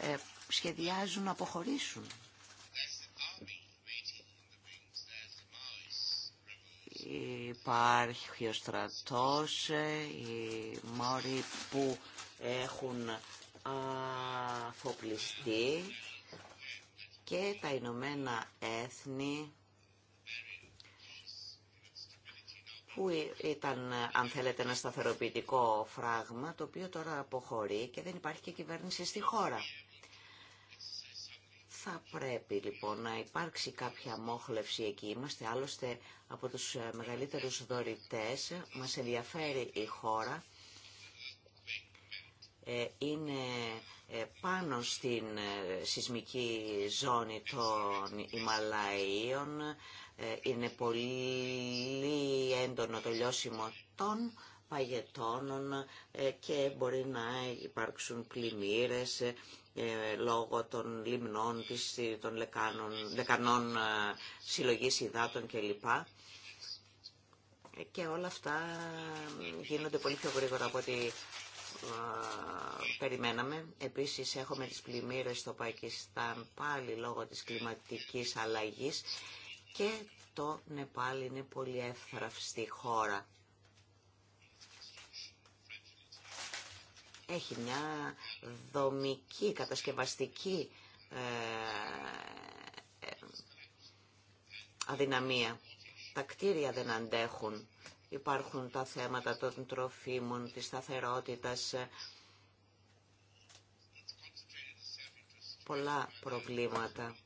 ε, σχεδιάζουν να αποχωρήσουν Υπάρχει ο στρατός, οι Μόροι που έχουν αφοπλιστεί και τα Ηνωμένα Έθνη που ε, ήταν, αν θέλετε, ένα σταθεροποιητικό φράγμα, το οποίο τώρα αποχωρεί και δεν υπάρχει και κυβέρνηση στη χώρα θα πρέπει λοιπόν να υπάρξει κάποια μόχλευση εκεί. Είμαστε άλλωστε από τους ε, μεγαλύτερους δωρητές. Μας ενδιαφέρει η χώρα. Ε, είναι ε, πάνω στην σεισμική ζώνη των Ιμαλαίων. Είναι πολύ έντονο το λιώσιμο των παγετώνων και μπορεί να υπάρξουν πλημμύρες ε, λόγω των λιμνών, ε, των λεκάνων, λεκανών ε, συλλογής υδάτων κλπ. Και όλα αυτά γίνονται πολύ πιο γρήγορα από ό,τι περιμέναμε. Επίσης έχουμε τις πλημμύρες στο Πακιστάν πάλι λόγω της κλιματικής αλλαγής και το Νεπάλ είναι πολύ εύθραυστη χώρα έχει μια δομική, κατασκευαστική ε, ε, αδυναμία. Τα κτίρια δεν αντέχουν. Υπάρχουν τα θέματα των τροφίμων, της σταθερότητας, ε, πολλά προβλήματα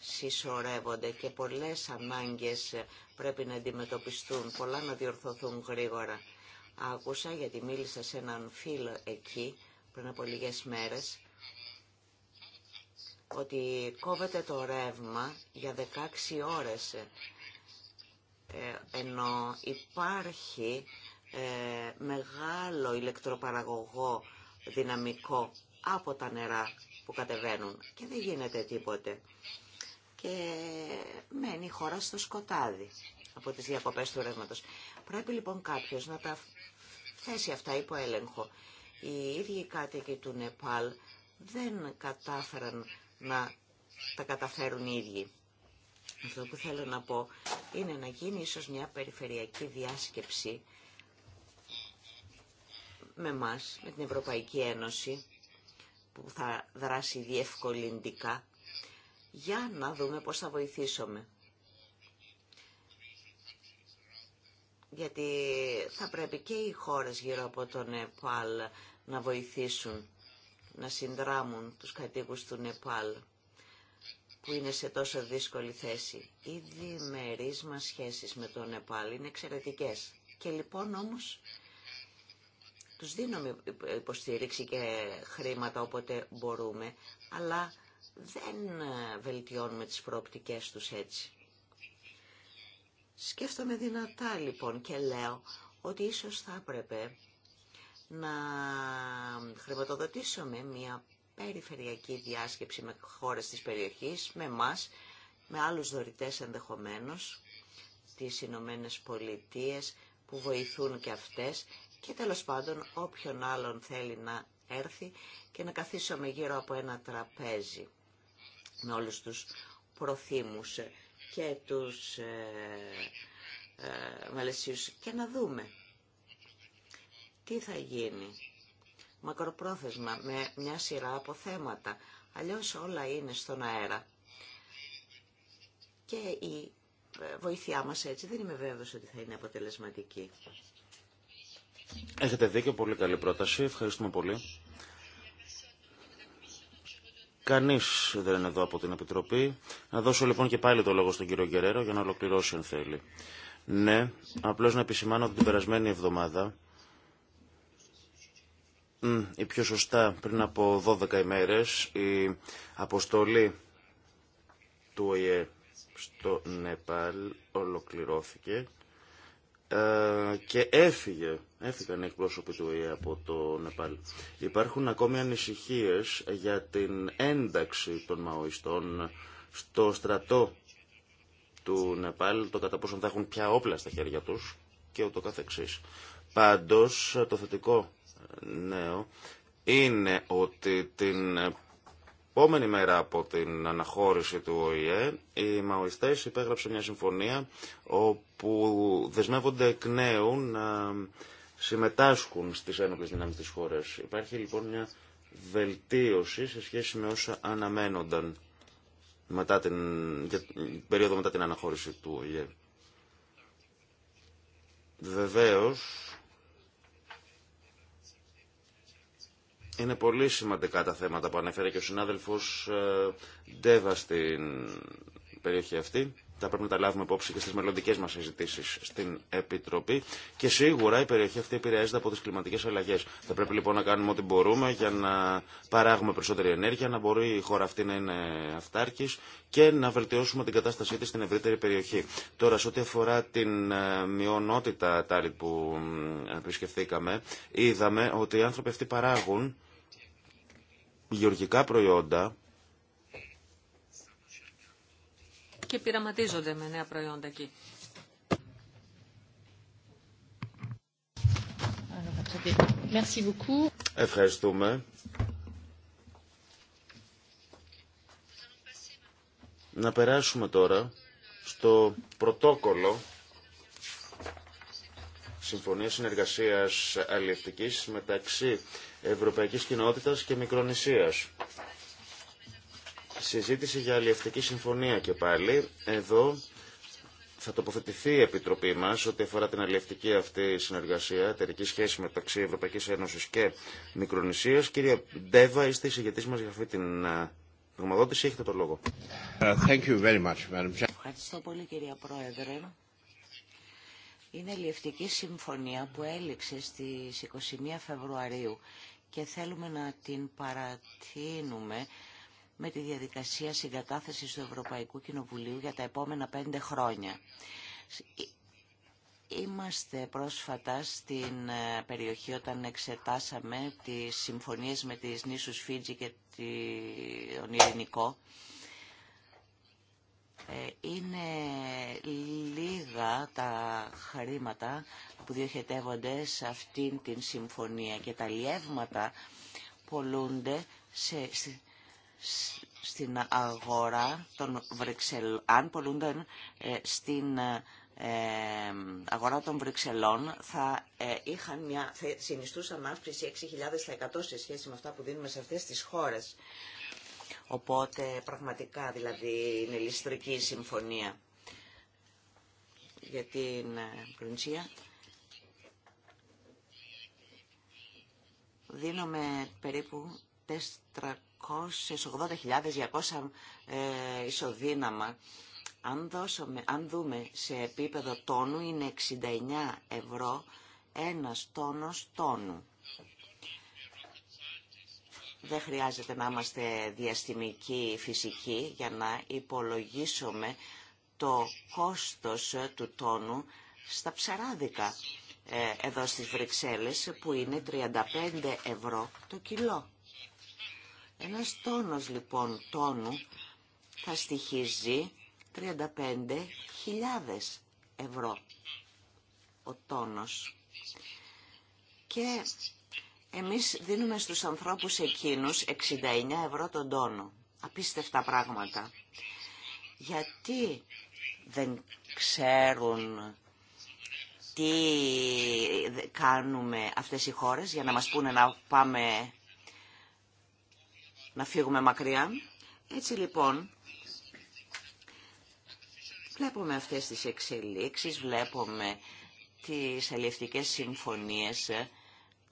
συσσωρεύονται και πολλές ανάγκες πρέπει να αντιμετωπιστούν, πολλά να διορθωθούν γρήγορα άκουσα γιατί μίλησα σε έναν φίλο εκεί πριν από λίγες μέρες ότι κόβεται το ρεύμα για 16 ώρες ε, ενώ υπάρχει ε, μεγάλο ηλεκτροπαραγωγό δυναμικό από τα νερά που κατεβαίνουν και δεν γίνεται τίποτε και μένει η χώρα στο σκοτάδι από τις διακοπές του ρεύματος. Πρέπει λοιπόν κάποιος να τα θέσει αυτά υπό έλεγχο. Οι ίδιοι κάτοικοι του Νεπάλ δεν κατάφεραν να τα καταφέρουν οι ίδιοι. Αυτό που θέλω να πω είναι να γίνει ίσως μια περιφερειακή διάσκεψη με μας, με την Ευρωπαϊκή Ένωση, που θα δράσει διευκολυντικά, για να δούμε πώς θα βοηθήσουμε. γιατί θα πρέπει και οι χώρες γύρω από τον Νεπάλ να βοηθήσουν, να συνδράμουν τους κατοίκους του Νεπάλ που είναι σε τόσο δύσκολη θέση. Οι διμερείς μας σχέσεις με το Νεπάλ είναι εξαιρετικές. Και λοιπόν όμως τους δίνουμε υποστήριξη και χρήματα όποτε μπορούμε, αλλά δεν βελτιώνουμε τις προοπτικές τους έτσι. Σκέφτομαι δυνατά λοιπόν και λέω ότι ίσως θα έπρεπε να χρηματοδοτήσουμε μια περιφερειακή διάσκεψη με χώρες της περιοχής, με μας, με άλλους δωρητές ενδεχομένως, τις Ηνωμένε Πολιτείε που βοηθούν και αυτές και τέλος πάντων όποιον άλλον θέλει να έρθει και να καθίσουμε γύρω από ένα τραπέζι με όλους τους προθύμους και τους ε, ε και να δούμε τι θα γίνει μακροπρόθεσμα με μια σειρά από θέματα. Αλλιώς όλα είναι στον αέρα. Και η ε, βοήθειά μας έτσι δεν είμαι βέβαιος ότι θα είναι αποτελεσματική. Έχετε δίκιο, πολύ καλή πρόταση. Ευχαριστούμε πολύ. Κανεί δεν είναι εδώ από την Επιτροπή. Να δώσω λοιπόν και πάλι το λόγο στον κύριο Γκερέρο για να ολοκληρώσει αν θέλει. Ναι, απλώ να επισημάνω ότι την περασμένη εβδομάδα ή πιο σωστά πριν από 12 ημέρες η πιο σωστα πριν απο 12 ημέρε η αποστολη του ΟΗΕ στο Νεπάλ ολοκληρώθηκε ε, και έφυγε, έφυγαν οι εκπρόσωποι του ΟΗΕ από το Νεπάλ. Υπάρχουν ακόμη ανησυχίες για την ένταξη των μαοϊστών στο στρατό του Νεπάλ, το κατά πόσο θα έχουν πια όπλα στα χέρια τους και ούτω καθεξής. Πάντως το θετικό νέο είναι ότι την επόμενη μέρα από την αναχώρηση του ΟΗΕ, οι Μαοϊστές υπέγραψαν μια συμφωνία όπου δεσμεύονται εκ νέου να συμμετάσχουν στις ένοπλες δυνάμεις της χώρας. Υπάρχει λοιπόν μια βελτίωση σε σχέση με όσα αναμένονταν μετά την, περίοδο μετά την αναχώρηση του ΟΗΕ. Βεβαίως, Είναι πολύ σημαντικά τα θέματα που ανέφερε και ο συνάδελφος ε, Ντέβα στην περιοχή αυτή. Θα πρέπει να τα λάβουμε υπόψη και στι μελλοντικέ μα συζητήσει στην Επιτροπή. Και σίγουρα η περιοχή αυτή επηρεάζεται από τι κλιματικέ αλλαγέ. Θα πρέπει λοιπόν να κάνουμε ό,τι μπορούμε για να παράγουμε περισσότερη ενέργεια, να μπορεί η χώρα αυτή να είναι αυτάρκη και να βελτιώσουμε την κατάστασή τη στην ευρύτερη περιοχή. Τώρα, σε ό,τι αφορά την ε, μειονότητα τάρι που επισκεφθήκαμε, είδαμε ότι οι άνθρωποι αυτοί παράγουν γεωργικά προϊόντα και πειραματίζονται με νέα προϊόντα εκεί. Ευχαριστούμε. Να περάσουμε τώρα στο πρωτόκολλο Συμφωνία Συνεργασίας Αλληλευτικής μεταξύ Ευρωπαϊκής Κοινότητας και Μικρονησίας. Συζήτηση για αλληλευτική συμφωνία και πάλι. Εδώ θα τοποθετηθεί η Επιτροπή μα ό,τι αφορά την αλληλευτική αυτή συνεργασία, εταιρική σχέση μεταξύ Ευρωπαϊκή Ένωση και Μικρονησία. Κύριε Ντέβα, είστε συγκεκριτή μα για αυτή την ε, γνωμοδότηση. Έχετε το λόγο. Ε, Ευχαριστώ πολύ, κυρία Πρόεδρε. Είναι αλληλευτική συμφωνία που έληξε στις 21 Φεβρουαρίου και θέλουμε να την παρατείνουμε με τη διαδικασία συγκατάθεσης του Ευρωπαϊκού Κοινοβουλίου για τα επόμενα πέντε χρόνια. Είμαστε πρόσφατα στην ε, περιοχή όταν εξετάσαμε τις συμφωνίες με τις νήσους Φίτζη και τον Ειρηνικό. Ε, είναι λίγα τα χρήματα που διοχετεύονται σε αυτήν την συμφωνία και τα λιεύματα πολλούνται σε, στην αγορά των Βρυξελών, αν πολλούνταν ε, στην ε, ε, αγορά των Βρυξελών, θα, είχαν μια, θα συνιστούσαν αύξηση 6.000% σε σχέση με αυτά που δίνουμε σε αυτές τις χώρες. Οπότε πραγματικά δηλαδή είναι ληστρική συμφωνία για την Πρινσία. Δίνουμε περίπου 480.200 ε, ισοδύναμα. Αν, δώσουμε, αν δούμε σε επίπεδο τόνου είναι 69 ευρώ ένας τόνος τόνου. Δεν χρειάζεται να είμαστε διαστημικοί φυσικοί για να υπολογίσουμε το κόστος του τόνου στα ψαράδικα ε, εδώ στις Βρυξέλλες που είναι 35 ευρώ το κιλό. Ένας τόνος λοιπόν τόνου θα στοιχίζει 35.000 ευρώ ο τόνος. Και εμείς δίνουμε στους ανθρώπους εκείνους 69 ευρώ τον τόνο. Απίστευτα πράγματα. Γιατί δεν ξέρουν τι κάνουμε αυτές οι χώρες για να μας πούνε να πάμε να φύγουμε μακριά. Έτσι λοιπόν, βλέπουμε αυτές τις εξελίξεις, βλέπουμε τις αλληλευτικές συμφωνίες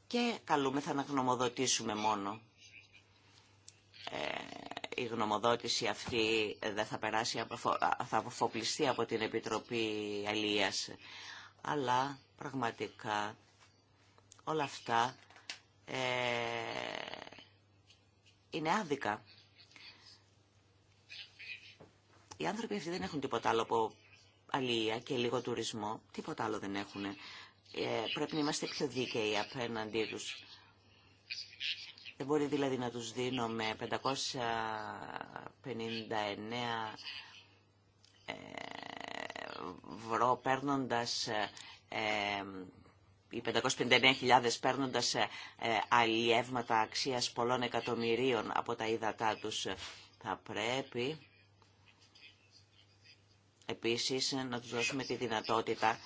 και καλούμεθα να γνωμοδοτήσουμε μόνο. Ε, η γνωμοδότηση αυτή δεν θα περάσει, θα αποφοπλιστεί από την Επιτροπή Αλίας. Αλλά πραγματικά όλα αυτά ε, είναι άδικα. Οι άνθρωποι αυτοί δεν έχουν τίποτα άλλο από αλληλεία και λίγο τουρισμό. Τίποτα άλλο δεν έχουν. Ε, πρέπει να είμαστε πιο δίκαιοι απέναντί τους. Δεν μπορεί δηλαδή να τους με 559 ε, ευρώ παίρνοντας ε, οι 559.000 παίρνοντα ε, ε, αλλιεύματα αξίας πολλών εκατομμυρίων από τα ύδατά του. Ε, θα πρέπει επίση να τους δώσουμε τη δυνατότητα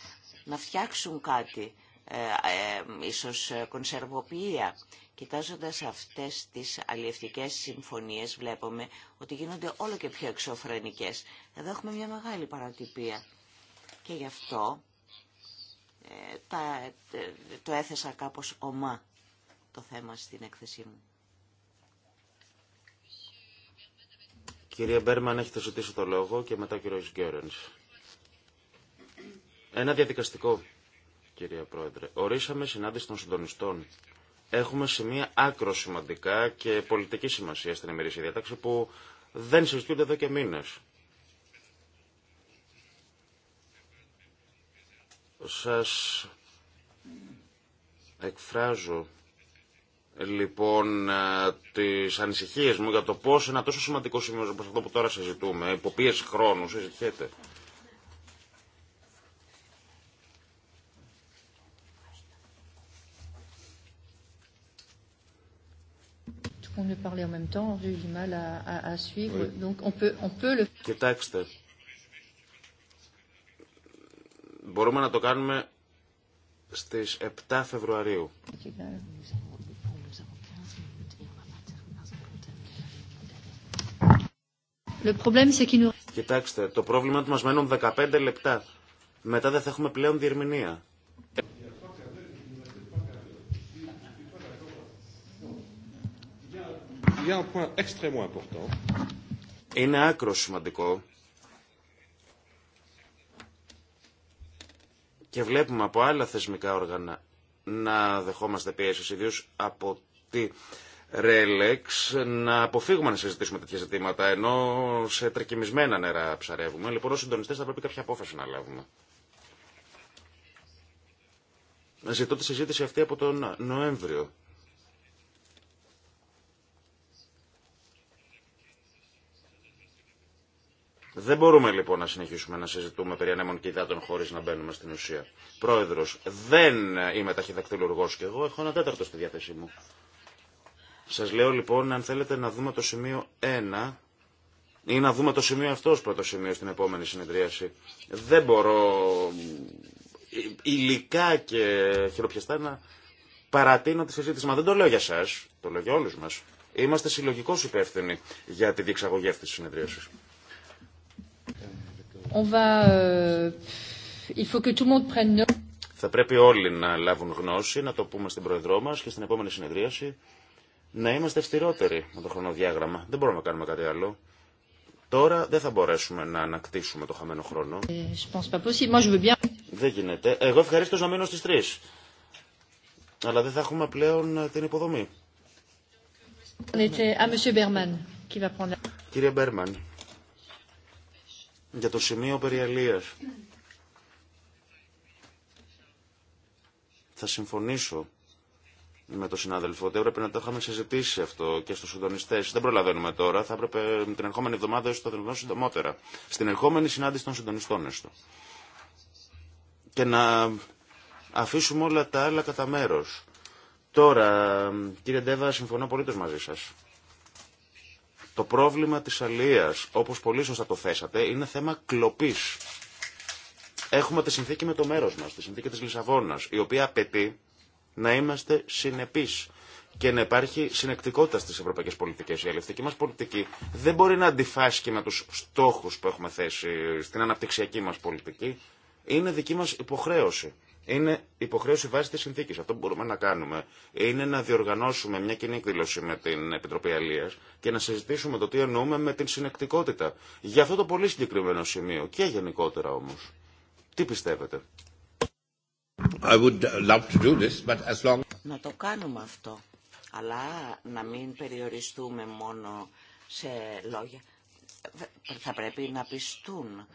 να φτιάξουν κάτι, ε, ε, ίσως κονσερβοποιία. Κοιτάζοντας αυτές τις αλλιευτικές συμφωνίες βλέπουμε ότι γίνονται όλο και πιο εξωφρενικές. Εδώ έχουμε μια μεγάλη παρατυπία και γι' αυτό τα, το έθεσα κάπως ομά το θέμα στην έκθεσή μου. Κυρία Μπέρμαν, έχετε ζητήσει το λόγο και μετά ο κύριος Γκέρενς. Ένα διαδικαστικό, κυρία Πρόεδρε. Ορίσαμε συνάντηση των συντονιστών. Έχουμε σημεία άκρο σημαντικά και πολιτική σημασία στην ημερήσια διάταξη που δεν συζητούνται εδώ και μήνες. Σας εκφράζω λοιπόν ε, τις ανησυχίες μου για το πώς ένα τόσο σημαντικό σημείο όπως αυτό που τώρα συζητούμε, υπό πίεση χρόνου συζητιέται. Κοιτάξτε, Μπορούμε να το κάνουμε στις 7 Φεβρουαρίου. Κοιτάξτε, το πρόβλημα είναι ότι μας μένουν 15 λεπτά. Μετά δεν θα έχουμε πλέον διερμηνία. Είναι άκρο σημαντικό Και βλέπουμε από άλλα θεσμικά όργανα να δεχόμαστε πιέσει ιδίω από τη ρέλεξ να αποφύγουμε να συζητήσουμε τέτοια ζητήματα, ενώ σε τρικυμισμένα νερά ψαρεύουμε. Λοιπόν, ως συντονιστές θα πρέπει κάποια απόφαση να λάβουμε. Ζητώ τη συζήτηση αυτή από τον Νοέμβριο. Δεν μπορούμε λοιπόν να συνεχίσουμε να συζητούμε περί ανέμων και υδάτων χωρί να μπαίνουμε στην ουσία. Πρόεδρο, δεν είμαι ταχυδακτηλουργό και εγώ, έχω ένα τέταρτο στη διάθεσή μου. Σα λέω λοιπόν, αν θέλετε να δούμε το σημείο 1 ή να δούμε το σημείο αυτό ω πρώτο σημείο στην επόμενη συνεδρίαση. Δεν μπορώ υλικά και χειροπιαστά να παρατείνω τη συζήτηση. Μα δεν το λέω για εσά, το λέω για όλου μα. Είμαστε συλλογικώ υπεύθυνοι για τη διεξαγωγή αυτή τη συνεδρίαση. Θα πρέπει όλοι να λάβουν γνώση, να το πούμε στην Προεδρό μας και στην επόμενη συνεδρίαση να είμαστε αυστηρότεροι με το χρονοδιάγραμμα. Δεν μπορούμε να κάνουμε κάτι άλλο. Τώρα δεν θα μπορέσουμε να ανακτήσουμε το χαμένο χρόνο. Ε, δεν γίνεται. Εγώ ευχαρίστω να μείνω στις Τρει, Αλλά δεν θα έχουμε πλέον ε, την υποδομή. Κύριε Μπέρμαν για το σημείο περιαλίας. Θα συμφωνήσω με τον συνάδελφο ότι έπρεπε να το είχαμε συζητήσει αυτό και στους συντονιστές. Δεν προλαβαίνουμε τώρα. Θα έπρεπε την ερχόμενη εβδομάδα έστω το συντομότερα. Στην ερχόμενη συνάντηση των συντονιστών έστω. Και να αφήσουμε όλα τα άλλα κατά μέρο. Τώρα, κύριε Ντέβα, συμφωνώ πολύ μαζί σας. Το πρόβλημα της αλίας, όπως πολύ σωστά το θέσατε, είναι θέμα κλοπής. Έχουμε τη συνθήκη με το μέρος μας, τη συνθήκη της Λισαβόνας, η οποία απαιτεί να είμαστε συνεπείς και να υπάρχει συνεκτικότητα στις ευρωπαϊκές πολιτικές. Η αλληλευτική μας πολιτική δεν μπορεί να αντιφάσκει με τους στόχους που έχουμε θέσει στην αναπτυξιακή μας πολιτική. Είναι δική μας υποχρέωση. Είναι υποχρέωση βάση τη συνθήκη. Αυτό που μπορούμε να κάνουμε είναι να διοργανώσουμε μια κοινή εκδήλωση με την Επιτροπή Αλία και να συζητήσουμε το τι εννοούμε με την συνεκτικότητα. Για αυτό το πολύ συγκεκριμένο σημείο και γενικότερα όμω. Τι πιστεύετε. I would love to do this, but as long... Να το κάνουμε αυτό. Αλλά να μην περιοριστούμε μόνο σε λόγια. Θα πρέπει να πιστούν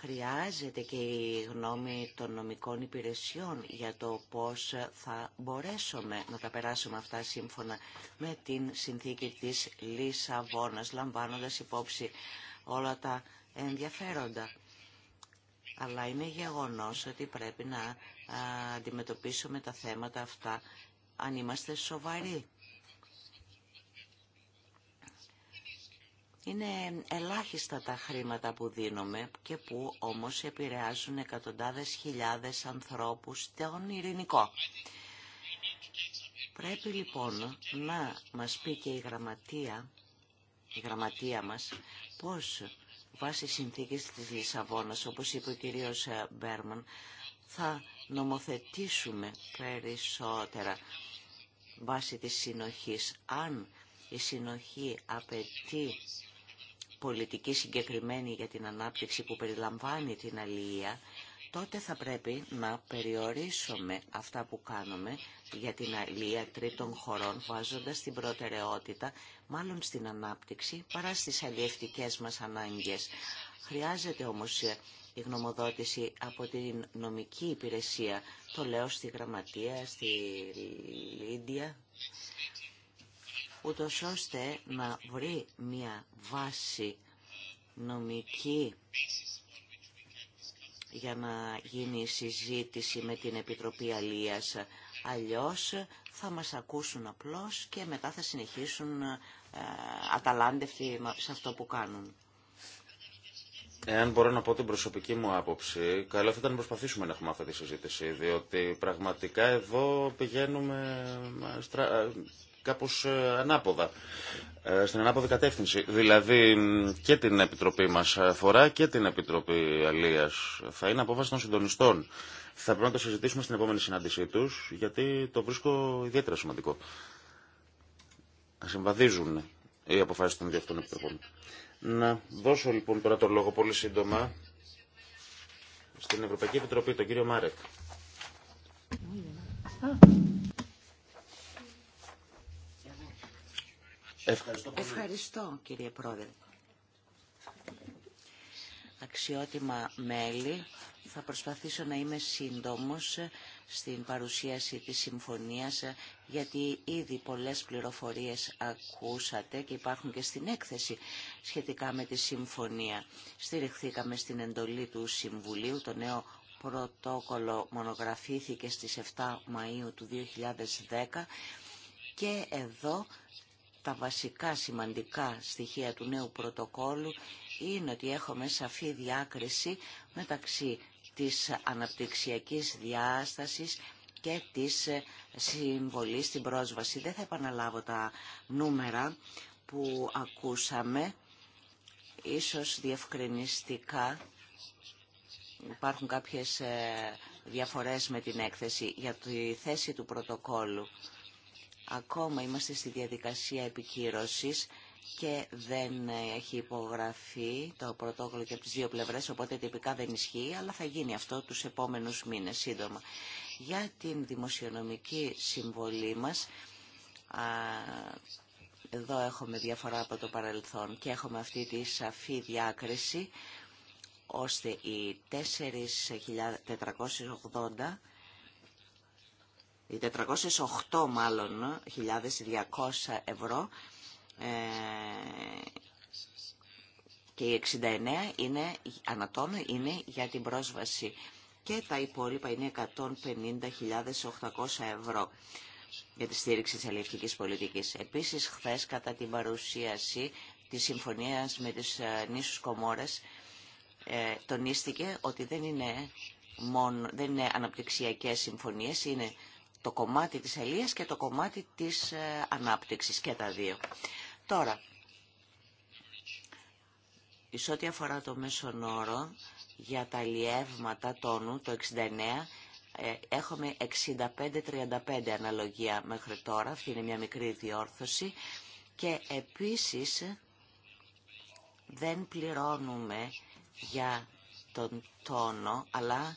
Χρειάζεται και η γνώμη των νομικών υπηρεσιών για το πώς θα μπορέσουμε να τα περάσουμε αυτά σύμφωνα με την συνθήκη της Λισαβόνας, λαμβάνοντας υπόψη όλα τα ενδιαφέροντα. Αλλά είναι γεγονός ότι πρέπει να αντιμετωπίσουμε τα θέματα αυτά αν είμαστε σοβαροί. Είναι ελάχιστα τα χρήματα που δίνουμε και που όμως επηρεάζουν εκατοντάδες χιλιάδες ανθρώπους στον ειρηνικό. Πρέπει λοιπόν να μας πει και η γραμματεία, η γραμματεία μας πώς βάσει συνθήκες της Λισαβόνας, όπως είπε ο κυρίος ε, Μπέρμαν, θα νομοθετήσουμε περισσότερα βάσει της συνοχής. Αν η συνοχή απαιτεί πολιτική συγκεκριμένη για την ανάπτυξη που περιλαμβάνει την αλληλεία, τότε θα πρέπει να περιορίσουμε αυτά που κάνουμε για την αλληλεία τρίτων χωρών, βάζοντας την προτεραιότητα μάλλον στην ανάπτυξη παρά στις αλλιευτικές μας ανάγκες. Χρειάζεται όμως ε, η γνωμοδότηση από την νομική υπηρεσία, το λέω στη γραμματεία, στη Λίντια, ούτως ώστε να βρει μια βάση νομική για να γίνει η συζήτηση με την Επιτροπή Αλίας. Αλλιώς θα μας ακούσουν απλώς και μετά θα συνεχίσουν ε, αταλάντευτοι σε αυτό που κάνουν. Εάν μπορώ να πω την προσωπική μου άποψη, καλό θα ήταν να προσπαθήσουμε να έχουμε αυτή τη συζήτηση, διότι πραγματικά εδώ πηγαίνουμε κάπως ε, ανάποδα ε, στην ανάποδη κατεύθυνση. Δηλαδή και την Επιτροπή μας φορά και την Επιτροπή Αλίας. Θα είναι απόφαση των συντονιστών. Θα πρέπει να το συζητήσουμε στην επόμενη συνάντησή τους, γιατί το βρίσκω ιδιαίτερα σημαντικό. Συμβαδίζουν οι αποφάσεις των δύο αυτών επιτροπών. Να δώσω λοιπόν τώρα το λόγο πολύ σύντομα στην Ευρωπαϊκή Επιτροπή, τον κύριο Μάρεκ. Ευχαριστώ, Ευχαριστώ κύριε Πρόεδρε. Αξιότιμα μέλη, θα προσπαθήσω να είμαι σύντομος στην παρουσίαση της συμφωνίας γιατί ήδη πολλές πληροφορίες ακούσατε και υπάρχουν και στην έκθεση σχετικά με τη συμφωνία. Στηριχθήκαμε στην εντολή του Συμβουλίου, το νέο πρωτόκολλο μονογραφήθηκε στις 7 Μαΐου του 2010 και εδώ τα βασικά σημαντικά στοιχεία του νέου πρωτοκόλλου είναι ότι έχουμε σαφή διάκριση μεταξύ της αναπτυξιακής διάστασης και της ε, συμβολής στην πρόσβαση. Δεν θα επαναλάβω τα νούμερα που ακούσαμε, ίσως διευκρινιστικά υπάρχουν κάποιες ε, διαφορές με την έκθεση για τη θέση του πρωτοκόλλου. Ακόμα είμαστε στη διαδικασία επικύρωσης και δεν έχει υπογραφεί το πρωτόκολλο και από τις δύο πλευρές, οπότε τυπικά δεν ισχύει, αλλά θα γίνει αυτό τους επόμενους μήνες σύντομα. Για την δημοσιονομική συμβολή μας, α, εδώ έχουμε διαφορά από το παρελθόν και έχουμε αυτή τη σαφή διάκριση, ώστε οι 4.480 οι 408 μάλλον 1.200 ευρώ ε, και οι 69 είναι, ανατόνο είναι για την πρόσβαση και τα υπόλοιπα είναι 150.800 ευρώ για τη στήριξη της αλληλευτικής πολιτικής. Επίσης, χθες κατά την παρουσίαση της συμφωνίας με τις ε, νήσους Κομόρες ε, τονίστηκε ότι δεν είναι, μόνο, δεν είναι αναπτυξιακές συμφωνίες, είναι το κομμάτι της αλίας και το κομμάτι της ε, ανάπτυξης και τα δύο. Τώρα, σε ό,τι αφορά το μέσον όρο για τα λιεύματα τόνου το 69 ε, έχουμε 65-35 αναλογία μέχρι τώρα, αυτή είναι μια μικρή διόρθωση και επίσης δεν πληρώνουμε για τον τόνο αλλά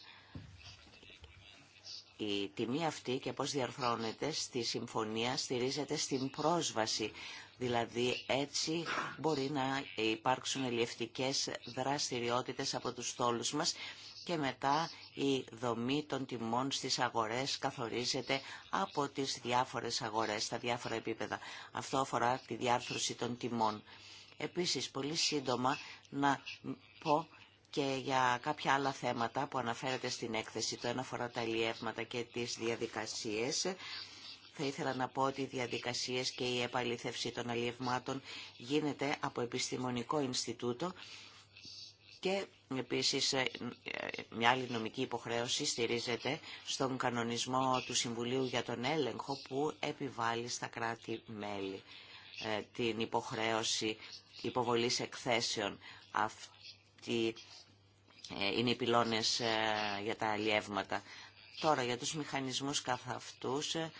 η τιμή αυτή και πώς διαρθρώνεται στη συμφωνία στηρίζεται στην πρόσβαση. Δηλαδή έτσι μπορεί να υπάρξουν ελιευτικές δραστηριότητες από τους στόλους μας και μετά η δομή των τιμών στις αγορές καθορίζεται από τις διάφορες αγορές, στα διάφορα επίπεδα. Αυτό αφορά τη διάρθρωση των τιμών. Επίσης, πολύ σύντομα να πω και για κάποια άλλα θέματα που αναφέρεται στην έκθεση. Το ένα αφορά τα αλλιεύματα και τις διαδικασίες. Θα ήθελα να πω ότι οι διαδικασίες και η επαλήθευση των αλλιευμάτων γίνεται από Επιστημονικό Ινστιτούτο και επίσης ε, μια άλλη νομική υποχρέωση στηρίζεται στον κανονισμό του Συμβουλίου για τον έλεγχο που επιβάλλει στα κράτη-μέλη ε, την υποχρέωση υποβολής εκθέσεων ότι ε, είναι οι πυλώνες ε, για τα αλλιεύματα. Τώρα για τους μηχανισμούς καθ' αυτούς ε,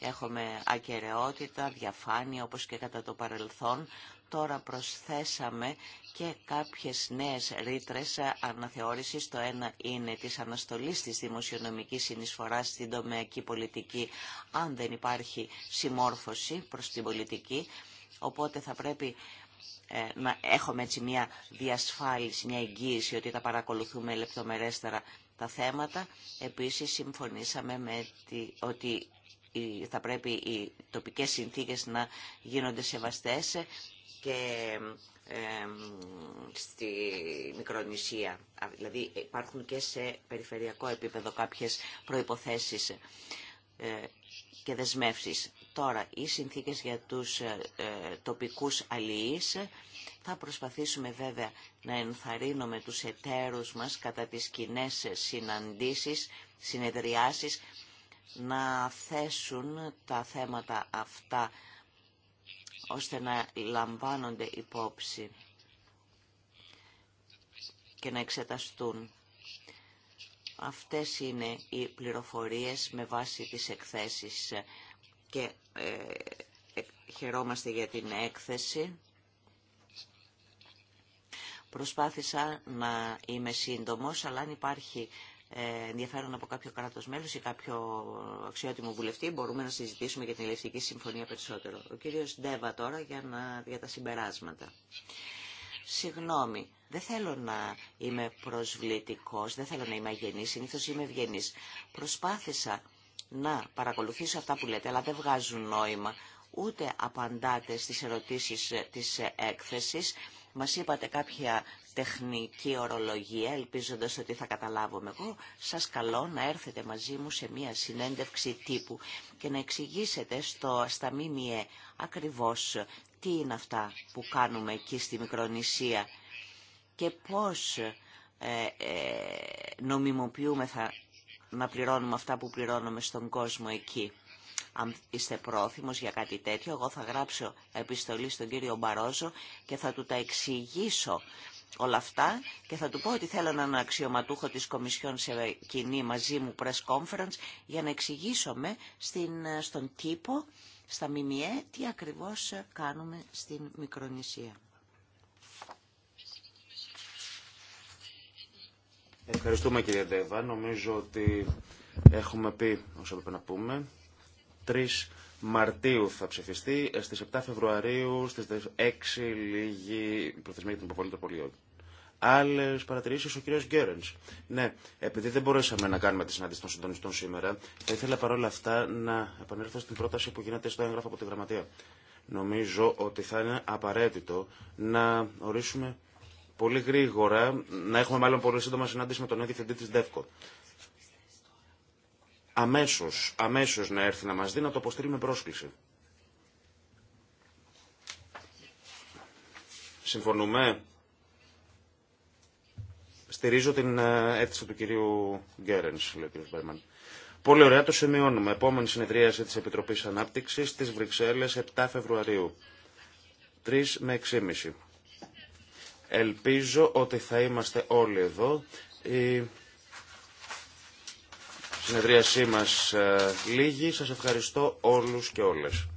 έχουμε ακαιρεότητα, διαφάνεια όπως και κατά το παρελθόν. Τώρα προσθέσαμε και κάποιες νέες ρήτρες αναθεώρησης. Το ένα είναι της αναστολής της δημοσιονομικής συνεισφοράς στην τομεακή πολιτική αν δεν υπάρχει συμμόρφωση προς την πολιτική. Οπότε θα πρέπει να ε, έχουμε έτσι μια διασφάλιση, μια εγγύηση ότι θα παρακολουθούμε λεπτομερέστερα τα θέματα. Επίσης συμφωνήσαμε με ότι θα πρέπει οι τοπικές συνθήκες να γίνονται σεβαστές και στη Μικρονησία. Δηλαδή υπάρχουν και σε περιφερειακό επίπεδο κάποιες προϋποθέσεις ε, και δεσμεύσεις. Τώρα, οι συνθήκες για τους ε, ε, τοπικούς αλληλείς θα προσπαθήσουμε βέβαια να ενθαρρύνουμε τους εταίρους μας κατά τις κοινέ συναντήσεις, συνεδριάσεις, να θέσουν τα θέματα αυτά ώστε να λαμβάνονται υπόψη και να εξεταστούν. Αυτές είναι οι πληροφορίες με βάση τις εκθέσεις και ε, ε, χαιρόμαστε για την έκθεση. Προσπάθησα να είμαι σύντομος, αλλά αν υπάρχει ε, ενδιαφέρον από κάποιο κράτος μέλος ή κάποιο αξιότιμο βουλευτή, μπορούμε να συζητήσουμε για την Ελευθερική Συμφωνία περισσότερο. Ο κύριος Ντέβα τώρα για, να, για τα συμπεράσματα. Συγγνώμη, δεν θέλω να είμαι προσβλητικός, δεν θέλω να είμαι αγενής, συνήθως είμαι ευγενής. Προσπάθησα να παρακολουθήσω αυτά που λέτε, αλλά δεν βγάζουν νόημα. Ούτε απαντάτε στις ερωτήσεις ε, της ε, έκθεσης. Μας είπατε κάποια τεχνική ορολογία, ελπίζοντας ότι θα καταλάβουμε εγώ. Σας καλώ να έρθετε μαζί μου σε μια συνέντευξη τύπου και να εξηγήσετε στο, στα ΜΜΕ ακριβώς τι είναι αυτά που κάνουμε εκεί στη Μικρονησία και πώς ε, ε, νομιμοποιούμεθα να πληρώνουμε αυτά που πληρώνουμε στον κόσμο εκεί. Αν είστε πρόθυμος για κάτι τέτοιο, εγώ θα γράψω επιστολή στον κύριο Μπαρόζο και θα του τα εξηγήσω όλα αυτά και θα του πω ότι θέλω να αξιωματούχο της Κομισιόν σε κοινή μαζί μου press conference για να εξηγήσουμε στην, στον τύπο, στα ΜΜΕ, τι ακριβώς κάνουμε στην Μικρονησία. Ευχαριστούμε κύριε Ντέβα. Νομίζω ότι έχουμε πει όσο έπρεπε να πούμε. 3 Μαρτίου θα ψηφιστεί. Ε, στις 7 Φεβρουαρίου, στις 6 λίγη προθεσμία για την υποβολή των πολιών. Άλλε παρατηρήσει ο κύριο Γκέρεν. Ναι, επειδή δεν μπορέσαμε να κάνουμε τη συνάντηση των συντονιστών σήμερα, θα ήθελα παρόλα αυτά να επανέλθω στην πρόταση που γίνεται στο έγγραφο από τη Γραμματεία. Νομίζω ότι θα είναι απαραίτητο να ορίσουμε πολύ γρήγορα, να έχουμε μάλλον πολύ σύντομα συνάντηση με τον διευθυντή της ΔΕΦΚΟ. Αμέσως, αμέσως να έρθει να μας δει, να το αποστείλει με πρόσκληση. Συμφωνούμε. Στηρίζω την ε, αίτηση του κυρίου Γκέρενς, λέει ο κύριος Μπέρμαν. Πολύ ωραία, το σημειώνουμε. Επόμενη συνεδρίαση της Επιτροπής Ανάπτυξης στις Βρυξέλλες 7 Φεβρουαρίου. 3 με 6.30. Ελπίζω ότι θα είμαστε όλοι εδώ. Η συνεδρίασή μας ε, λίγη. Σας ευχαριστώ όλους και όλες.